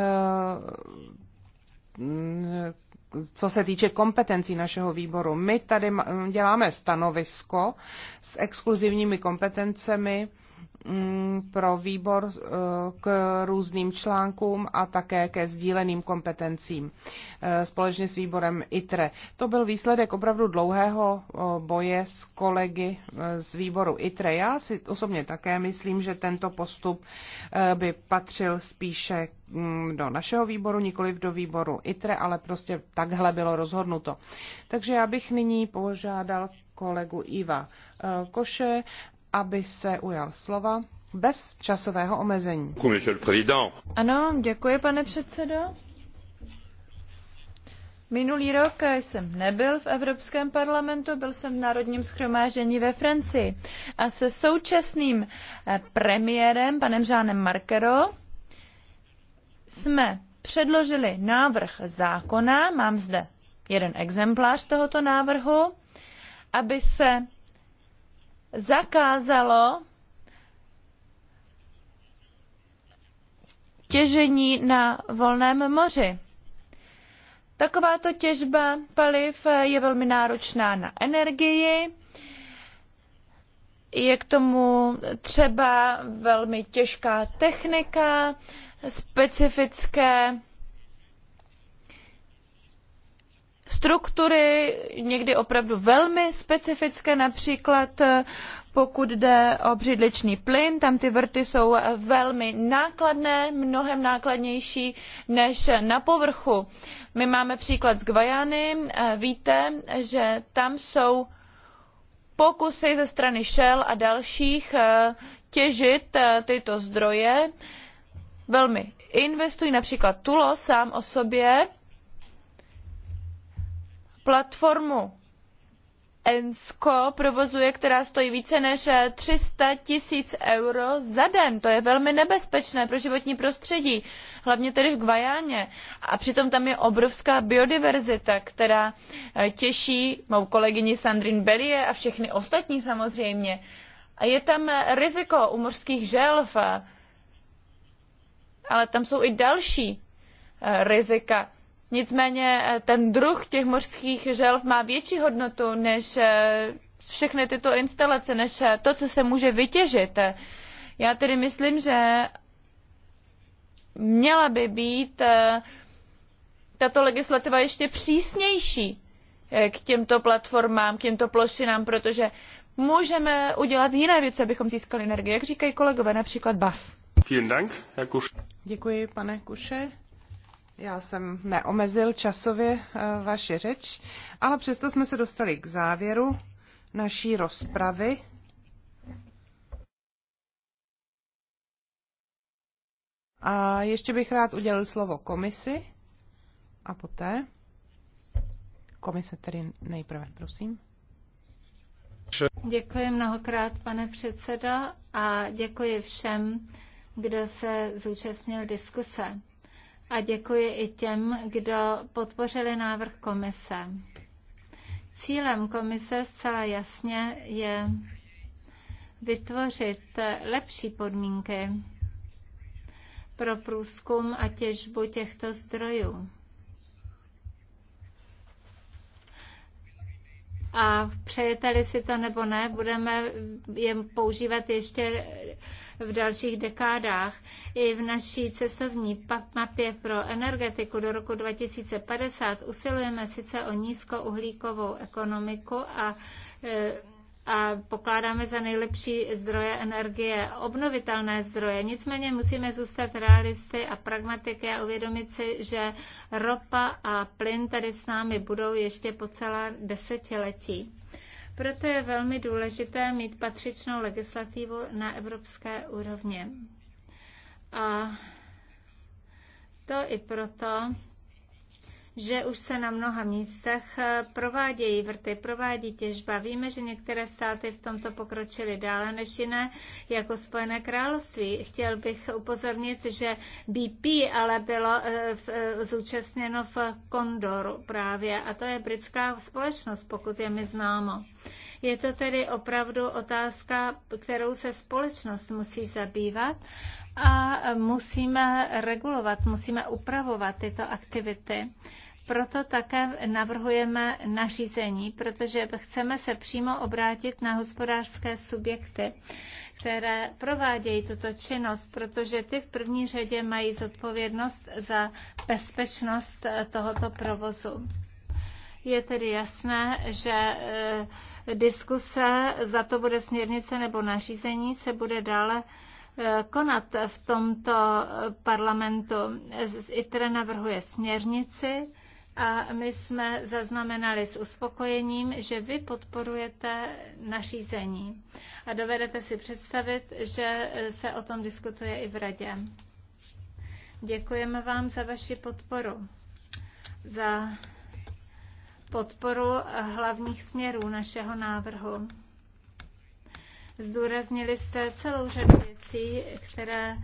co se týče kompetencí našeho výboru. My tady děláme stanovisko s exkluzivními kompetencemi Mm, pro výbor eh, k různým článkům a také ke sdíleným kompetencím eh, společně s výborem ITRE. To byl výsledek opravdu dlouhého eh, boje s kolegy z výboru ITRE. Já si osobně také myslím, že tento postup by patřil spíše mm, do našeho výboru, nikoliv do výboru ITRE, ale prostě takhle bylo rozhodnuto. Takže já bych nyní požádal kolegu Iva Koše, aby se ujal slova bez časového omezení. Ano, děkuji, pane předsedo. Minulý rok jsem nebyl v Evropském parlamentu, byl jsem v Národním schromážení ve Francii. A se současným eh, premiérem, panem Žánem Markero, jsme předložili návrh zákona, mám zde jeden exemplář tohoto návrhu, aby se zakázalo těžení na volném moři. Takováto těžba paliv je velmi náročná na energii, je k tomu třeba velmi těžká technika, specifické struktury, někdy opravdu velmi specifické, například eh, pokud jde o břidličný plyn, tam ty vrty jsou velmi nákladné, mnohem nákladnější než na povrchu. My máme příklad z Gvajány, eh, víte, že tam jsou pokusy ze strany Shell a dalších eh, těžit tyto zdroje. Velmi investují například Tulo sám o sobě platformu ENSCO provozuje, která stojí více než 300 tisíc euro za den. To je velmi nebezpečné pro životní prostředí, hlavně tedy v Gvajáně. A přitom tam je obrovská biodiverzita, která eh, těší mou kolegyni Sandrine Bellier a všechny ostatní samozřejmě. A je tam eh, riziko u mořských želv, eh, ale tam jsou i další rizika Nicméně eh, ten druh těch mořských želv má větší hodnotu než eh, všechny tyto instalace, než eh, to, co se může vytěžit. Já tedy myslím, že měla by být tato legislativa ještě přísnější k těmto platformám, k těmto plošinám, protože můžeme udělat jiné věci, abychom získali energii, jak říkají kolegové, například BAS. Děkuji, pane Kuše. Já jsem neomezil časově eh, vaši řeč, ale přesto jsme se dostali k závěru naší rozpravy. A ještě bych rád udělil slovo komisi a poté. Komise tedy nejprve, prosím. Děkuji mnohokrát, pane předsedo, a děkuji všem, kdo se zúčastnil diskuse a děkuji i těm, kdo podpořili návrh komise. Cílem komise zcela jasně je vytvořit lepší podmínky pro průzkum a těžbu těchto zdrojů. a přejete-li si to nebo ne, budeme je používat ještě v dalších dekádách. I v naší cestovní mapě pro energetiku do roku 2050 usilujeme sice o nízkouhlíkovou ekonomiku a e, a pokládáme za nejlepší zdroje energie, obnovitelné zdroje. Nicméně musíme zůstat realisty a pragmatiky a uvědomit si, že ropa a plyn tady s námi budou ještě po celá desetiletí. Proto je velmi důležité mít patřičnou legislativu na evropské úrovně. A to i proto, že už se na mnoha místech eh, provádějí vrty, provádí těžba. Víme, že některé státy v tomto pokročily dále než jiné, jako Spojené království. Chtěl bych upozornit, že BP ale bylo eh, eh, zúčastněno v Condoru právě a to je britská společnost, pokud je mi známo. Je to tedy opravdu otázka, kterou se společnost musí zabývat a musíme regulovat, musíme upravovat tyto aktivity. Proto také navrhujeme nařízení, protože chceme se přímo obrátit na hospodářské subjekty, které provádějí tuto činnost, protože ty v první řadě mají zodpovědnost za bezpečnost eh, tohoto provozu. Je tedy jasné, že eh, diskuse, za to bude směrnice nebo nařízení, se bude dále eh, konat v tomto parlamentu. ITRE navrhuje směrnici a my jsme zaznamenali s uspokojením, že vy podporujete nařízení. A dovedete si představit, že se o tom diskutuje i v radě. Děkujeme vám za vaši podporu, za podporu hlavních směrů našeho návrhu. Zdůraznili jste celou řadu věcí, které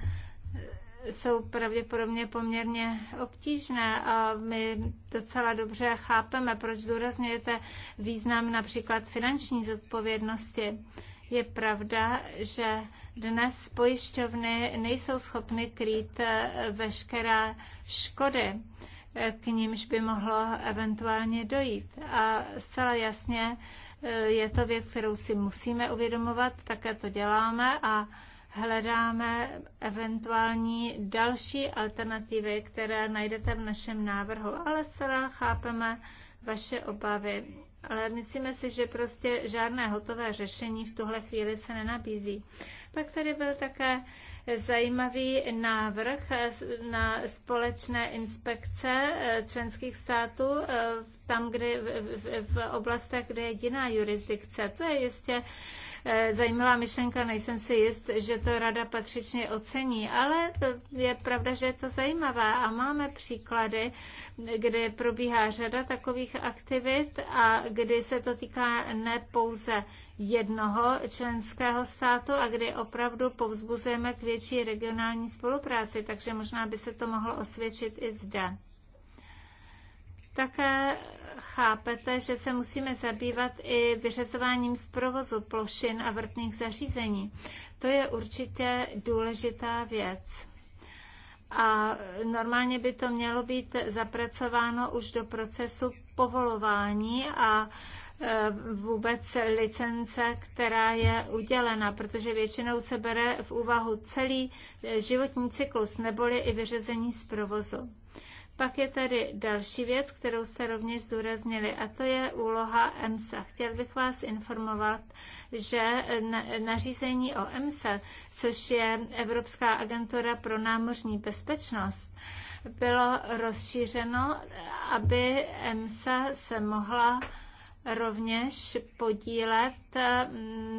jsou pravděpodobně poměrně obtížné a my docela dobře chápeme, proč zdůrazňujete význam například finanční zodpovědnosti. Je pravda, že dnes pojišťovny nejsou schopny krýt eh, veškeré škody, eh, k nímž by mohlo eventuálně dojít. A zcela jasně eh, je to věc, kterou si musíme uvědomovat, také to děláme a hledáme eventuální další alternativy, které najdete v našem návrhu, ale zcela chápeme vaše obavy. Ale myslíme si, že prostě žádné hotové řešení v tuhle chvíli se nenabízí. Pak tady byl také zajímavý návrh na společné inspekce eh, členských států v eh, tam, kde v oblastech, kde je jiná jurisdikce. To je jistě eh, zajímavá myšlenka, nejsem si jist, že to rada patřičně ocení, ale eh, je pravda, že je to zajímavé a máme příklady, kde probíhá řada takových aktivit a kdy se to týká ne pouze jednoho členského státu a kdy opravdu povzbuzujeme k větší regionální spolupráci, takže možná by se to mohlo osvědčit i zde. Také chápete, že se musíme zabývat i vyřazováním z provozu plošin a vrtných zařízení. To je určitě důležitá věc. A normálně by to mělo být zapracováno už do procesu povolování a e, vůbec licence, která je udělena, protože většinou se bere v úvahu celý e, životní cyklus neboli i vyřazení z provozu. Pak je tady další věc, kterou jste rovněž zdůraznili, a to je úloha EMSA. Chtěl bych vás informovat, že nařízení o EMSA, což je Evropská agentura pro námořní bezpečnost, bylo rozšířeno, aby EMSA se mohla rovněž podílet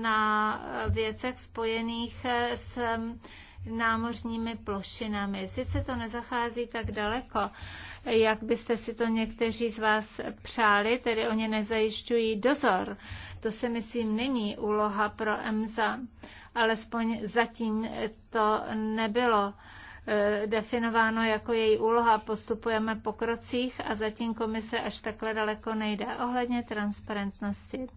na věcech spojených s námořními plošinami. Sice to nezachází tak daleko, jak byste si to někteří z vás přáli, tedy oni nezajišťují dozor. To si myslím není úloha pro EMSA, alespoň zatím to nebylo eh, definováno jako její úloha. Postupujeme po krocích a zatím komise až takhle daleko nejde ohledně transparentnosti.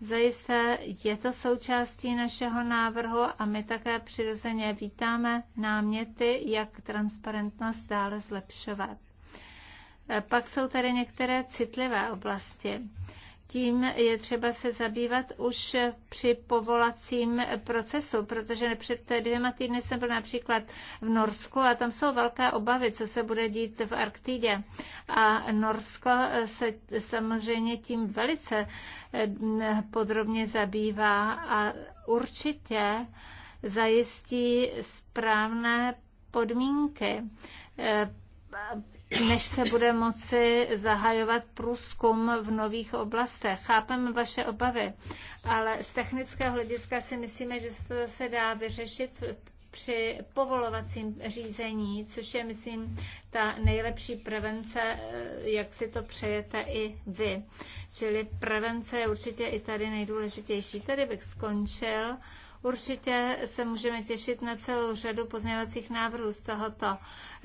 Zajisté je to součástí našeho návrhu a my také přirozeně vítáme náměty, jak transparentnost dále zlepšovat. Pak jsou tady některé citlivé oblasti tím je třeba se zabývat už při povolacím procesu, protože před dvěma týdny jsem byl například v Norsku a tam jsou velké obavy, co se bude dít v Arktidě. A Norsko se samozřejmě tím velice eh, podrobně zabývá a určitě zajistí správné podmínky eh, než se bude moci zahajovat průzkum v nových oblastech. Chápem vaše obavy, ale z technického hlediska si myslíme, že se to zase dá vyřešit při povolovacím řízení, což je, myslím, ta nejlepší prevence, eh, jak si to přejete i vy. Čili prevence je určitě i tady nejdůležitější. Tady bych skončil. Určitě se můžeme těšit na celou řadu pozměňovacích návrhů z tohoto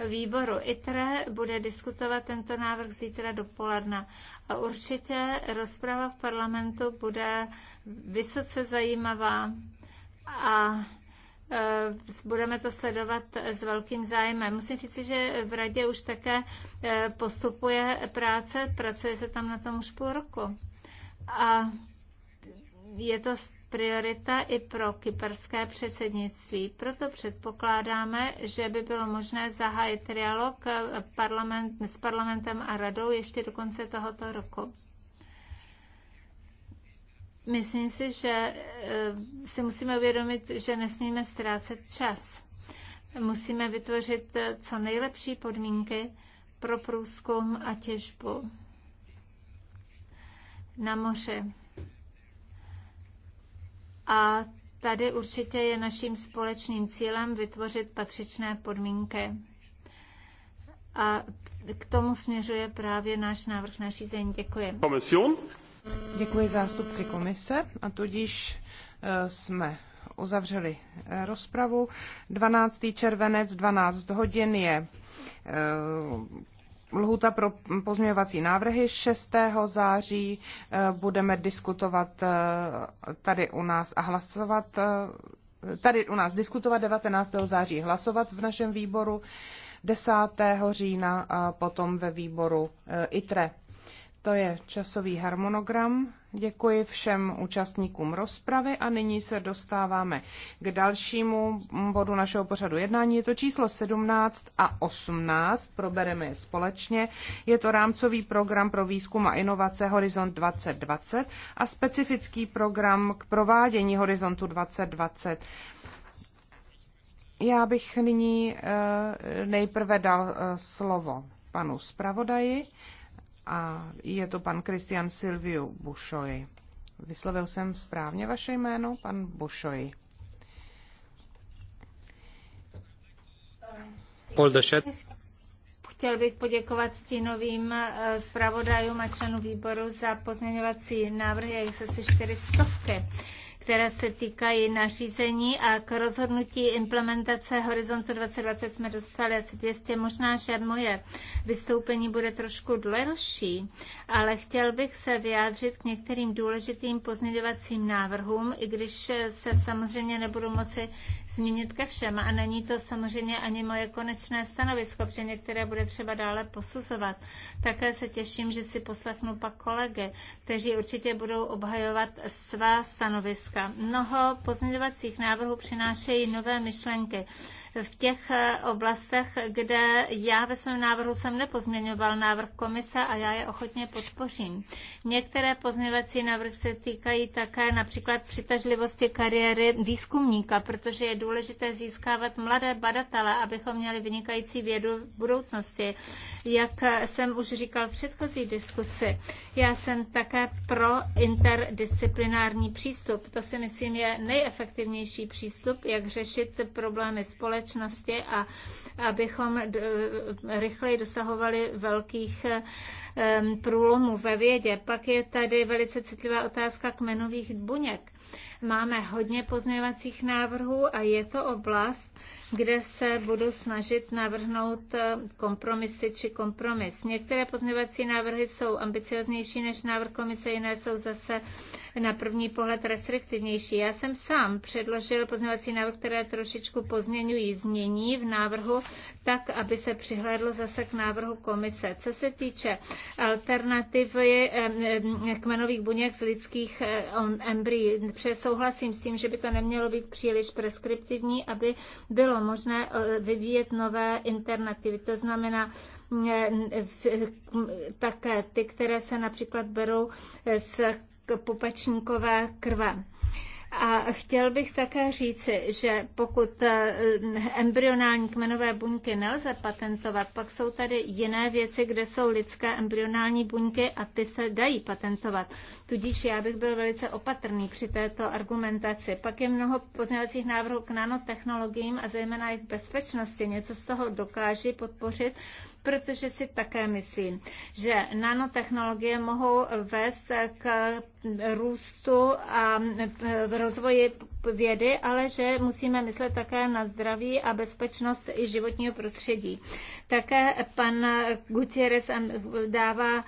výboru. ITRE bude diskutovat tento návrh zítra dopoledne. A určitě rozprava v parlamentu bude vysoce zajímavá a e, budeme to sledovat s velkým zájmem. Musím říct, že v radě už také e, postupuje práce, pracuje se tam na tom už půl roku. A je to priorita i pro kyperské předsednictví. Proto předpokládáme, že by bylo možné zahájit trialog eh, parlament, s parlamentem a radou ještě do konce tohoto roku. Myslím si, že eh, si musíme uvědomit, že nesmíme ztrácet čas. Musíme vytvořit eh, co nejlepší podmínky pro průzkum a těžbu na moře a tady určitě je naším společným cílem vytvořit patřičné podmínky. A k tomu směřuje právě náš návrh nařízení. Děkuji. Komision? Děkuji zástupci komise a tudíž eh, jsme uzavřeli eh, rozpravu. 12. červenec, 12 hodin je eh, Lhuta pro pozměňovací návrhy 6. září eh, budeme diskutovat eh, tady u nás a hlasovat, eh, tady u nás diskutovat 19. září, hlasovat v našem výboru 10. října a potom ve výboru ITRE. To je časový harmonogram Děkuji všem účastníkům rozpravy a nyní se dostáváme k dalšímu bodu našeho pořadu jednání. Je to číslo 17 a 18, probereme je společně. Je to rámcový program pro výzkum a inovace Horizont 2020 a specifický program k provádění Horizontu 2020. Já bych nyní eh, nejprve dal eh, slovo panu zpravodaji a je to pan Kristian Silviu Bušoj. Vyslovil jsem správně vaše jméno, pan Bušoj. Chtěl bych poděkovat stínovým eh, zpravodajům a členům výboru za pozměňovací návrhy, jak se si čtyři stovky které se týkají nařízení a k rozhodnutí implementace Horizontu 2020 jsme dostali asi 200. Možná, že moje vystoupení bude trošku delší, ale chtěl bych se vyjádřit k některým důležitým pozměňovacím návrhům, i když se samozřejmě nebudu moci změnit ke všem a není to samozřejmě ani moje konečné stanovisko, protože některé bude třeba dále posuzovat. Také se těším, že si poslechnu pak kolegy, kteří určitě budou obhajovat svá stanoviska. Mnoho pozměňovacích návrhů přinášejí nové myšlenky v těch eh, oblastech, kde já ve svém návrhu jsem nepozměňoval návrh komise a já je ochotně podpořím. Některé pozměňovací návrhy se týkají také například přitažlivosti kariéry výzkumníka, protože je důležité získávat mladé badatele, abychom měli vynikající vědu v budoucnosti. Jak eh, jsem už říkal v předchozí diskusi, já jsem také pro interdisciplinární přístup. To si myslím je nejefektivnější přístup, jak řešit problémy společnosti společnosti a abychom eh, rychleji dosahovali velkých eh, průlomů ve vědě. Pak je tady velice citlivá otázka kmenových buněk. Máme hodně pozměňovacích návrhů a je to oblast, kde se budu snažit navrhnout eh, kompromisy či kompromis. Některé pozměňovací návrhy jsou ambicioznější než návrh komise, jiné jsou zase na první pohled restriktivnější. Já jsem sám předložil pozměňovací návrh, které trošičku pozměňují znění v návrhu, tak, aby se přihlédlo zase k návrhu komise. Co se týče alternativy kmenových buněk z lidských eh, embryí, přesouhlasím s tím, že by to nemělo být příliš preskriptivní, aby bylo možné eh, vyvíjet nové internativy. To znamená, eh, také ty, které se například berou z pupečníkové krve. A chtěl bych také říci, že pokud eh, embryonální kmenové buňky nelze patentovat, pak jsou tady jiné věci, kde jsou lidské embryonální buňky a ty se dají patentovat. Tudíž já bych byl velice opatrný při této argumentaci. Pak je mnoho pozměňovacích návrhů k nanotechnologiím a zejména i k bezpečnosti. Něco z toho dokáží podpořit, protože si také myslím, že nanotechnologie mohou vést k růstu a rozvoji vědy, ale že musíme myslet také na zdraví a bezpečnost i životního prostředí. Také pan Gutierrez dává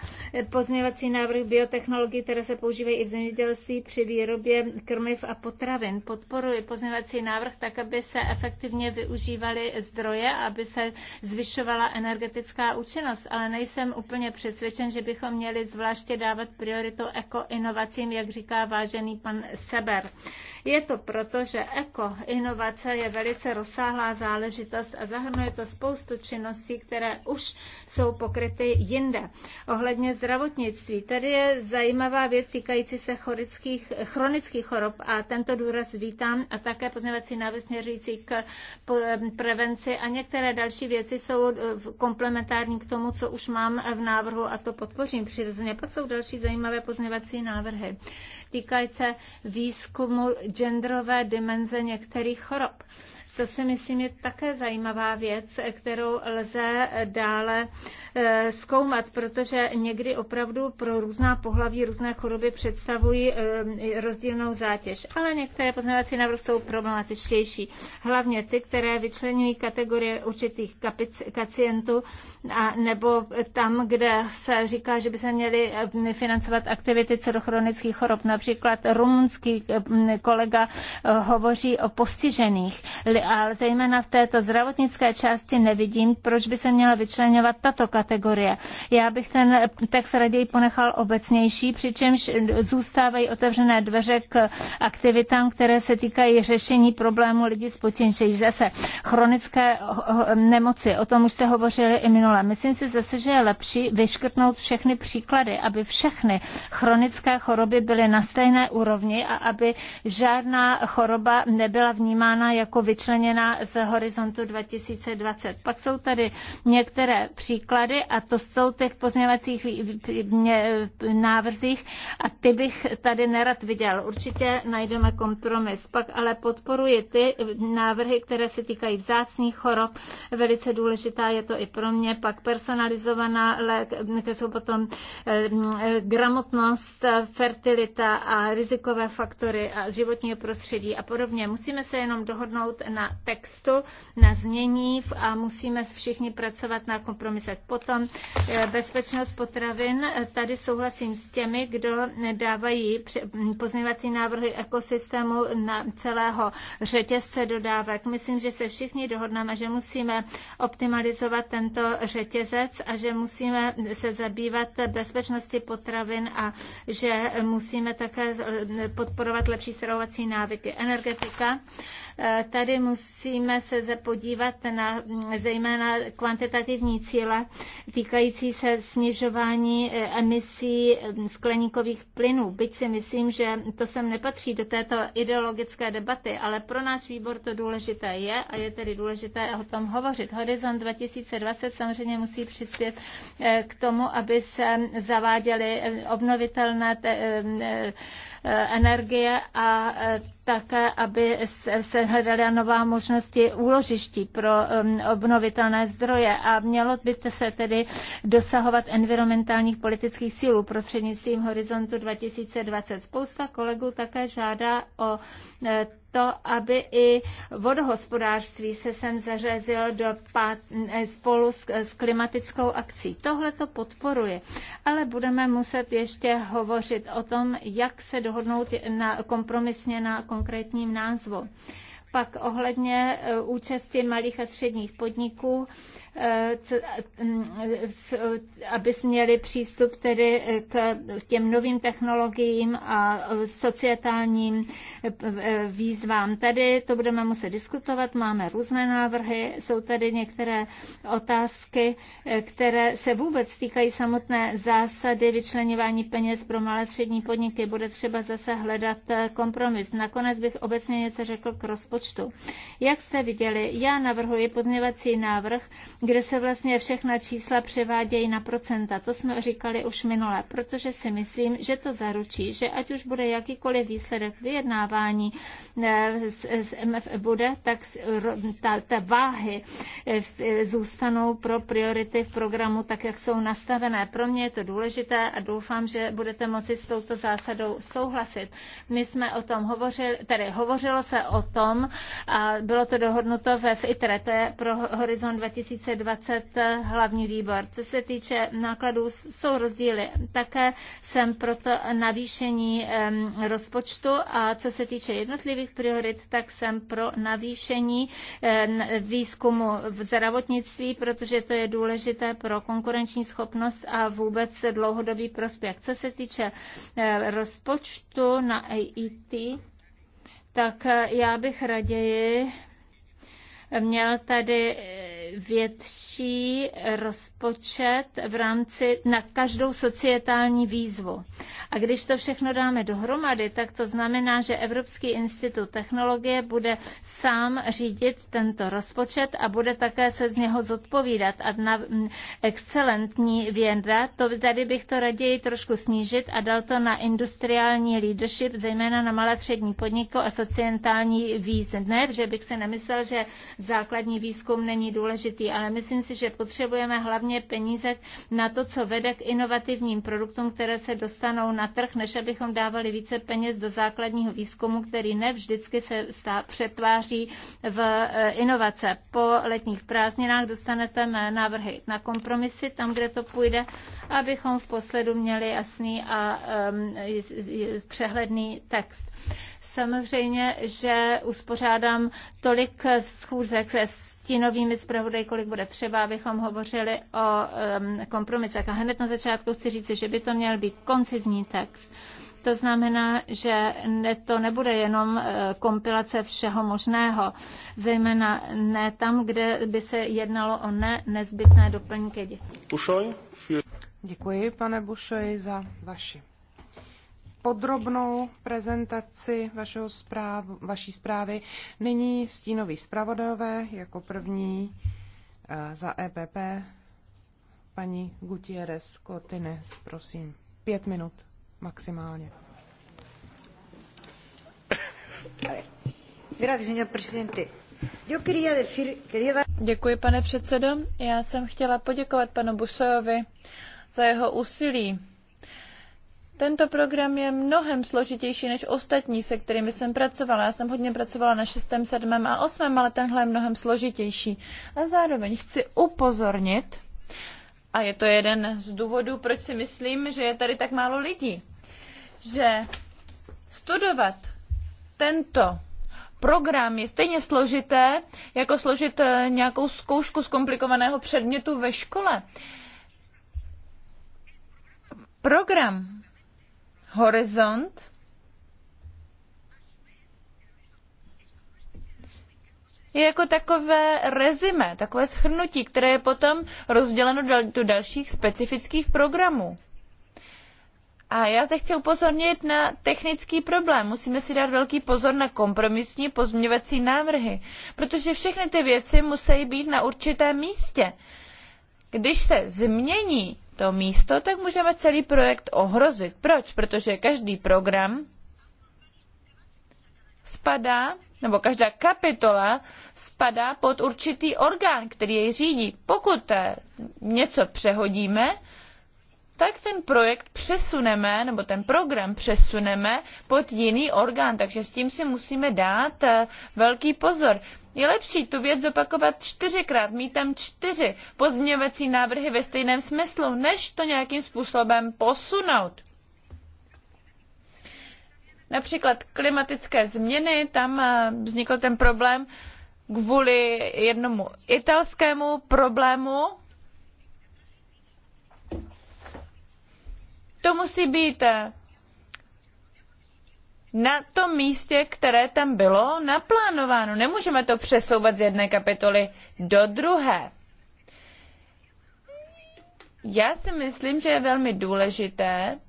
pozměvací návrh biotechnologií, které se používají i v zemědělství při výrobě krmiv a potravin. Podporuji pozměvací návrh tak, aby se efektivně využívaly zdroje, aby se zvyšovala energetická účinnost, ale nejsem úplně přesvědčen, že bychom měli zvláště dávat prioritu ekoinovacím, jak říká vážený pan Seber. Je to protože eko-inovace je velice rozsáhlá záležitost a zahrnuje to spoustu činností, které už jsou pokryty jinde. Ohledně zdravotnictví, tady je zajímavá věc týkající se chorických, chronických chorob a tento důraz vítám a také pozměvací návrh směřující k prevenci a některé další věci jsou eh, komplementární k tomu, co už mám v návrhu a to podpořím přirozeně. Pak jsou další zajímavé pozměvací návrhy týkající se výzkumu gender genderové dimenze některých chorob. To si myslím je také zajímavá věc, kterou lze dále eh, zkoumat, protože někdy opravdu pro různá pohlaví, různé choroby představují eh, rozdílnou zátěž. Ale některé poznávací návrhy jsou problematičtější. Hlavně ty, které vyčlenují kategorie určitých pacientů a nebo tam, kde se říká, že by se měly eh, financovat aktivity co do chronických chorob. Například rumunský kolega hovoří o postižených ale zejména v této zdravotnické části nevidím, proč by se měla vyčlenovat tato kategorie. Já bych ten text raději ponechal obecnější, přičemž zůstávají otevřené dveře k aktivitám, které se týkají řešení problému lidí s potěnčejí. Zase chronické nemoci, o tom už jste hovořili i minule. Myslím si zase, že je lepší vyškrtnout všechny příklady, aby všechny chronické choroby byly na stejné úrovni a aby žádná choroba nebyla vnímána jako vyčleněná vyčleněna z horizontu 2020. Pak jsou tady některé příklady a to jsou těch pozměňovacích návrzích a ty bych tady nerad viděl. Určitě najdeme kompromis. Pak ale podporuji ty návrhy, které se týkají vzácných chorob. Velice důležitá je to i pro mě. Pak personalizovaná které jsou potom eh, gramotnost, fertilita a rizikové faktory a životního prostředí a podobně. Musíme se jenom dohodnout na na textu, na znění a musíme všichni pracovat na kompromisech. Potom eh, bezpečnost potravin. Eh, tady souhlasím s těmi, kdo dávají pozměňovací návrhy ekosystému na celého řetězce dodávek. Myslím, že se všichni dohodneme, že musíme optimalizovat tento řetězec a že musíme se zabývat bezpečnosti potravin a že musíme také eh, podporovat lepší stravovací návyky. Energetika. Eh, tady musíme se podívat na mm, zejména kvantitativní cíle týkající se snižování eh, emisí mm, skleníkových plynů. Byť si myslím, že to sem nepatří do této ideologické debaty, ale pro náš výbor to důležité je a je tedy důležité o tom hovořit. Horizont 2020 samozřejmě musí přispět eh, k tomu, aby se zaváděly obnovitelné energie a také, aby se hledala nová možnosti úložiští pro um, obnovitelné zdroje a mělo by se tedy dosahovat environmentálních politických sílů prostřednictvím Horizontu 2020. Spousta kolegů také žádá o eh, to, aby i vodohospodářství se sem zařezil do pát, eh, spolu s, s klimatickou akcí. Tohle to podporuje, ale budeme muset ještě hovořit o tom, jak se dohodnout na, kompromisně na konkrétním názvu. Pak ohledně eh, účasti malých a středních podniků aby měli přístup tedy k těm novým technologiím a societálním výzvám. Tady to budeme muset diskutovat, máme různé návrhy, jsou tady některé otázky, které se vůbec týkají samotné zásady vyčlenování peněz pro malé střední podniky. Bude třeba zase hledat kompromis. Nakonec bych obecně něco řekl k rozpočtu. Jak jste viděli, já navrhuji pozměvací návrh, kde se vlastně všechna čísla převádějí na procenta. To jsme říkali už minule, protože si myslím, že to zaručí, že ať už bude jakýkoliv výsledek vyjednávání z, z MF bude, tak ta, ta váhy eh, zůstanou pro priority v programu tak, jak jsou nastavené. Pro mě je to důležité a doufám, že budete moci s touto zásadou souhlasit. My jsme o tom hovořili, tedy hovořilo se o tom a bylo to dohodnuto ve FITRE, to je pro Horizon 2020 2020 hlavní výbor. Co se týče nákladů, jsou rozdíly. Také jsem proto navýšení rozpočtu a co se týče jednotlivých priorit, tak jsem pro navýšení výzkumu v zdravotnictví, protože to je důležité pro konkurenční schopnost a vůbec dlouhodobý prospěch. Co se týče eh, rozpočtu na EIT, tak eh, já bych raději měl tady eh, větší rozpočet v rámci na každou societální výzvu. A když to všechno dáme dohromady, tak to znamená, že Evropský institut technologie bude sám řídit tento rozpočet a bude také se z něho zodpovídat. A na excelentní věda, to tady bych to raději trošku snížit a dal to na industriální leadership, zejména na malé střední podniku a societální výzvy. Ne, že bych se nemyslel, že základní výzkum není důležitý důležitý, ale myslím si, že potřebujeme hlavně peníze na to, co vede k inovativním produktům, které se dostanou na trh, než abychom dávali více peněz do základního výzkumu, který ne vždycky se stá, přetváří v e, inovace. Po letních prázdninách dostanete mé návrhy na kompromisy, tam, kde to půjde, abychom v posledu měli jasný a um, přehledný text. Samozřejmě, že uspořádám tolik schůzek se stínovými zpravodaji, kolik bude třeba, abychom hovořili o um, kompromisech. A hned na začátku chci říct, že by to měl být koncizní text. To znamená, že ne, to nebude jenom e, kompilace všeho možného, zejména ne tam, kde by se jednalo o ne nezbytné doplňky. Děkuji, pane Bušoj, za vaši podrobnou prezentaci vašeho zpráv, vaší zprávy. Nyní stínový zpravodajové jako první eh, za EPP. Paní Gutierrez Cortines, prosím, pět minut maximálně. Děkuji, pane předsedo. Já jsem chtěla poděkovat panu Busojovi za jeho úsilí tento program je mnohem složitější než ostatní, se kterými jsem pracovala. Já jsem hodně pracovala na šestém, sedmém a osmém, ale tenhle je mnohem složitější. A zároveň chci upozornit, a je to jeden z důvodů, proč si myslím, že je tady tak málo lidí, že studovat tento program je stejně složité, jako složit eh, nějakou zkoušku z komplikovaného předmětu ve škole. Program Horizont. Je jako takové rezime, takové schrnutí, které je potom rozděleno do dalších specifických programů. A já zde chci upozornit na technický problém. Musíme si dát velký pozor na kompromisní pozměňovací návrhy, protože všechny ty věci musí být na určitém místě. Když se změní to místo, tak můžeme celý projekt ohrozit. Proč? Protože každý program spadá, nebo každá kapitola spadá pod určitý orgán, který jej řídí. Pokud něco přehodíme, tak ten projekt přesuneme, nebo ten program přesuneme pod jiný orgán, takže s tím si musíme dát velký pozor. Je lepší tu věc zopakovat čtyřikrát, mít tam čtyři pozměňovací návrhy ve stejném smyslu, než to nějakým způsobem posunout. Například klimatické změny, tam eh, vznikl ten problém kvůli jednomu italskému problému. To musí být eh, na tom místě, které tam bylo naplánováno. Nemůžeme to přesouvat z jedné kapitoly do druhé. Já si myslím, že je velmi důležité,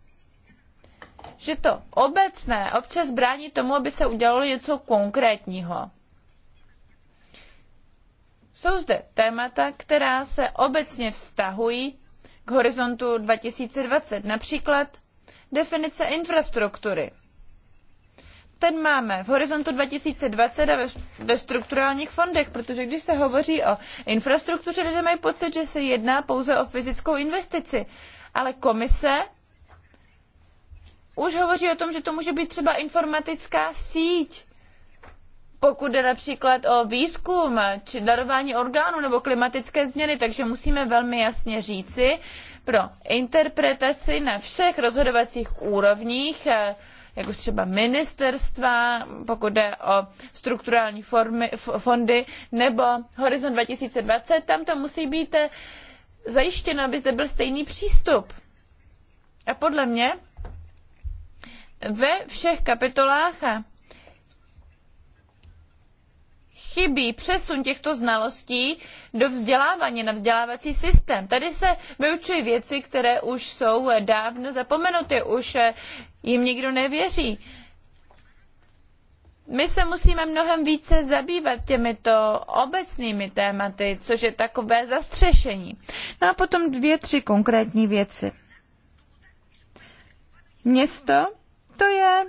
že to obecné občas brání tomu, aby se udělalo něco konkrétního. Jsou zde témata, která se obecně vztahují k horizontu 2020, například definice infrastruktury ten máme v horizontu 2020 a ve, ve strukturálních fondech, protože když se hovoří o infrastruktuře, lidé mají pocit, že se jedná pouze o fyzickou investici. Ale komise už hovoří o tom, že to může být třeba informatická síť. Pokud jde například o výzkum či darování orgánů nebo klimatické změny, takže musíme velmi jasně říci pro interpretaci na všech rozhodovacích úrovních, eh, jako třeba ministerstva, pokud jde o strukturální formy, fondy, nebo horizont 2020, tam to musí být eh, zajištěno, aby zde byl stejný přístup. A podle mě ve všech kapitolách chybí přesun těchto znalostí do vzdělávání, na vzdělávací systém. Tady se vyučují věci, které už jsou dávno zapomenuty, už eh, jim nikdo nevěří. My se musíme mnohem více zabývat těmito obecnými tématy, což je takové zastřešení. No a potom dvě, tři konkrétní věci. Město, to je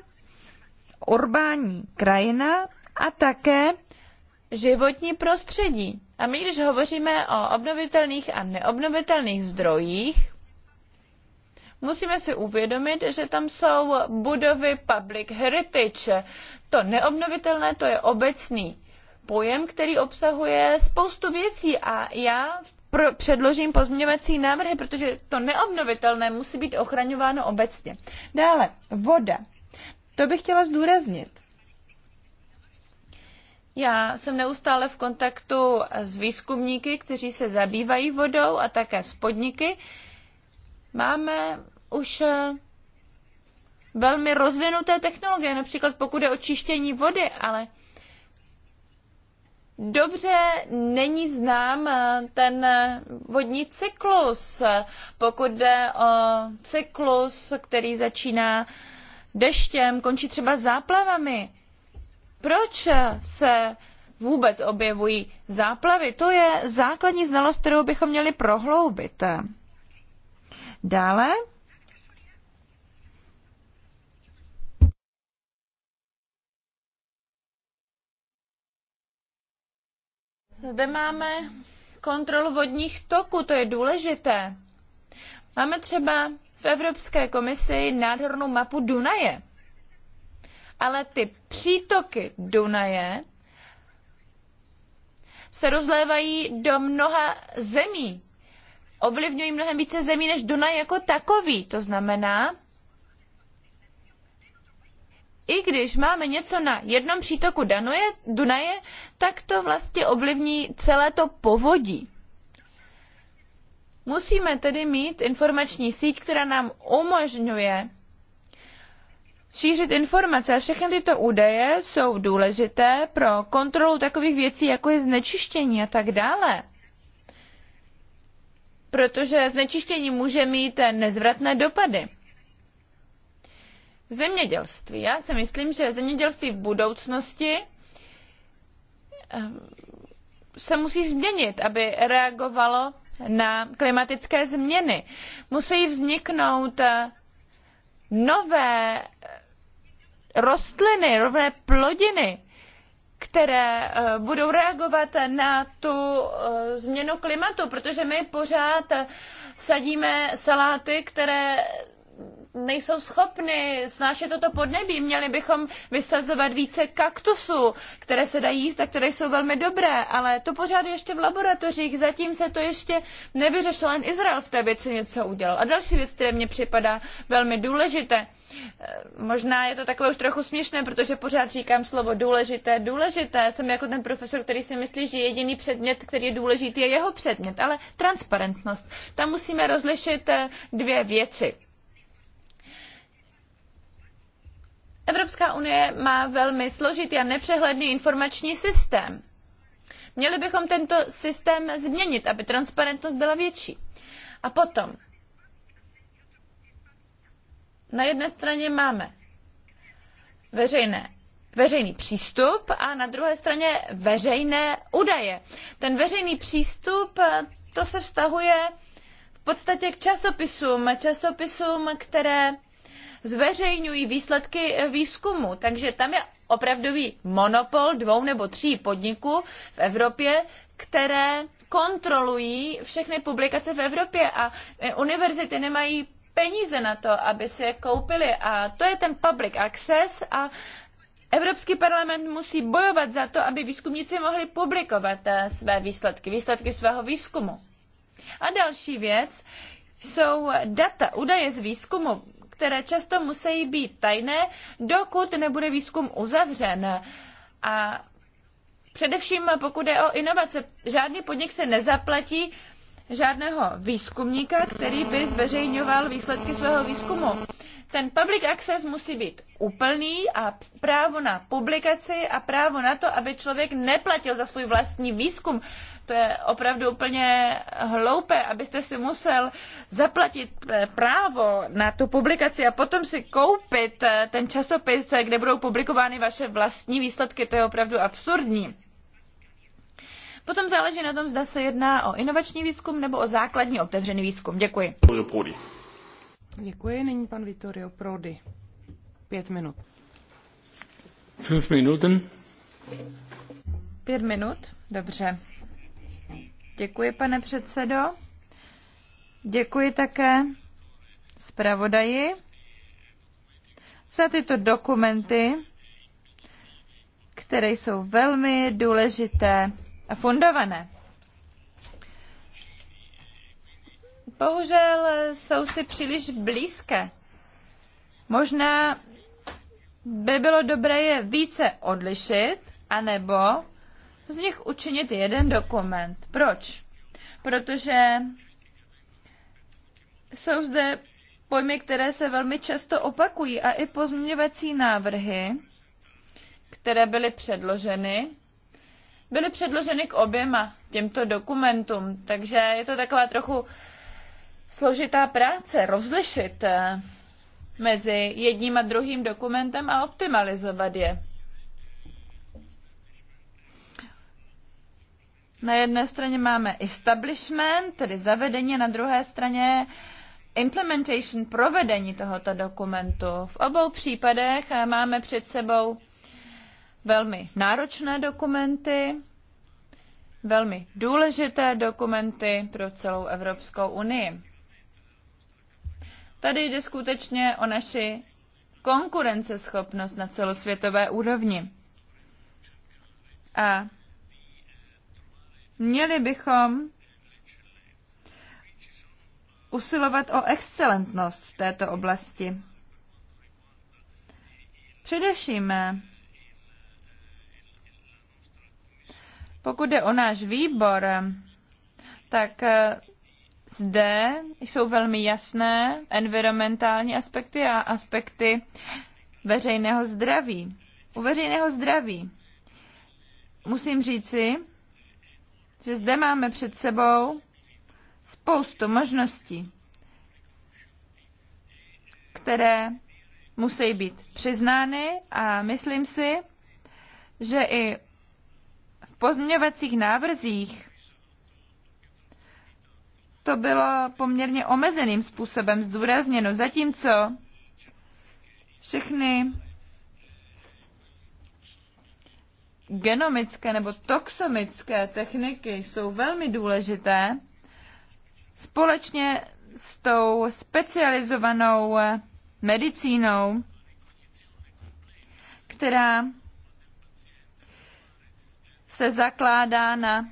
urbání krajina a také životní prostředí. A my, když hovoříme o obnovitelných a neobnovitelných zdrojích, musíme si uvědomit, že tam jsou budovy public heritage. To neobnovitelné, to je obecný pojem, který obsahuje spoustu věcí a já předložím pozměňovací návrhy, protože to neobnovitelné musí být ochraňováno obecně. Dále, voda. To bych chtěla zdůraznit. Já jsem neustále v kontaktu s výzkumníky, kteří se zabývají vodou a také s podniky. Máme už eh, velmi rozvinuté technologie, například pokud je o čištění vody, ale dobře není znám eh, ten eh, vodní cyklus, pokud jde o cyklus, který začíná deštěm, končí třeba záplavami proč se vůbec objevují záplavy. To je základní znalost, kterou bychom měli prohloubit. Dále. Zde máme kontrol vodních toků, to je důležité. Máme třeba v Evropské komisi nádhernou mapu Dunaje ale ty přítoky Dunaje se rozlévají do mnoha zemí. Ovlivňují mnohem více zemí než Dunaj jako takový. To znamená, i když máme něco na jednom přítoku Danuje, Dunaje, tak to vlastně ovlivní celé to povodí. Musíme tedy mít informační síť, která nám umožňuje šířit informace a všechny tyto údaje jsou důležité pro kontrolu takových věcí, jako je znečištění a tak dále. Protože znečištění může mít nezvratné dopady. Zemědělství. Já si myslím, že zemědělství v budoucnosti eh, se musí změnit, aby reagovalo na klimatické změny. Musí vzniknout eh, nové rostliny, rovné plodiny, které eh, budou reagovat na tu eh, změnu klimatu, protože my pořád eh, sadíme saláty, které nejsou schopny snášet toto podnebí. Měli bychom vysazovat více kaktusů, které se dají jíst a které jsou velmi dobré, ale to pořád ještě v laboratořích. Zatím se to ještě nevyřešilo, jen Izrael v té věci něco udělal. A další věc, která mě připadá velmi důležité, eh, možná je to takové už trochu směšné, protože pořád říkám slovo důležité, důležité. Jsem jako ten profesor, který si myslí, že jediný předmět, který je důležitý, je jeho předmět, ale transparentnost. Tam musíme rozlišit eh, dvě věci Evropská unie má velmi složitý a nepřehledný informační systém. Měli bychom tento systém změnit, aby transparentnost byla větší. A potom, na jedné straně máme veřejné, veřejný přístup a na druhé straně veřejné údaje. Ten veřejný přístup, to se vztahuje v podstatě k časopisům, časopisům, které zveřejňují výsledky eh, výzkumu, takže tam je opravdový monopol dvou nebo tří podniků v Evropě, které kontrolují všechny publikace v Evropě a eh, univerzity nemají peníze na to, aby si je koupili. A to je ten public access a Evropský parlament musí bojovat za to, aby výzkumníci mohli publikovat eh, své výsledky, výsledky svého výzkumu. A další věc jsou data, údaje z výzkumu které často musí být tajné, dokud nebude výzkum uzavřen. A především pokud je o inovace, žádný podnik se nezaplatí žádného výzkumníka, který by zveřejňoval výsledky svého výzkumu. Ten public access musí být úplný a právo na publikaci a právo na to, aby člověk neplatil za svůj vlastní výzkum. To je opravdu úplně hloupé, abyste si musel zaplatit eh, právo na tu publikaci a potom si koupit eh, ten časopis, eh, kde budou publikovány vaše vlastní výsledky. To je opravdu absurdní. Potom záleží na tom, zda se jedná o inovační výzkum nebo o základní otevřený výzkum. Děkuji. Děkuji. Nyní pan Vittorio Prodi. Pět minut. Pět Minuten. Pět minut, dobře. Děkuji, pane předsedo. Děkuji také zpravodaji za tyto dokumenty, které jsou velmi důležité fundované. Bohužel jsou si příliš blízké. Možná by bylo dobré je více odlišit, anebo z nich učinit jeden dokument. Proč? Protože jsou zde pojmy, které se velmi často opakují a i pozměňovací návrhy, které byly předloženy, byly předloženy k oběma těmto dokumentům, takže je to taková trochu složitá práce rozlišit eh, mezi jedním a druhým dokumentem a optimalizovat je. Na jedné straně máme establishment, tedy zavedení, na druhé straně implementation, provedení tohoto dokumentu. V obou případech eh, máme před sebou velmi náročné dokumenty, velmi důležité dokumenty pro celou Evropskou unii. Tady jde skutečně o naši konkurenceschopnost na celosvětové úrovni. A měli bychom usilovat o excelentnost v této oblasti. Především Pokud jde o náš výbor, tak eh, zde jsou velmi jasné environmentální aspekty a aspekty veřejného zdraví. U veřejného zdraví musím říci, že zde máme před sebou spoustu možností, které musí být přiznány a myslím si, že i pozměňovacích návrzích to bylo poměrně omezeným způsobem zdůrazněno, zatímco všechny genomické nebo toxomické techniky jsou velmi důležité společně s tou specializovanou medicínou, která se zakládá na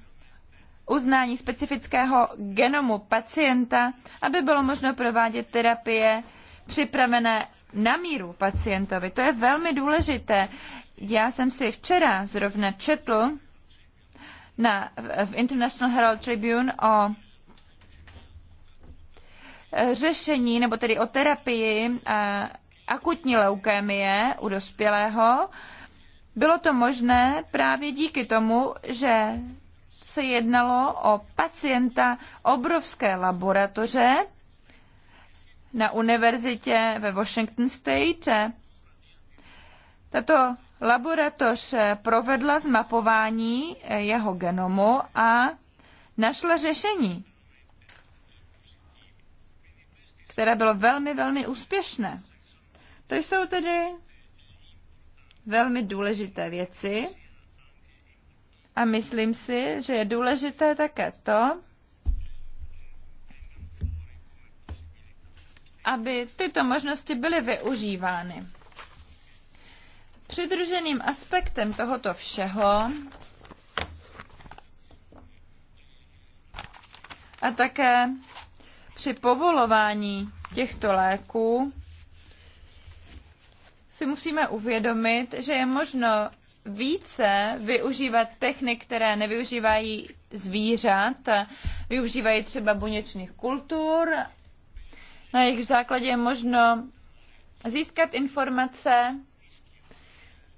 uznání specifického genomu pacienta, aby bylo možno provádět terapie připravené na míru pacientovi. To je velmi důležité. Já jsem si včera zrovna četl na, v International Herald Tribune o e, řešení, nebo tedy o terapii e, akutní leukémie u dospělého, bylo to možné právě díky tomu, že se jednalo o pacienta obrovské laboratoře na univerzitě ve Washington State. Tato laboratoř provedla zmapování jeho genomu a našla řešení, které bylo velmi, velmi úspěšné. To jsou tedy velmi důležité věci a myslím si, že je důležité také to, aby tyto možnosti byly využívány. Přidruženým aspektem tohoto všeho a také při povolování těchto léků si musíme uvědomit, že je možno více využívat technik, které nevyužívají zvířat, využívají třeba buněčných kultur, na jejich základě je možno získat informace,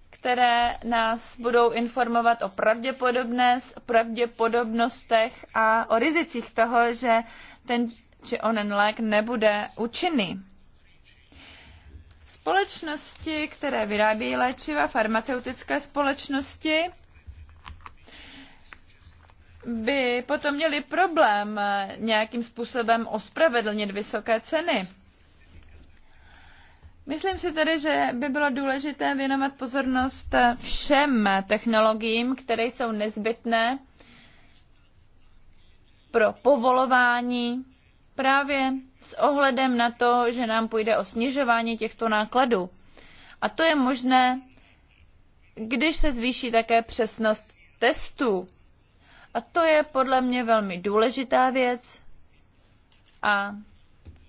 které nás budou informovat o pravděpodobné, pravděpodobnostech a o rizicích toho, že ten či onen lék nebude účinný. Společnosti, které vyrábí léčiva, farmaceutické společnosti, by potom měli problém nějakým způsobem ospravedlnit vysoké ceny. Myslím si tedy, že by bylo důležité věnovat pozornost všem technologiím, které jsou nezbytné pro povolování právě s ohledem na to, že nám půjde o snižování těchto nákladů. A to je možné, když se zvýší také přesnost testů. A to je podle mě velmi důležitá věc. A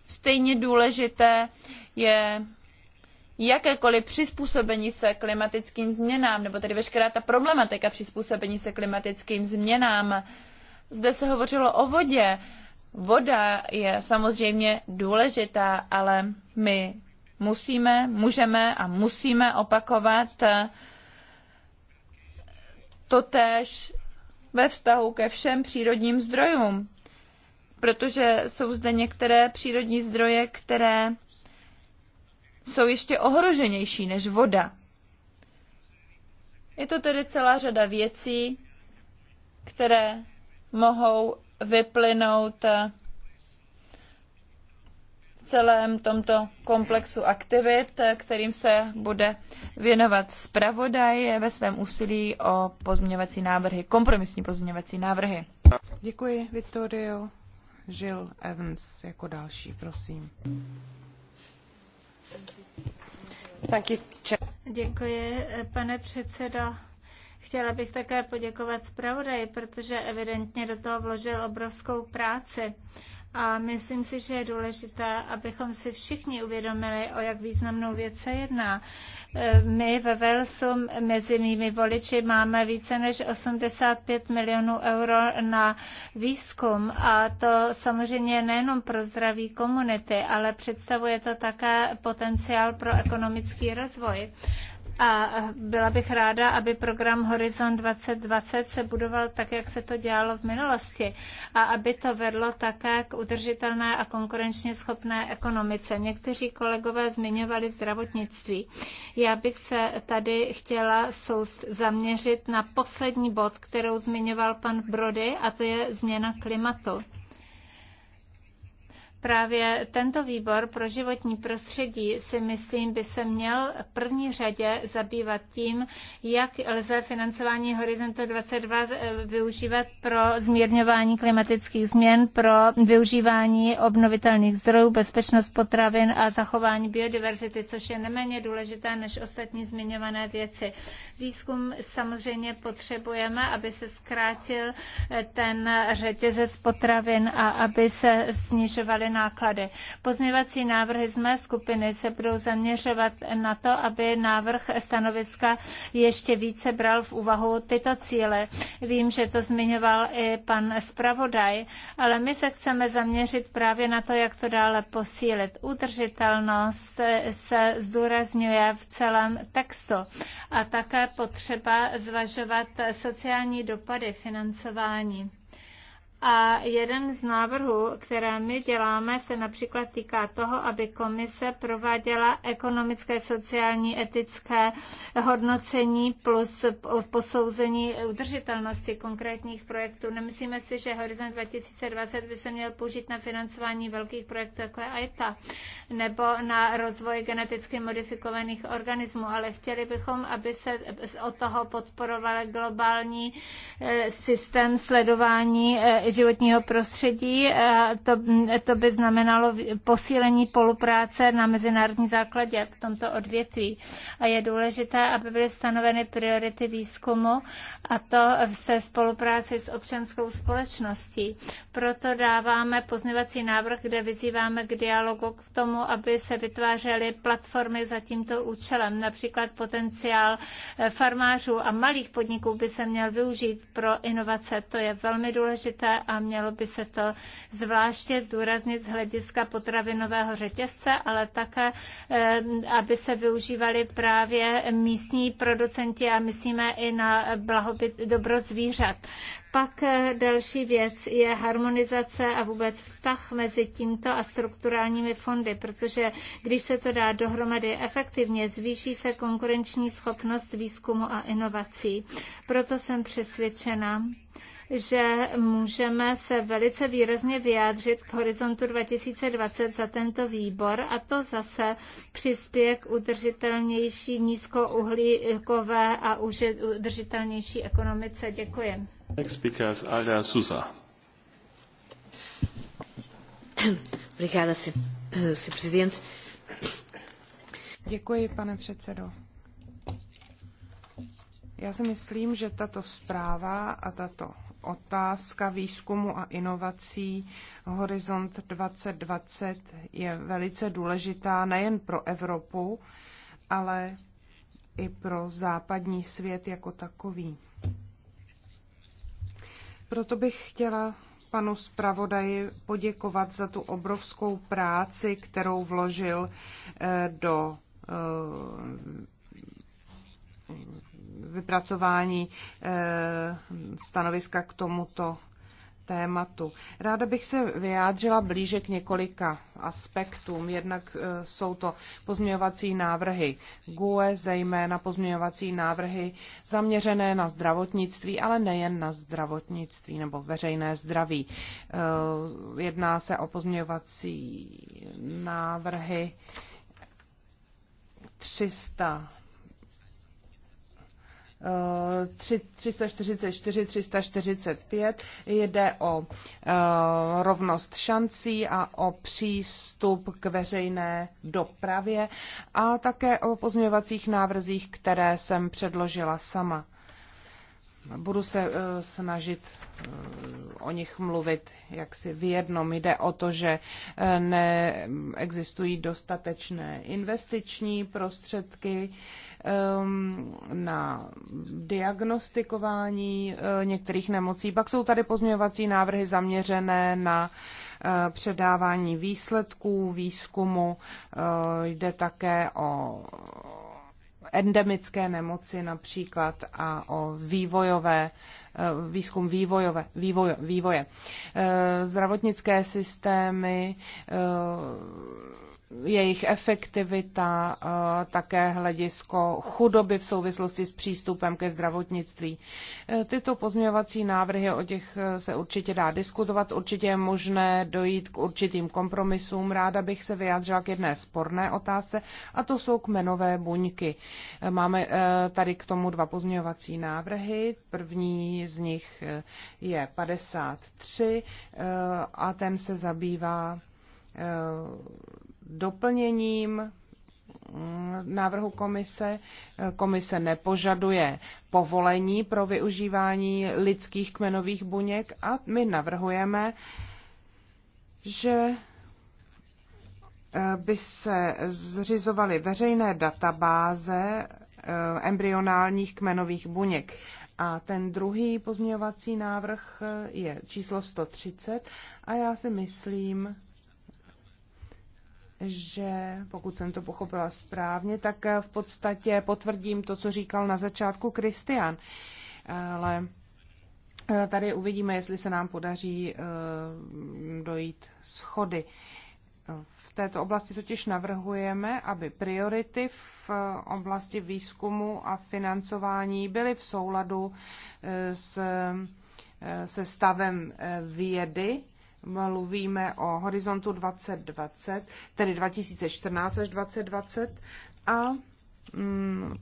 stejně důležité je jakékoliv přizpůsobení se klimatickým změnám, nebo tedy veškerá ta problematika přizpůsobení se klimatickým změnám. Zde se hovořilo o vodě Voda je samozřejmě důležitá, ale my musíme, můžeme a musíme opakovat též ve vztahu ke všem přírodním zdrojům, protože jsou zde některé přírodní zdroje, které jsou ještě ohroženější než voda. Je to tedy celá řada věcí, které mohou vyplynout eh, v celém tomto komplexu aktivit, eh, kterým se bude věnovat zpravodaj ve svém úsilí o pozměňovací návrhy, kompromisní pozměňovací návrhy. Děkuji, Vittorio. Jill Evans jako další, prosím. Děkuji, eh, pane předsedo. Chtěla bych také poděkovat zpravodaji, protože evidentně do toho vložil obrovskou práci. A myslím si, že je důležité, abychom si všichni uvědomili, o jak významnou věc se jedná. E, my ve Walesu mezi mými voliči máme více než 85 milionů euro na výzkum a to samozřejmě nejenom pro zdraví komunity, ale představuje to také potenciál pro ekonomický rozvoj. A eh, byla bych ráda, aby program Horizon 2020 se budoval tak, jak se to dělalo v minulosti a aby to vedlo také k udržitelné a konkurenčně schopné ekonomice. Někteří kolegové zmiňovali zdravotnictví. Já bych se tady chtěla soust zaměřit na poslední bod, kterou zmiňoval pan Brody, a to je změna klimatu. Právě tento výbor pro životní prostředí si myslím by se měl v první řadě zabývat tím, jak lze financování Horizontu 22 eh, využívat pro zmírňování klimatických změn, pro využívání obnovitelných zdrojů, bezpečnost potravin a zachování biodiverzity, což je neméně důležité než ostatní zmiňované věci. Výzkum samozřejmě potřebujeme, aby se zkrátil eh, ten řetězec potravin a aby se snižovaly náklady. Pozměvací návrhy z mé skupiny se budou zaměřovat na to, aby návrh stanoviska ještě více bral v úvahu tyto cíle. Vím, že to zmiňoval i pan zpravodaj, ale my se chceme zaměřit právě na to, jak to dále posílit. Udržitelnost se zdůrazňuje v celém textu a také potřeba zvažovat sociální dopady financování. A jeden z návrhů, které my děláme, se například týká toho, aby komise prováděla ekonomické, sociální, etické hodnocení plus posouzení udržitelnosti konkrétních projektů. Nemyslíme si, že Horizont 2020 by se měl použít na financování velkých projektů, jako je AITA, nebo na rozvoj geneticky modifikovaných organismů, ale chtěli bychom, aby se od toho podporoval globální eh, systém sledování eh, životního prostředí. To, to by znamenalo posílení polupráce na mezinárodní základě v tomto odvětví. A je důležité, aby byly stanoveny priority výzkumu a to se spolupráci s občanskou společností. Proto dáváme pozměvací návrh, kde vyzýváme k dialogu k tomu, aby se vytvářely platformy za tímto účelem. Například potenciál eh, farmářů a malých podniků by se měl využít pro inovace. To je velmi důležité a mělo by se to zvláště zdůraznit z hlediska potravinového řetězce, ale také, eh, aby se využívali právě místní producenti a myslíme i na blahobyt, dobro zvířat. Pak eh, další věc je harmonizace a vůbec vztah mezi tímto a strukturálními fondy, protože když se to dá dohromady efektivně, zvýší se konkurenční schopnost výzkumu a inovací. Proto jsem přesvědčena, že můžeme se velice výrazně vyjádřit k horizontu 2020 za tento výbor a to zase přispěje k udržitelnější nízkouhlíkové a udržitelnější ekonomice. Děkuji. Next speaker is Alda Obrigada, Presidente. Děkuji, pane předsedo. Já si myslím, že tato zpráva a tato otázka výzkumu a inovací Horizont 2020 je velice důležitá nejen pro Evropu, ale i pro západní svět jako takový. Proto bych chtěla panu zpravodaji poděkovat za tu obrovskou práci, kterou vložil eh, do eh, vypracování eh, stanoviska k tomuto tématu. Ráda bych se vyjádřila blíže k několika aspektům. Jednak eh, jsou to pozměňovací návrhy GUE, zejména pozměňovací návrhy zaměřené na zdravotnictví, ale nejen na zdravotnictví nebo veřejné zdraví. Eh, jedná se o pozměňovací návrhy 300 344, eh, 345 jde o eh, rovnost šancí a o přístup k veřejné dopravě a také o pozměňovacích návrzích, které jsem předložila sama. Budu se eh, snažit o nich mluvit Jak si v jednom. Jde o to, že neexistují dostatečné investiční prostředky, Ehm, na diagnostikování eh, některých nemocí. Pak jsou tady pozměňovací návrhy zaměřené na eh, předávání výsledků výzkumu. Eh, jde také o endemické nemoci například a o vývojové výzkum vývojové, vývoj vývoje. Zdravotnické systémy jejich efektivita, eh, také hledisko chudoby v souvislosti s přístupem ke zdravotnictví. Eh, tyto pozměňovací návrhy, o těch eh, se určitě dá diskutovat, určitě je možné dojít k určitým kompromisům. Ráda bych se vyjádřila k jedné sporné otázce, a to jsou kmenové buňky. Máme tady k tomu dva pozměňovací návrhy. První z nich je 53 a ten se zabývá doplněním návrhu komise. Komise nepožaduje povolení pro využívání lidských kmenových buněk a my navrhujeme, že eh, by se zřizovaly veřejné databáze eh, embryonálních kmenových buněk. A ten druhý pozměňovací návrh eh, je číslo 130 a já si myslím, že pokud jsem to pochopila správně, tak v podstatě potvrdím to, co říkal na začátku Kristian. Ale eh, tady uvidíme, jestli se nám podaří eh, dojít schody. V této oblasti totiž navrhujeme, aby priority v eh, oblasti výzkumu a financování byly v souladu s, se stavem vědy mluvíme o horizontu 2020, tedy 2014 až 2020 a mm,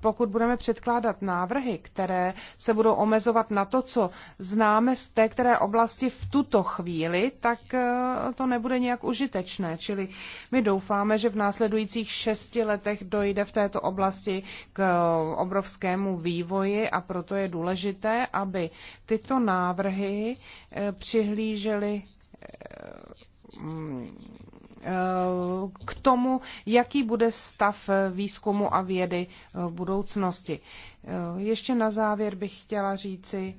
pokud budeme předkládat návrhy, které se budou omezovat na to, co známe z té které oblasti v tuto chvíli, tak eh, to nebude nějak užitečné. Čili my doufáme, že v následujících šesti letech dojde v této oblasti k obrovskému vývoji a proto je důležité, aby tyto návrhy eh, přihlížely eh, k tomu, jaký bude stav výzkumu a vědy v budoucnosti. Ještě na závěr bych chtěla říci,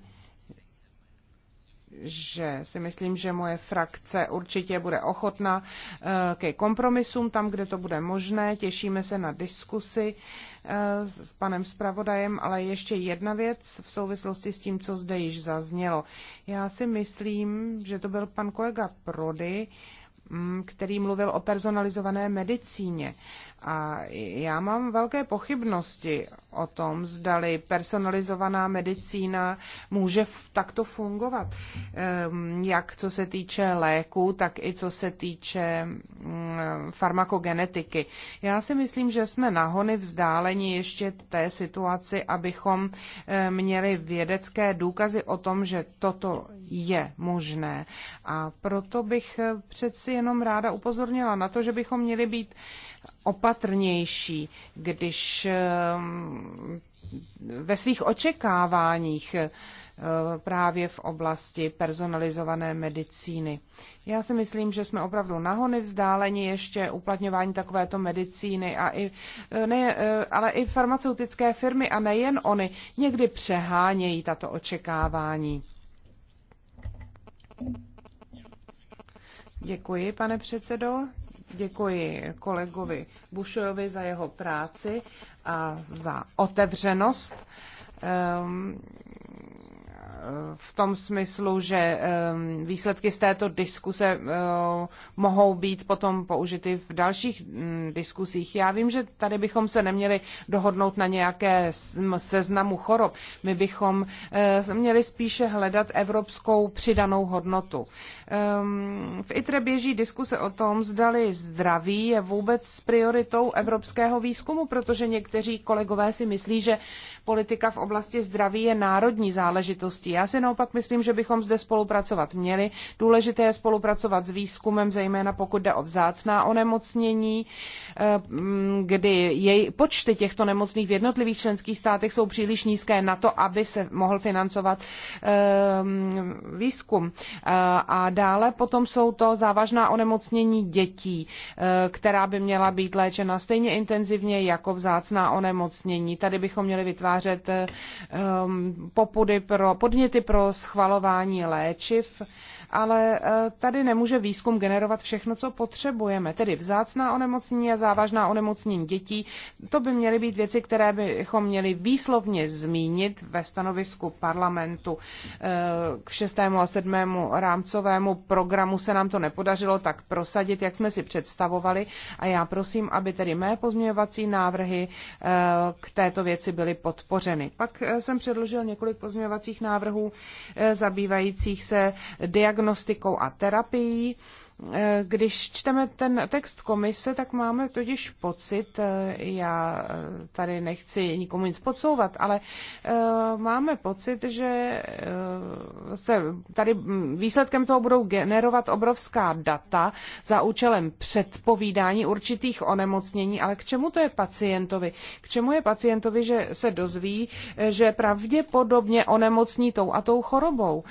že si myslím, že moje frakce určitě bude ochotna eh, ke kompromisům tam, kde to bude možné. Těšíme se na diskusy eh, s panem zpravodajem, ale ještě jedna věc v souvislosti s tím, co zde již zaznělo. Já si myslím, že to byl pan kolega Prody, Mm, který mluvil o personalizované medicíně. A já mám velké pochybnosti o tom, zdali personalizovaná medicína může takto fungovat. Ehm, jak co se týče léku, tak i co se týče mm, farmakogenetiky. Já si myslím, že jsme nahony vzdáleni ještě té situaci, abychom ehm, měli vědecké důkazy o tom, že toto je možné. A proto bych eh, přeci jenom ráda upozornila na to, že bychom měli být opatrnější, když ehm, ve svých očekáváních eh, právě v oblasti personalizované medicíny. Já si myslím, že jsme opravdu nahony vzdáleni ještě uplatňování takovéto medicíny, a i, eh, ne, eh, ale i farmaceutické firmy a nejen oni někdy přehánějí tato očekávání. Děkuji, pane předsedo. Děkuji kolegovi Bušojovi za jeho práci a za otevřenost. Ehm, Eh, v tom smyslu, že ehm, výsledky z této diskuse eh, mohou být potom použity v dalších mm, diskusích. Já vím, že tady bychom se neměli dohodnout na nějaké seznamu chorob. My bychom eh, měli spíše hledat evropskou přidanou hodnotu. Ehm, v ITRE běží diskuse o tom, zdali zdraví je vůbec prioritou evropského výzkumu, protože někteří kolegové si myslí, že politika v oblasti zdraví je národní záležitostí já si naopak myslím, že bychom zde spolupracovat měli. Důležité je spolupracovat s výzkumem, zejména pokud jde o vzácná onemocnění. Uh, kdy jej, počty těchto nemocných v jednotlivých členských státech jsou příliš nízké na to, aby se mohl financovat ehm, výzkum. E, a dále potom jsou to závažná onemocnění dětí, e, která by měla být léčena stejně intenzivně jako vzácná onemocnění. Tady bychom měli vytvářet ehm, popudy pro, podněty pro schvalování léčiv ale eh, tady nemůže výzkum generovat všechno, co potřebujeme, tedy vzácná onemocnění a závažná onemocnění dětí. To by měly být věci, které bychom měli výslovně zmínit ve stanovisku parlamentu. Eh, k šestému a sedmému rámcovému programu se nám to nepodařilo tak prosadit, jak jsme si představovali a já prosím, aby tedy mé pozměňovací návrhy eh, k této věci byly podpořeny. Pak jsem předložil několik pozměňovacích návrhů zabývajících se diagnostikou diagnostikou a terapií Eh, když čteme ten text komise, tak máme totiž pocit, eh, já eh, tady nechci nikomu nic podsouvat, ale máme pocit, že se tady hm, výsledkem toho budou generovat obrovská data za účelem předpovídání určitých onemocnění, ale k čemu to je pacientovi? K čemu je pacientovi, že se dozví, že pravděpodobně onemocní tou a tou chorobou?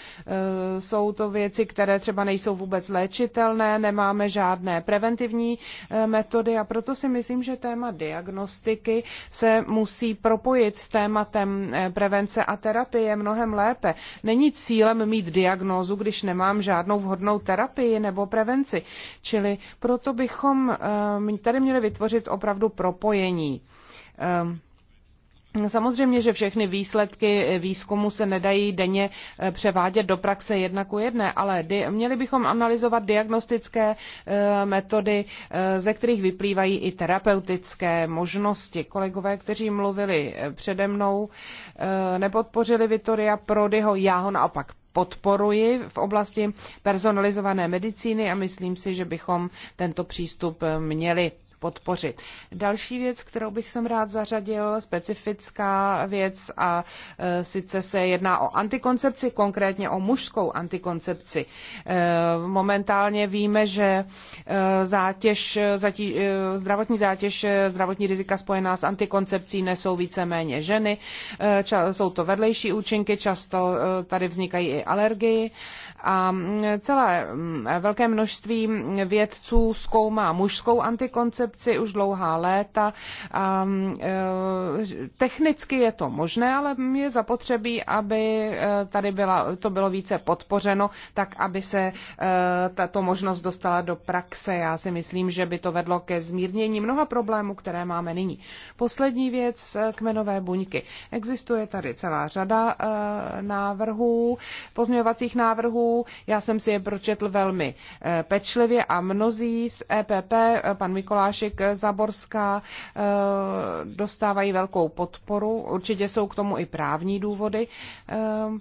Jsou to věci, které třeba nejsou vůbec léčitelné, pravidelné, nemáme žádné preventivní eh, metody a proto si myslím, že téma diagnostiky se musí propojit s tématem eh, prevence a terapie mnohem lépe. Není cílem mít diagnózu, když nemám žádnou vhodnou terapii nebo prevenci. Čili proto bychom eh, tady měli vytvořit opravdu propojení ehm, Samozřejmě, že všechny výsledky výzkumu se nedají denně eh, převádět do praxe jedna ku jedné, ale di- měli bychom analyzovat diagnostické eh, metody, eh, ze kterých vyplývají i terapeutické možnosti. Kolegové, kteří mluvili přede mnou, nepodpořili Vitoria Prodyho, já ho naopak podporuji v oblasti personalizované medicíny a myslím si, že bychom tento přístup měli podpořit. Další věc, kterou bych sem rád zařadil, specifická věc a e, sice se jedná o antikoncepci, konkrétně o mužskou antikoncepci. E, momentálně víme, že e, zátěž, zatí, e, zdravotní zátěž, e, zdravotní rizika spojená s antikoncepcí nesou víceméně ženy. E, ča, jsou to vedlejší účinky, často e, tady vznikají i alergie. A celé mm, velké množství vědců zkoumá mužskou antikoncepci už dlouhá léta. A e, technicky je to možné, ale je zapotřebí, aby e, tady byla, to bylo více podpořeno, tak aby se e, tato možnost dostala do praxe. Já si myslím, že by to vedlo ke zmírnění mnoha problémů, které máme nyní. Poslední věc, kmenové buňky. Existuje tady celá řada návrhů, pozměňovacích návrhů, já jsem si je pročetl velmi eh, pečlivě a mnozí z EPP, eh, pan Mikolášek eh, Zaborská, dostávají velkou podporu. Určitě jsou k tomu i právní důvody.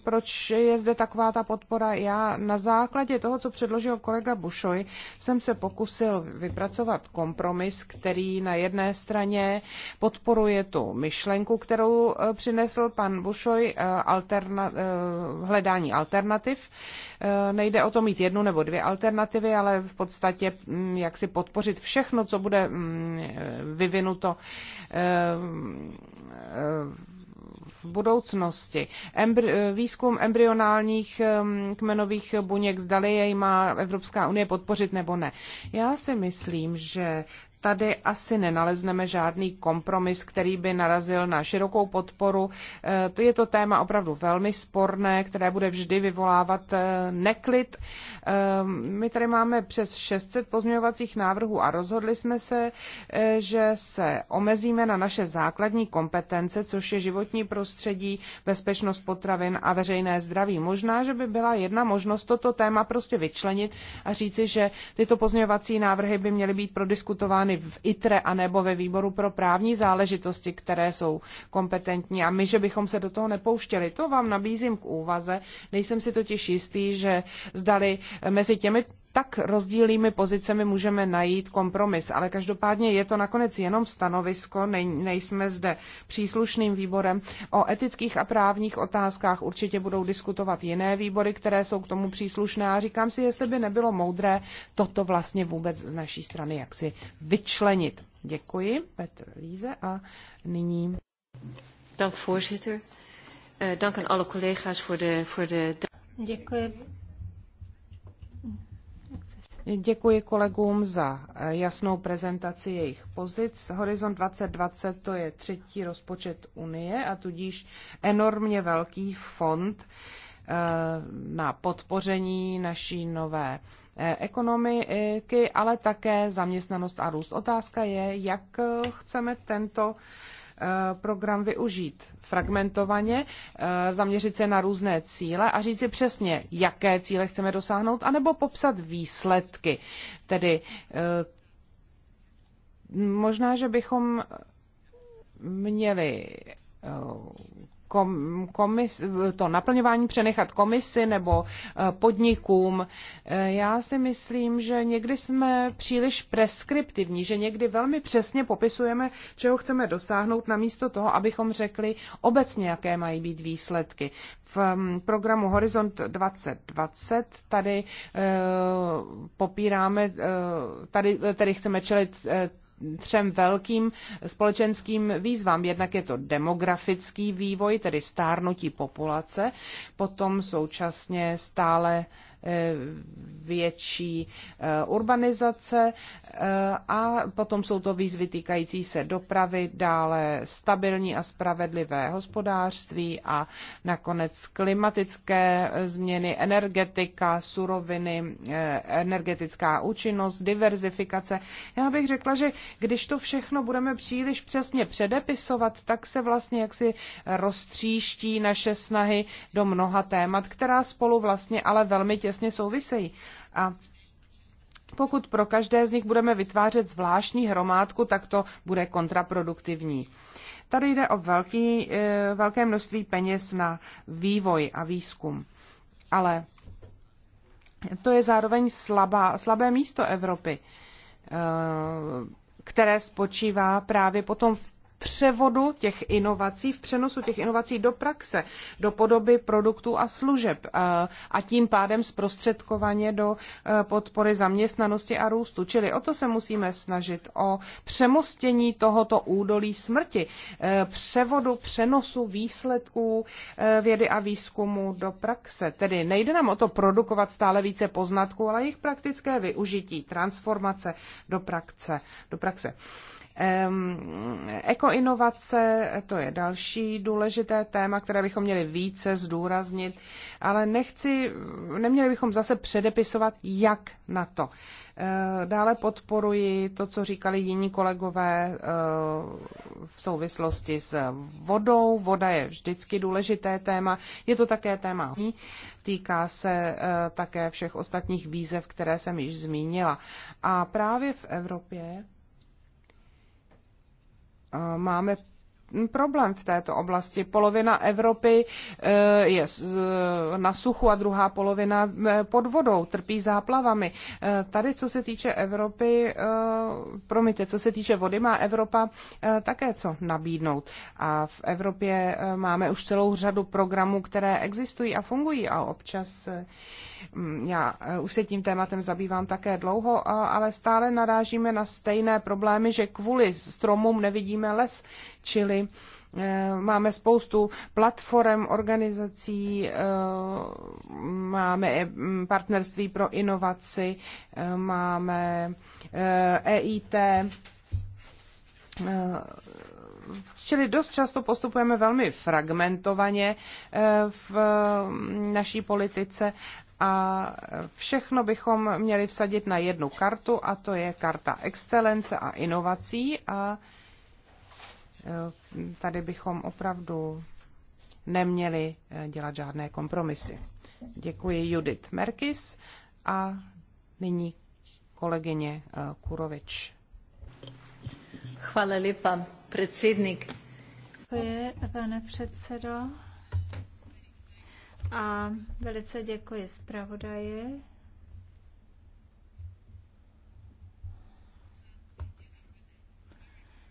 Proč je zde taková ta podpora? Já na základě toho, co předložil kolega Bušoj, jsem se pokusil vypracovat kompromis, který na jedné straně podporuje tu myšlenku, kterou přinesl pan Bušoj, alterna- hledání alternativ, Eh, nejde o to mít jednu nebo dvě alternativy, ale v podstatě mm, jak si podpořit všechno, co bude mm, eh, vyvinuto eh, v budoucnosti. Embry, výzkum embryonálních kmenových buněk, zdali jej má Evropská unie podpořit nebo ne. Já si myslím, že tady asi nenalezneme žádný kompromis, který by narazil na širokou podporu. Eh, to je to téma opravdu velmi sporné, které bude vždy vyvolávat eh, neklid. Ehm, my tady máme přes 600 pozměňovacích návrhů a rozhodli jsme se, eh, že se omezíme na naše základní kompetence, což je životní prostředí, bezpečnost potravin a veřejné zdraví. Možná, že by byla jedna možnost toto téma prostě vyčlenit a říci, že tyto pozměňovací návrhy by měly být prodiskutovány zákony v ITRE a nebo ve výboru pro právní záležitosti, které jsou kompetentní a my, že bychom se do toho nepouštěli. To vám nabízím k úvaze. Nejsem si totiž jistý, že zdali mezi těmi tak rozdílnými pozicemi můžeme najít kompromis. Ale každopádně je to nakonec jenom stanovisko, nej, nejsme zde příslušným výborem. O etických a právních otázkách určitě budou diskutovat jiné výbory, které jsou k tomu příslušné. A říkám si, jestli by nebylo moudré toto vlastně vůbec z naší strany jaksi vyčlenit. Děkuji, Petr Líze, a nyní. Dank, voorzitter. Eh, dank aan alle collega's voor de, voor de... Děkuji, Děkuji kolegům za eh, jasnou prezentaci jejich pozic. Horizont 2020 to je třetí rozpočet Unie a tudíž enormně velký fond eh, na podpoření naší nové eh, ekonomiky, ale také zaměstnanost a růst. Otázka je, jak chceme tento Eh, program využít fragmentovaně, eh, zaměřit se na různé cíle a říct si přesně, jaké cíle chceme dosáhnout, anebo popsat výsledky. Tedy eh, možná, že bychom měli komis, to naplňování přenechat komisi nebo eh, podnikům. Eh, já si myslím, že někdy jsme příliš preskriptivní, že někdy velmi přesně popisujeme, čeho chceme dosáhnout, namísto toho, abychom řekli obecně, jaké mají být výsledky. V mm, programu Horizont 2020 tady eh, popíráme, tady, tady chceme čelit třem velkým společenským výzvám. Jednak je to demografický vývoj, tedy stárnutí populace, potom současně stále Eh, větší eh, urbanizace eh, a potom jsou to výzvy týkající se dopravy, dále stabilní a spravedlivé hospodářství a nakonec klimatické změny, energetika, suroviny, energetická účinnost, diverzifikace. Já bych řekla, že když to všechno budeme příliš přesně předepisovat, tak se vlastně jaksi roztříští naše snahy do mnoha témat, která spolu vlastně ale velmi těsně těsně souvisejí. A pokud pro každé z nich budeme vytvářet zvláštní hromádku, tak to bude kontraproduktivní. Tady jde o velký, eh, velké množství peněz na vývoj a výzkum. Ale to je zároveň slabá, slabé místo Evropy, eh, které spočívá právě potom v převodu těch inovací, v přenosu těch inovací do praxe, do podoby produktů a služeb eh, a tím pádem zprostředkovaně do eh, podpory zaměstnanosti a růstu. Čili o to se musíme snažit, o přemostění tohoto údolí smrti, eh, převodu, přenosu výsledků vědy a výzkumu do praxe. Tedy nejde nám o to produkovat stále více poznatků, ale jejich praktické využití, transformace do praxe. Do praxe. Ekoinovace, to je další důležité téma, které bychom měli více zdůraznit, ale nechci, neměli bychom zase předepisovat, jak na to. Eh, dále podporuji to, co říkali jiní kolegové eh, v souvislosti s vodou. Voda je vždycky důležité téma. Je to také téma. Týká se eh, také všech ostatních výzev, které jsem již zmínila. A právě v Evropě máme problém v této oblasti. Polovina Evropy e, je e, na suchu a druhá polovina e, pod vodou, trpí záplavami. Tady, co se týče Evropy, promiňte, co se týče vody, má Evropa také co nabídnout. A v Evropě máme už celou řadu programů, které existují a fungují a občas Mm, já eh, už se tím tématem zabývám také dlouho, ale stále narážíme na stejné problémy, že kvůli stromům nevidíme les, čili eh, Máme spoustu platform, organizací, eh, máme mm, partnerství pro inovaci, máme EIT, e Čili dost často postupujeme velmi fragmentovaně v mm, naší politice a všechno bychom měli vsadit na jednu kartu a to je karta excelence a inovací a eh, tady bychom opravdu neměli eh, dělat žádné kompromisy. Děkuji Judith Merkis a nyní kolegyně eh, Kurovič. Chvále lipa, předsednik. Děkuji, pane předsedo. A velice děkuji zpravodaji.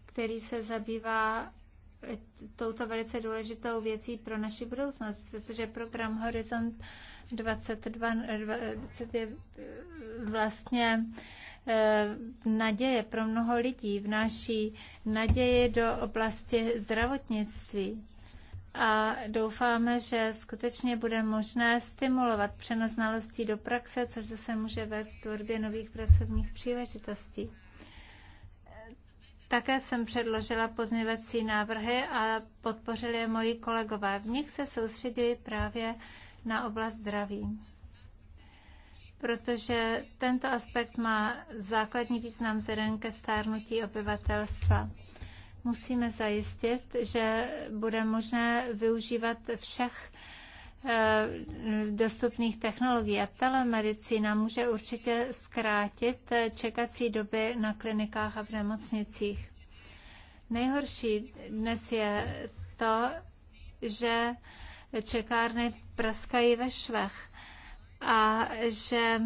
který se zabývá touto velice důležitou věcí pro naši budoucnost, protože program Horizont 2020 je vlastně eh, naděje pro mnoho lidí, vnáší naději do oblasti zdravotnictví a doufáme, že skutečně bude možné stimulovat přenos znalostí do praxe, což zase může vést k tvorbě nových pracovních příležitostí. Také jsem předložila pozměvací návrhy a podpořili je moji kolegové. V nich se soustředili právě na oblast zdraví, protože tento aspekt má základní význam vzhledem ke stárnutí obyvatelstva musíme zajistit, že bude možné využívat všech eh, dostupných technologií. A telemedicína může určitě zkrátit eh, čekací doby na klinikách a v nemocnicích. Nejhorší dnes je to, že čekárny praskají ve švech a že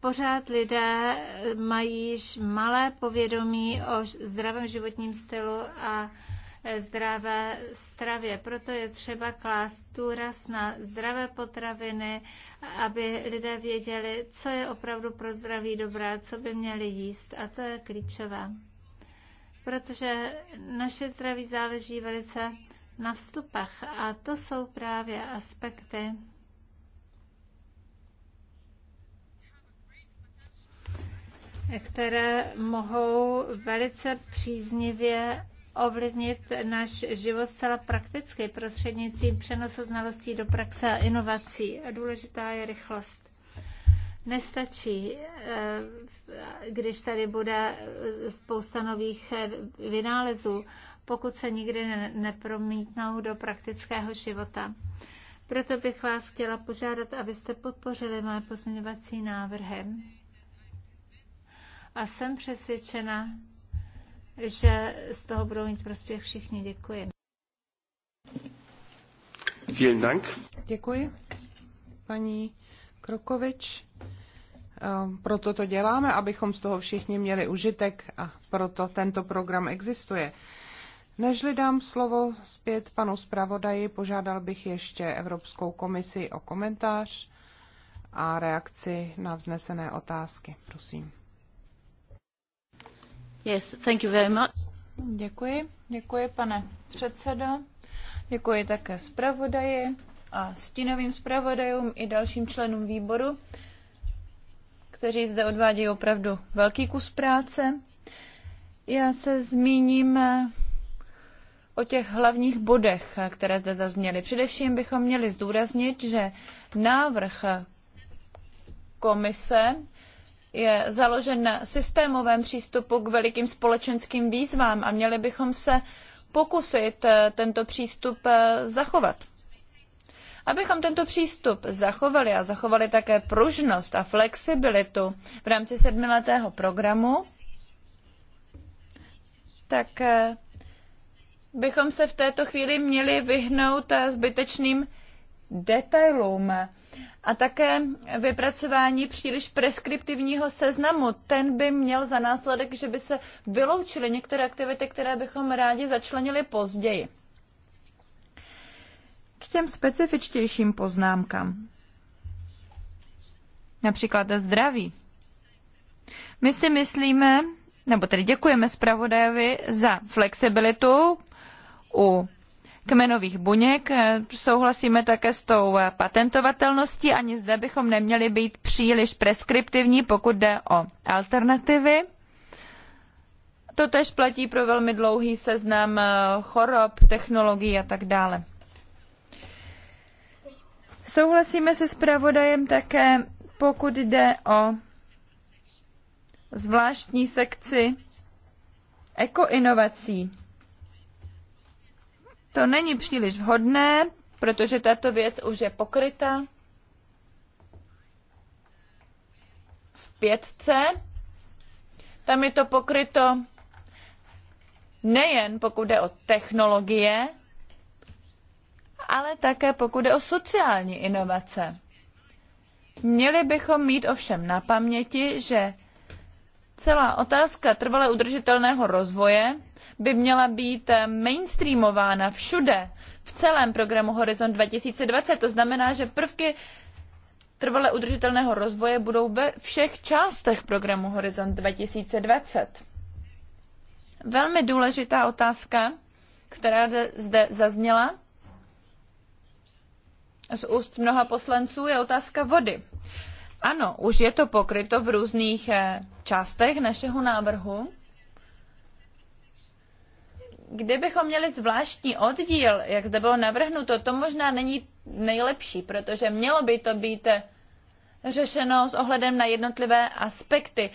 pořád lidé mají malé povědomí o zdravém životním stylu a zdravé stravě. Proto je třeba klást důraz na zdravé potraviny, aby lidé věděli, co je opravdu pro zdraví dobré, co by měli jíst. A to je klíčové. Protože naše zdraví záleží velice na vstupech a to jsou právě aspekty, které mohou velice příznivě ovlivnit náš život zcela prakticky prostřednictvím přenosu znalostí do praxe a inovací. A důležitá je rychlost. Nestačí, eh, když tady bude spousta nových eh, vynálezů, pokud se nikdy nepromítnou do praktického života. Proto bych vás chtěla požádat, abyste podpořili moje pozměňovací návrhy a jsem přesvědčena, že z toho budou mít prospěch všichni. Děkuji. Vielen Dank. Děkuji, paní Krokovič. Ehm, proto to děláme, abychom z toho všichni měli užitek a proto tento program existuje. Nežli dám slovo zpět panu zpravodaji, požádal bych ještě Evropskou komisi o komentář a reakci na vznesené otázky. Prosím. Yes, thank you very much. Děkuji, děkuji pane předsedo, děkuji také zpravodaji a stínovým zpravodajům i dalším členům výboru, kteří zde odvádějí opravdu velký kus práce. Já se zmíním o těch hlavních bodech, které zde zazněly. Především bychom měli zdůraznit, že návrh komise je založen na systémovém přístupu k velikým společenským výzvám a měli bychom se pokusit eh, tento přístup eh, zachovat. Abychom tento přístup zachovali a zachovali také pružnost a flexibilitu v rámci sedmiletého programu, tak eh, bychom se v této chvíli měli vyhnout zbytečným detailům a také vypracování příliš preskriptivního seznamu. Ten by měl za následek, že by se vyloučily některé aktivity, které bychom rádi začlenili později. K těm specifičtějším poznámkám. Například zdraví. My si myslíme, nebo tedy děkujeme zpravodajovi za flexibilitu u kmenových buněk. Eh, Souhlasíme také s tou eh, patentovatelností. Ani zde bychom neměli být příliš preskriptivní, pokud jde o alternativy. To tež platí pro velmi dlouhý seznam eh, chorob, technologií a tak dále. Souhlasíme se zpravodajem také, pokud jde o zvláštní sekci ekoinovací. To není příliš vhodné, protože tato věc už je pokryta v pětce. Tam je to pokryto nejen pokud jde o technologie, ale také pokud jde o sociální inovace. Měli bychom mít ovšem na paměti, že Celá otázka trvale udržitelného rozvoje by měla být eh, mainstreamována všude, v celém programu Horizon 2020. To znamená, že prvky trvale udržitelného rozvoje budou ve všech částech programu Horizon 2020. Velmi důležitá otázka, která zde zazněla z úst mnoha poslanců, je otázka vody. Ano, už je to pokryto v různých eh, částech našeho návrhu. Kdybychom měli zvláštní oddíl, jak zde bylo navrhnuto, to možná není nejlepší, protože mělo by to být eh, řešeno s ohledem na jednotlivé aspekty.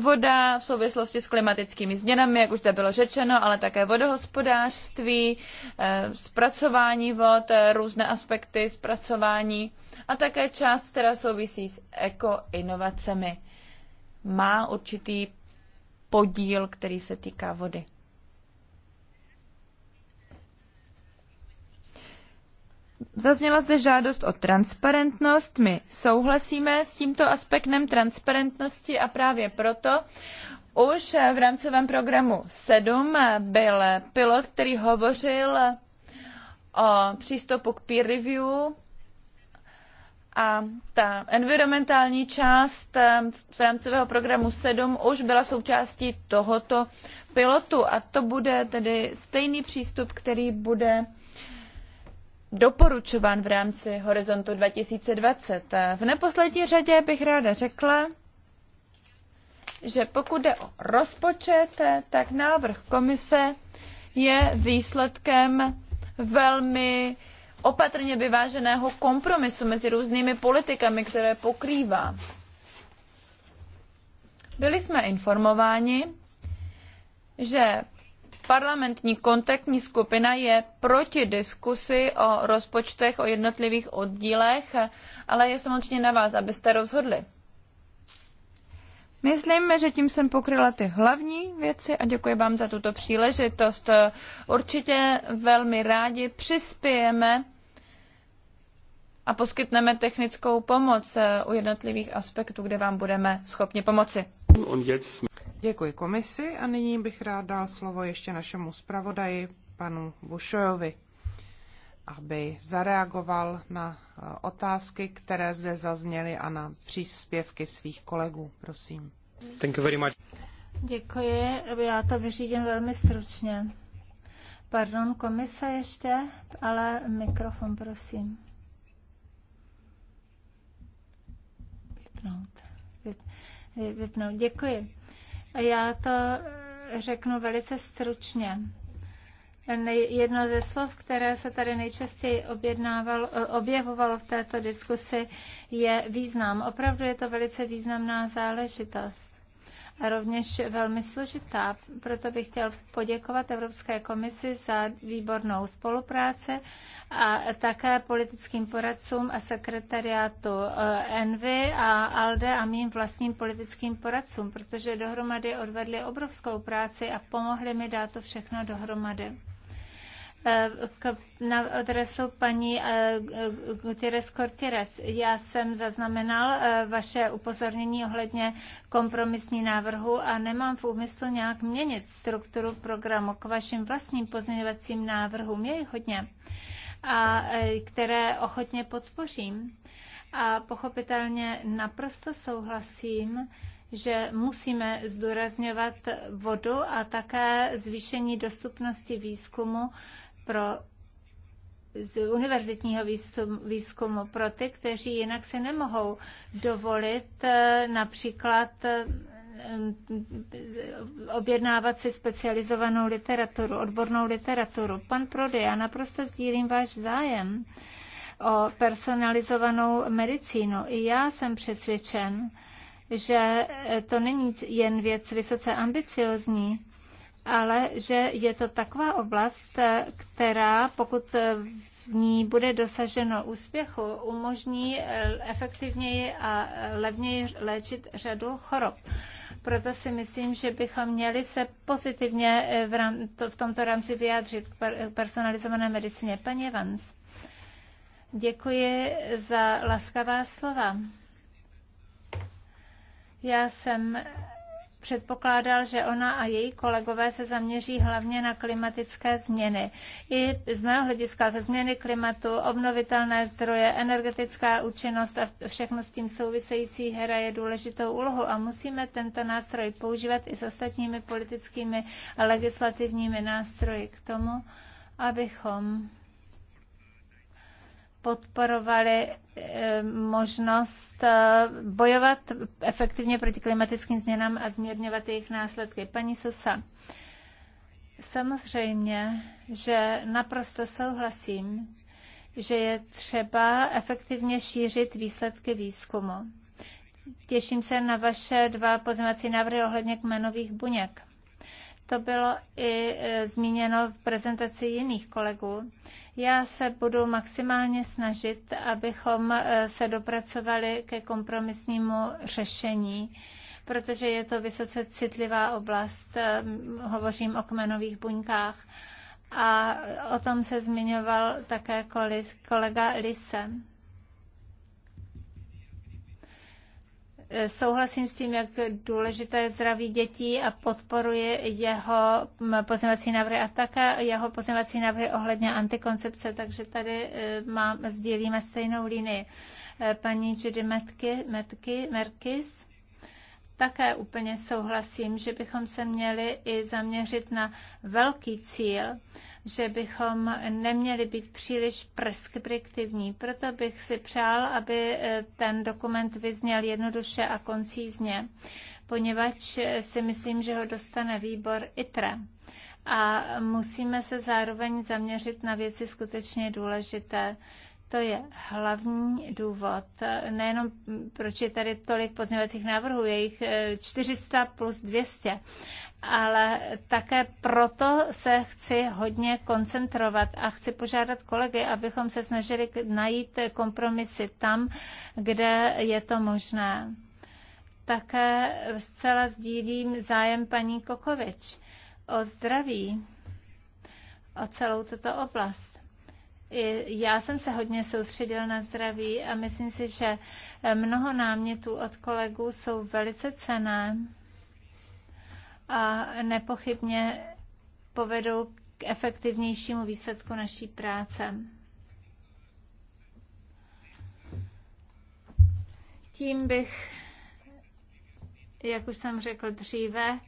Voda v souvislosti s klimatickými změnami, jak už zde bylo řečeno, ale také vodohospodářství, eh, zpracování vod, eh, různé aspekty zpracování a také část, která souvisí s ekoinovacemi. Má určitý podíl, který se týká vody. Zazněla zde žádost o transparentnost. My souhlasíme s tímto aspektem transparentnosti a právě proto už v rámcovém programu 7 byl pilot, který hovořil o přístupu k peer review a ta environmentální část v rámcového programu 7 už byla součástí tohoto pilotu a to bude tedy stejný přístup, který bude doporučován v rámci Horizontu 2020. V neposlední řadě bych ráda řekla, že pokud jde o rozpočet, tak návrh komise je výsledkem velmi opatrně vyváženého kompromisu mezi různými politikami, které pokrývá. Byli jsme informováni, že Parlamentní kontaktní skupina je proti diskusi o rozpočtech, o jednotlivých oddílech, ale je samozřejmě na vás, abyste rozhodli. Myslím, že tím jsem pokryla ty hlavní věci a děkuji vám za tuto příležitost. Určitě velmi rádi přispějeme a poskytneme technickou pomoc u jednotlivých aspektů, kde vám budeme schopni pomoci. Děkuji komisi a nyní bych rád dal slovo ještě našemu zpravodaji, panu Bušojovi, aby zareagoval na eh, otázky, které zde zazněly a na příspěvky svých kolegů. Prosím. Thank you very much. Děkuji, já to vyřídím velmi stručně. Pardon, komise ještě, ale mikrofon, prosím. Vypnout. Vyp, vypnout, děkuji. Já to řeknu velice stručně. Jedno ze slov, které se tady nejčastěji eh, objevovalo v této diskusi, je význam. Opravdu je to velice významná záležitost rovněž velmi složitá. Proto bych chtěl poděkovat Evropské komisi za výbornou spolupráci a také politickým poradcům a sekretariátu eh, Envy a ALDE a mým vlastním politickým poradcům, protože dohromady odvedli obrovskou práci a pomohli mi dát to všechno dohromady. Eh, na adresu paní eh, Gutierrez Cortires. Já jsem zaznamenal eh, vaše upozornění ohledně kompromisní návrhu a nemám v úmyslu nějak měnit strukturu programu k vašim vlastním pozměňovacím návrhům. Je jich hodně, a které ochotně podpořím. A pochopitelně naprosto souhlasím, že musíme zdůrazňovat vodu a také zvýšení dostupnosti výzkumu pro z univerzitního výzkumu pro ty, kteří jinak se nemohou dovolit eh, například eh, eh, objednávat si specializovanou literaturu, odbornou literaturu. Pan Prody, já naprosto sdílím váš zájem o personalizovanou medicínu. I já jsem přesvědčen, že to není jen věc vysoce ambiciozní, ale že je to taková oblast, která pokud v ní bude dosaženo úspěchu, umožní efektivněji a levněji léčit řadu chorob. Proto si myslím, že bychom měli se pozitivně v, rám, to, v tomto rámci vyjádřit k personalizované medicině. Paní Evans, děkuji za laskavá slova. Já jsem předpokládal, že ona a její kolegové se zaměří hlavně na klimatické změny. I z mého hlediska změny klimatu, obnovitelné zdroje, energetická účinnost a všechno s tím související hraje důležitou úlohu a musíme tento nástroj používat i s ostatními politickými a legislativními nástroji k tomu, abychom podporovali eh, možnost eh, bojovat efektivně proti klimatickým změnám a změrňovat jejich následky. Paní Susa, samozřejmě, že naprosto souhlasím, že je třeba efektivně šířit výsledky výzkumu. Těším se na vaše dva pozměňovací návrhy ohledně kmenových buněk. To bylo i e, zmíněno v prezentaci jiných kolegů. Já se budu maximálně snažit, abychom e, se dopracovali ke kompromisnímu řešení, protože je to vysoce citlivá oblast. E, hovořím o kmenových buňkách. A o tom se zmiňoval také kolega Lise. souhlasím s tím, jak důležité je zdraví dětí a podporuji jeho pozměvací návrhy a také jeho pozměvací návrhy ohledně antikoncepce, takže tady e, mám, sdílíme stejnou linii. E, paní Judy Metky, Metky, Merkis, také úplně souhlasím, že bychom se měli i zaměřit na velký cíl, že bychom neměli být příliš preskriptivní. Proto bych si přál, aby eh, ten dokument vyzněl jednoduše a koncízně, poněvadž eh, si myslím, že ho dostane výbor ITRE. A musíme se zároveň zaměřit na věci skutečně důležité. To je hlavní důvod. Eh, nejenom proč je tady tolik pozměňovacích návrhů, je jich 400 plus 200 ale také proto se chci hodně koncentrovat a chci požádat kolegy, abychom se snažili najít kompromisy tam, kde je to možné. Také zcela sdílím zájem paní Kokovič o zdraví, o celou tuto oblast. I já jsem se hodně soustředil na zdraví a myslím si, že mnoho námětů od kolegů jsou velice cené a nepochybně povedou k efektivnějšímu výsledku naší práce. Tím bych, jak už jsem řekl dříve,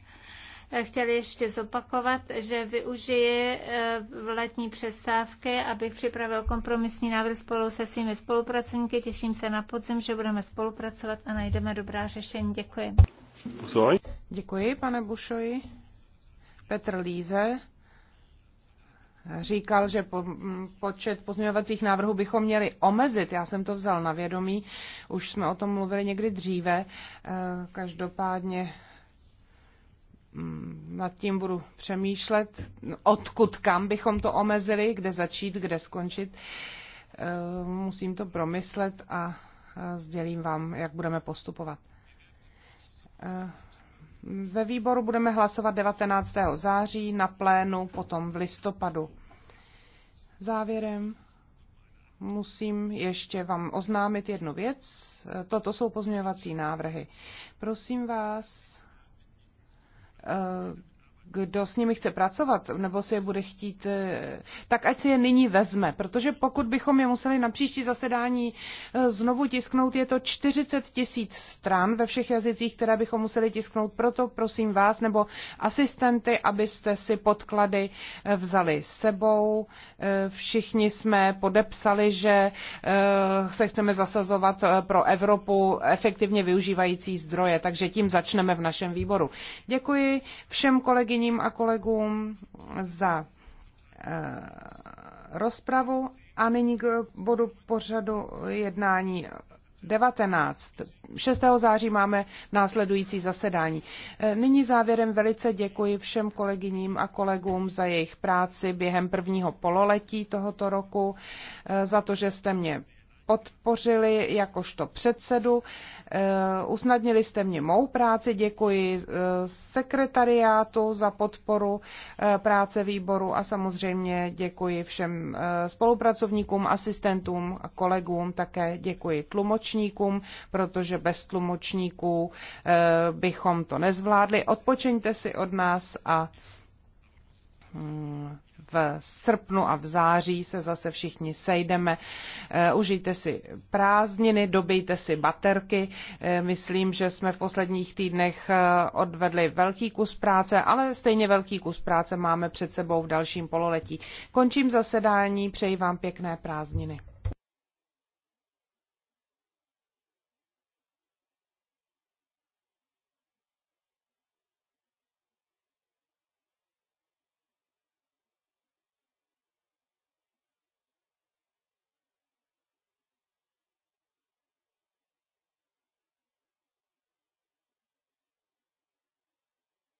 chtěl ještě zopakovat, že využiji eh, letní přestávky, abych připravil kompromisní návrh spolu se svými spolupracovníky. Těším se na podzim, že budeme spolupracovat a najdeme dobrá řešení. Děkuji. Sorry. Děkuji, pane Bušoji. Petr Líze říkal, že po, počet pozměňovacích návrhů bychom měli omezit. Já jsem to vzal na vědomí, už jsme o tom mluvili někdy dříve. E, každopádně nad tím budu přemýšlet, odkud kam bychom to omezili, kde začít, kde skončit. E, musím to promyslet a e, sdělím vám, jak budeme postupovat. Ve výboru budeme hlasovat 19. září, na plénu potom v listopadu. Závěrem musím ještě vám oznámit jednu věc. Toto jsou pozměňovací návrhy. Prosím vás, eh, kdo s nimi chce pracovat, nebo si je bude chtít, eh, tak ať si je nyní vezme. Protože pokud bychom je museli na příští zasedání eh, znovu tisknout, je to 40 tisíc stran ve všech jazycích, které bychom museli tisknout. Proto prosím vás nebo asistenty, abyste si podklady eh, vzali sebou. Všichni jsme podepsali, že se chceme zasazovat pro Evropu efektivně využívající zdroje, takže tím začneme v našem výboru. Děkuji všem kolegy kolegyním a kolegům za eh, rozpravu a nyní k bodu pořadu jednání 19. 6. září máme následující zasedání. Eh, nyní závěrem velice děkuji všem kolegyním a kolegům za jejich práci během prvního pololetí tohoto roku, eh, za to, že jste mě podpořili jakožto předsedu. Eh, usnadnili jste mě mou práci, děkuji eh, sekretariátu za podporu eh, práce výboru a samozřejmě děkuji všem spolupracovníkům, asistentům a kolegům, také děkuji tlumočníkům, protože bez tlumočníků bychom to nezvládli. Odpočiňte si od nás a hmm, v srpnu a v září se zase všichni sejdeme. Eh, užijte si prázdniny, dobejte si baterky. Eh, myslím, že jsme v posledních týdnech eh, odvedli velký kus práce, ale stejně velký kus práce máme před sebou v dalším pololetí. Končím zasedání, přeji vám pěkné prázdniny.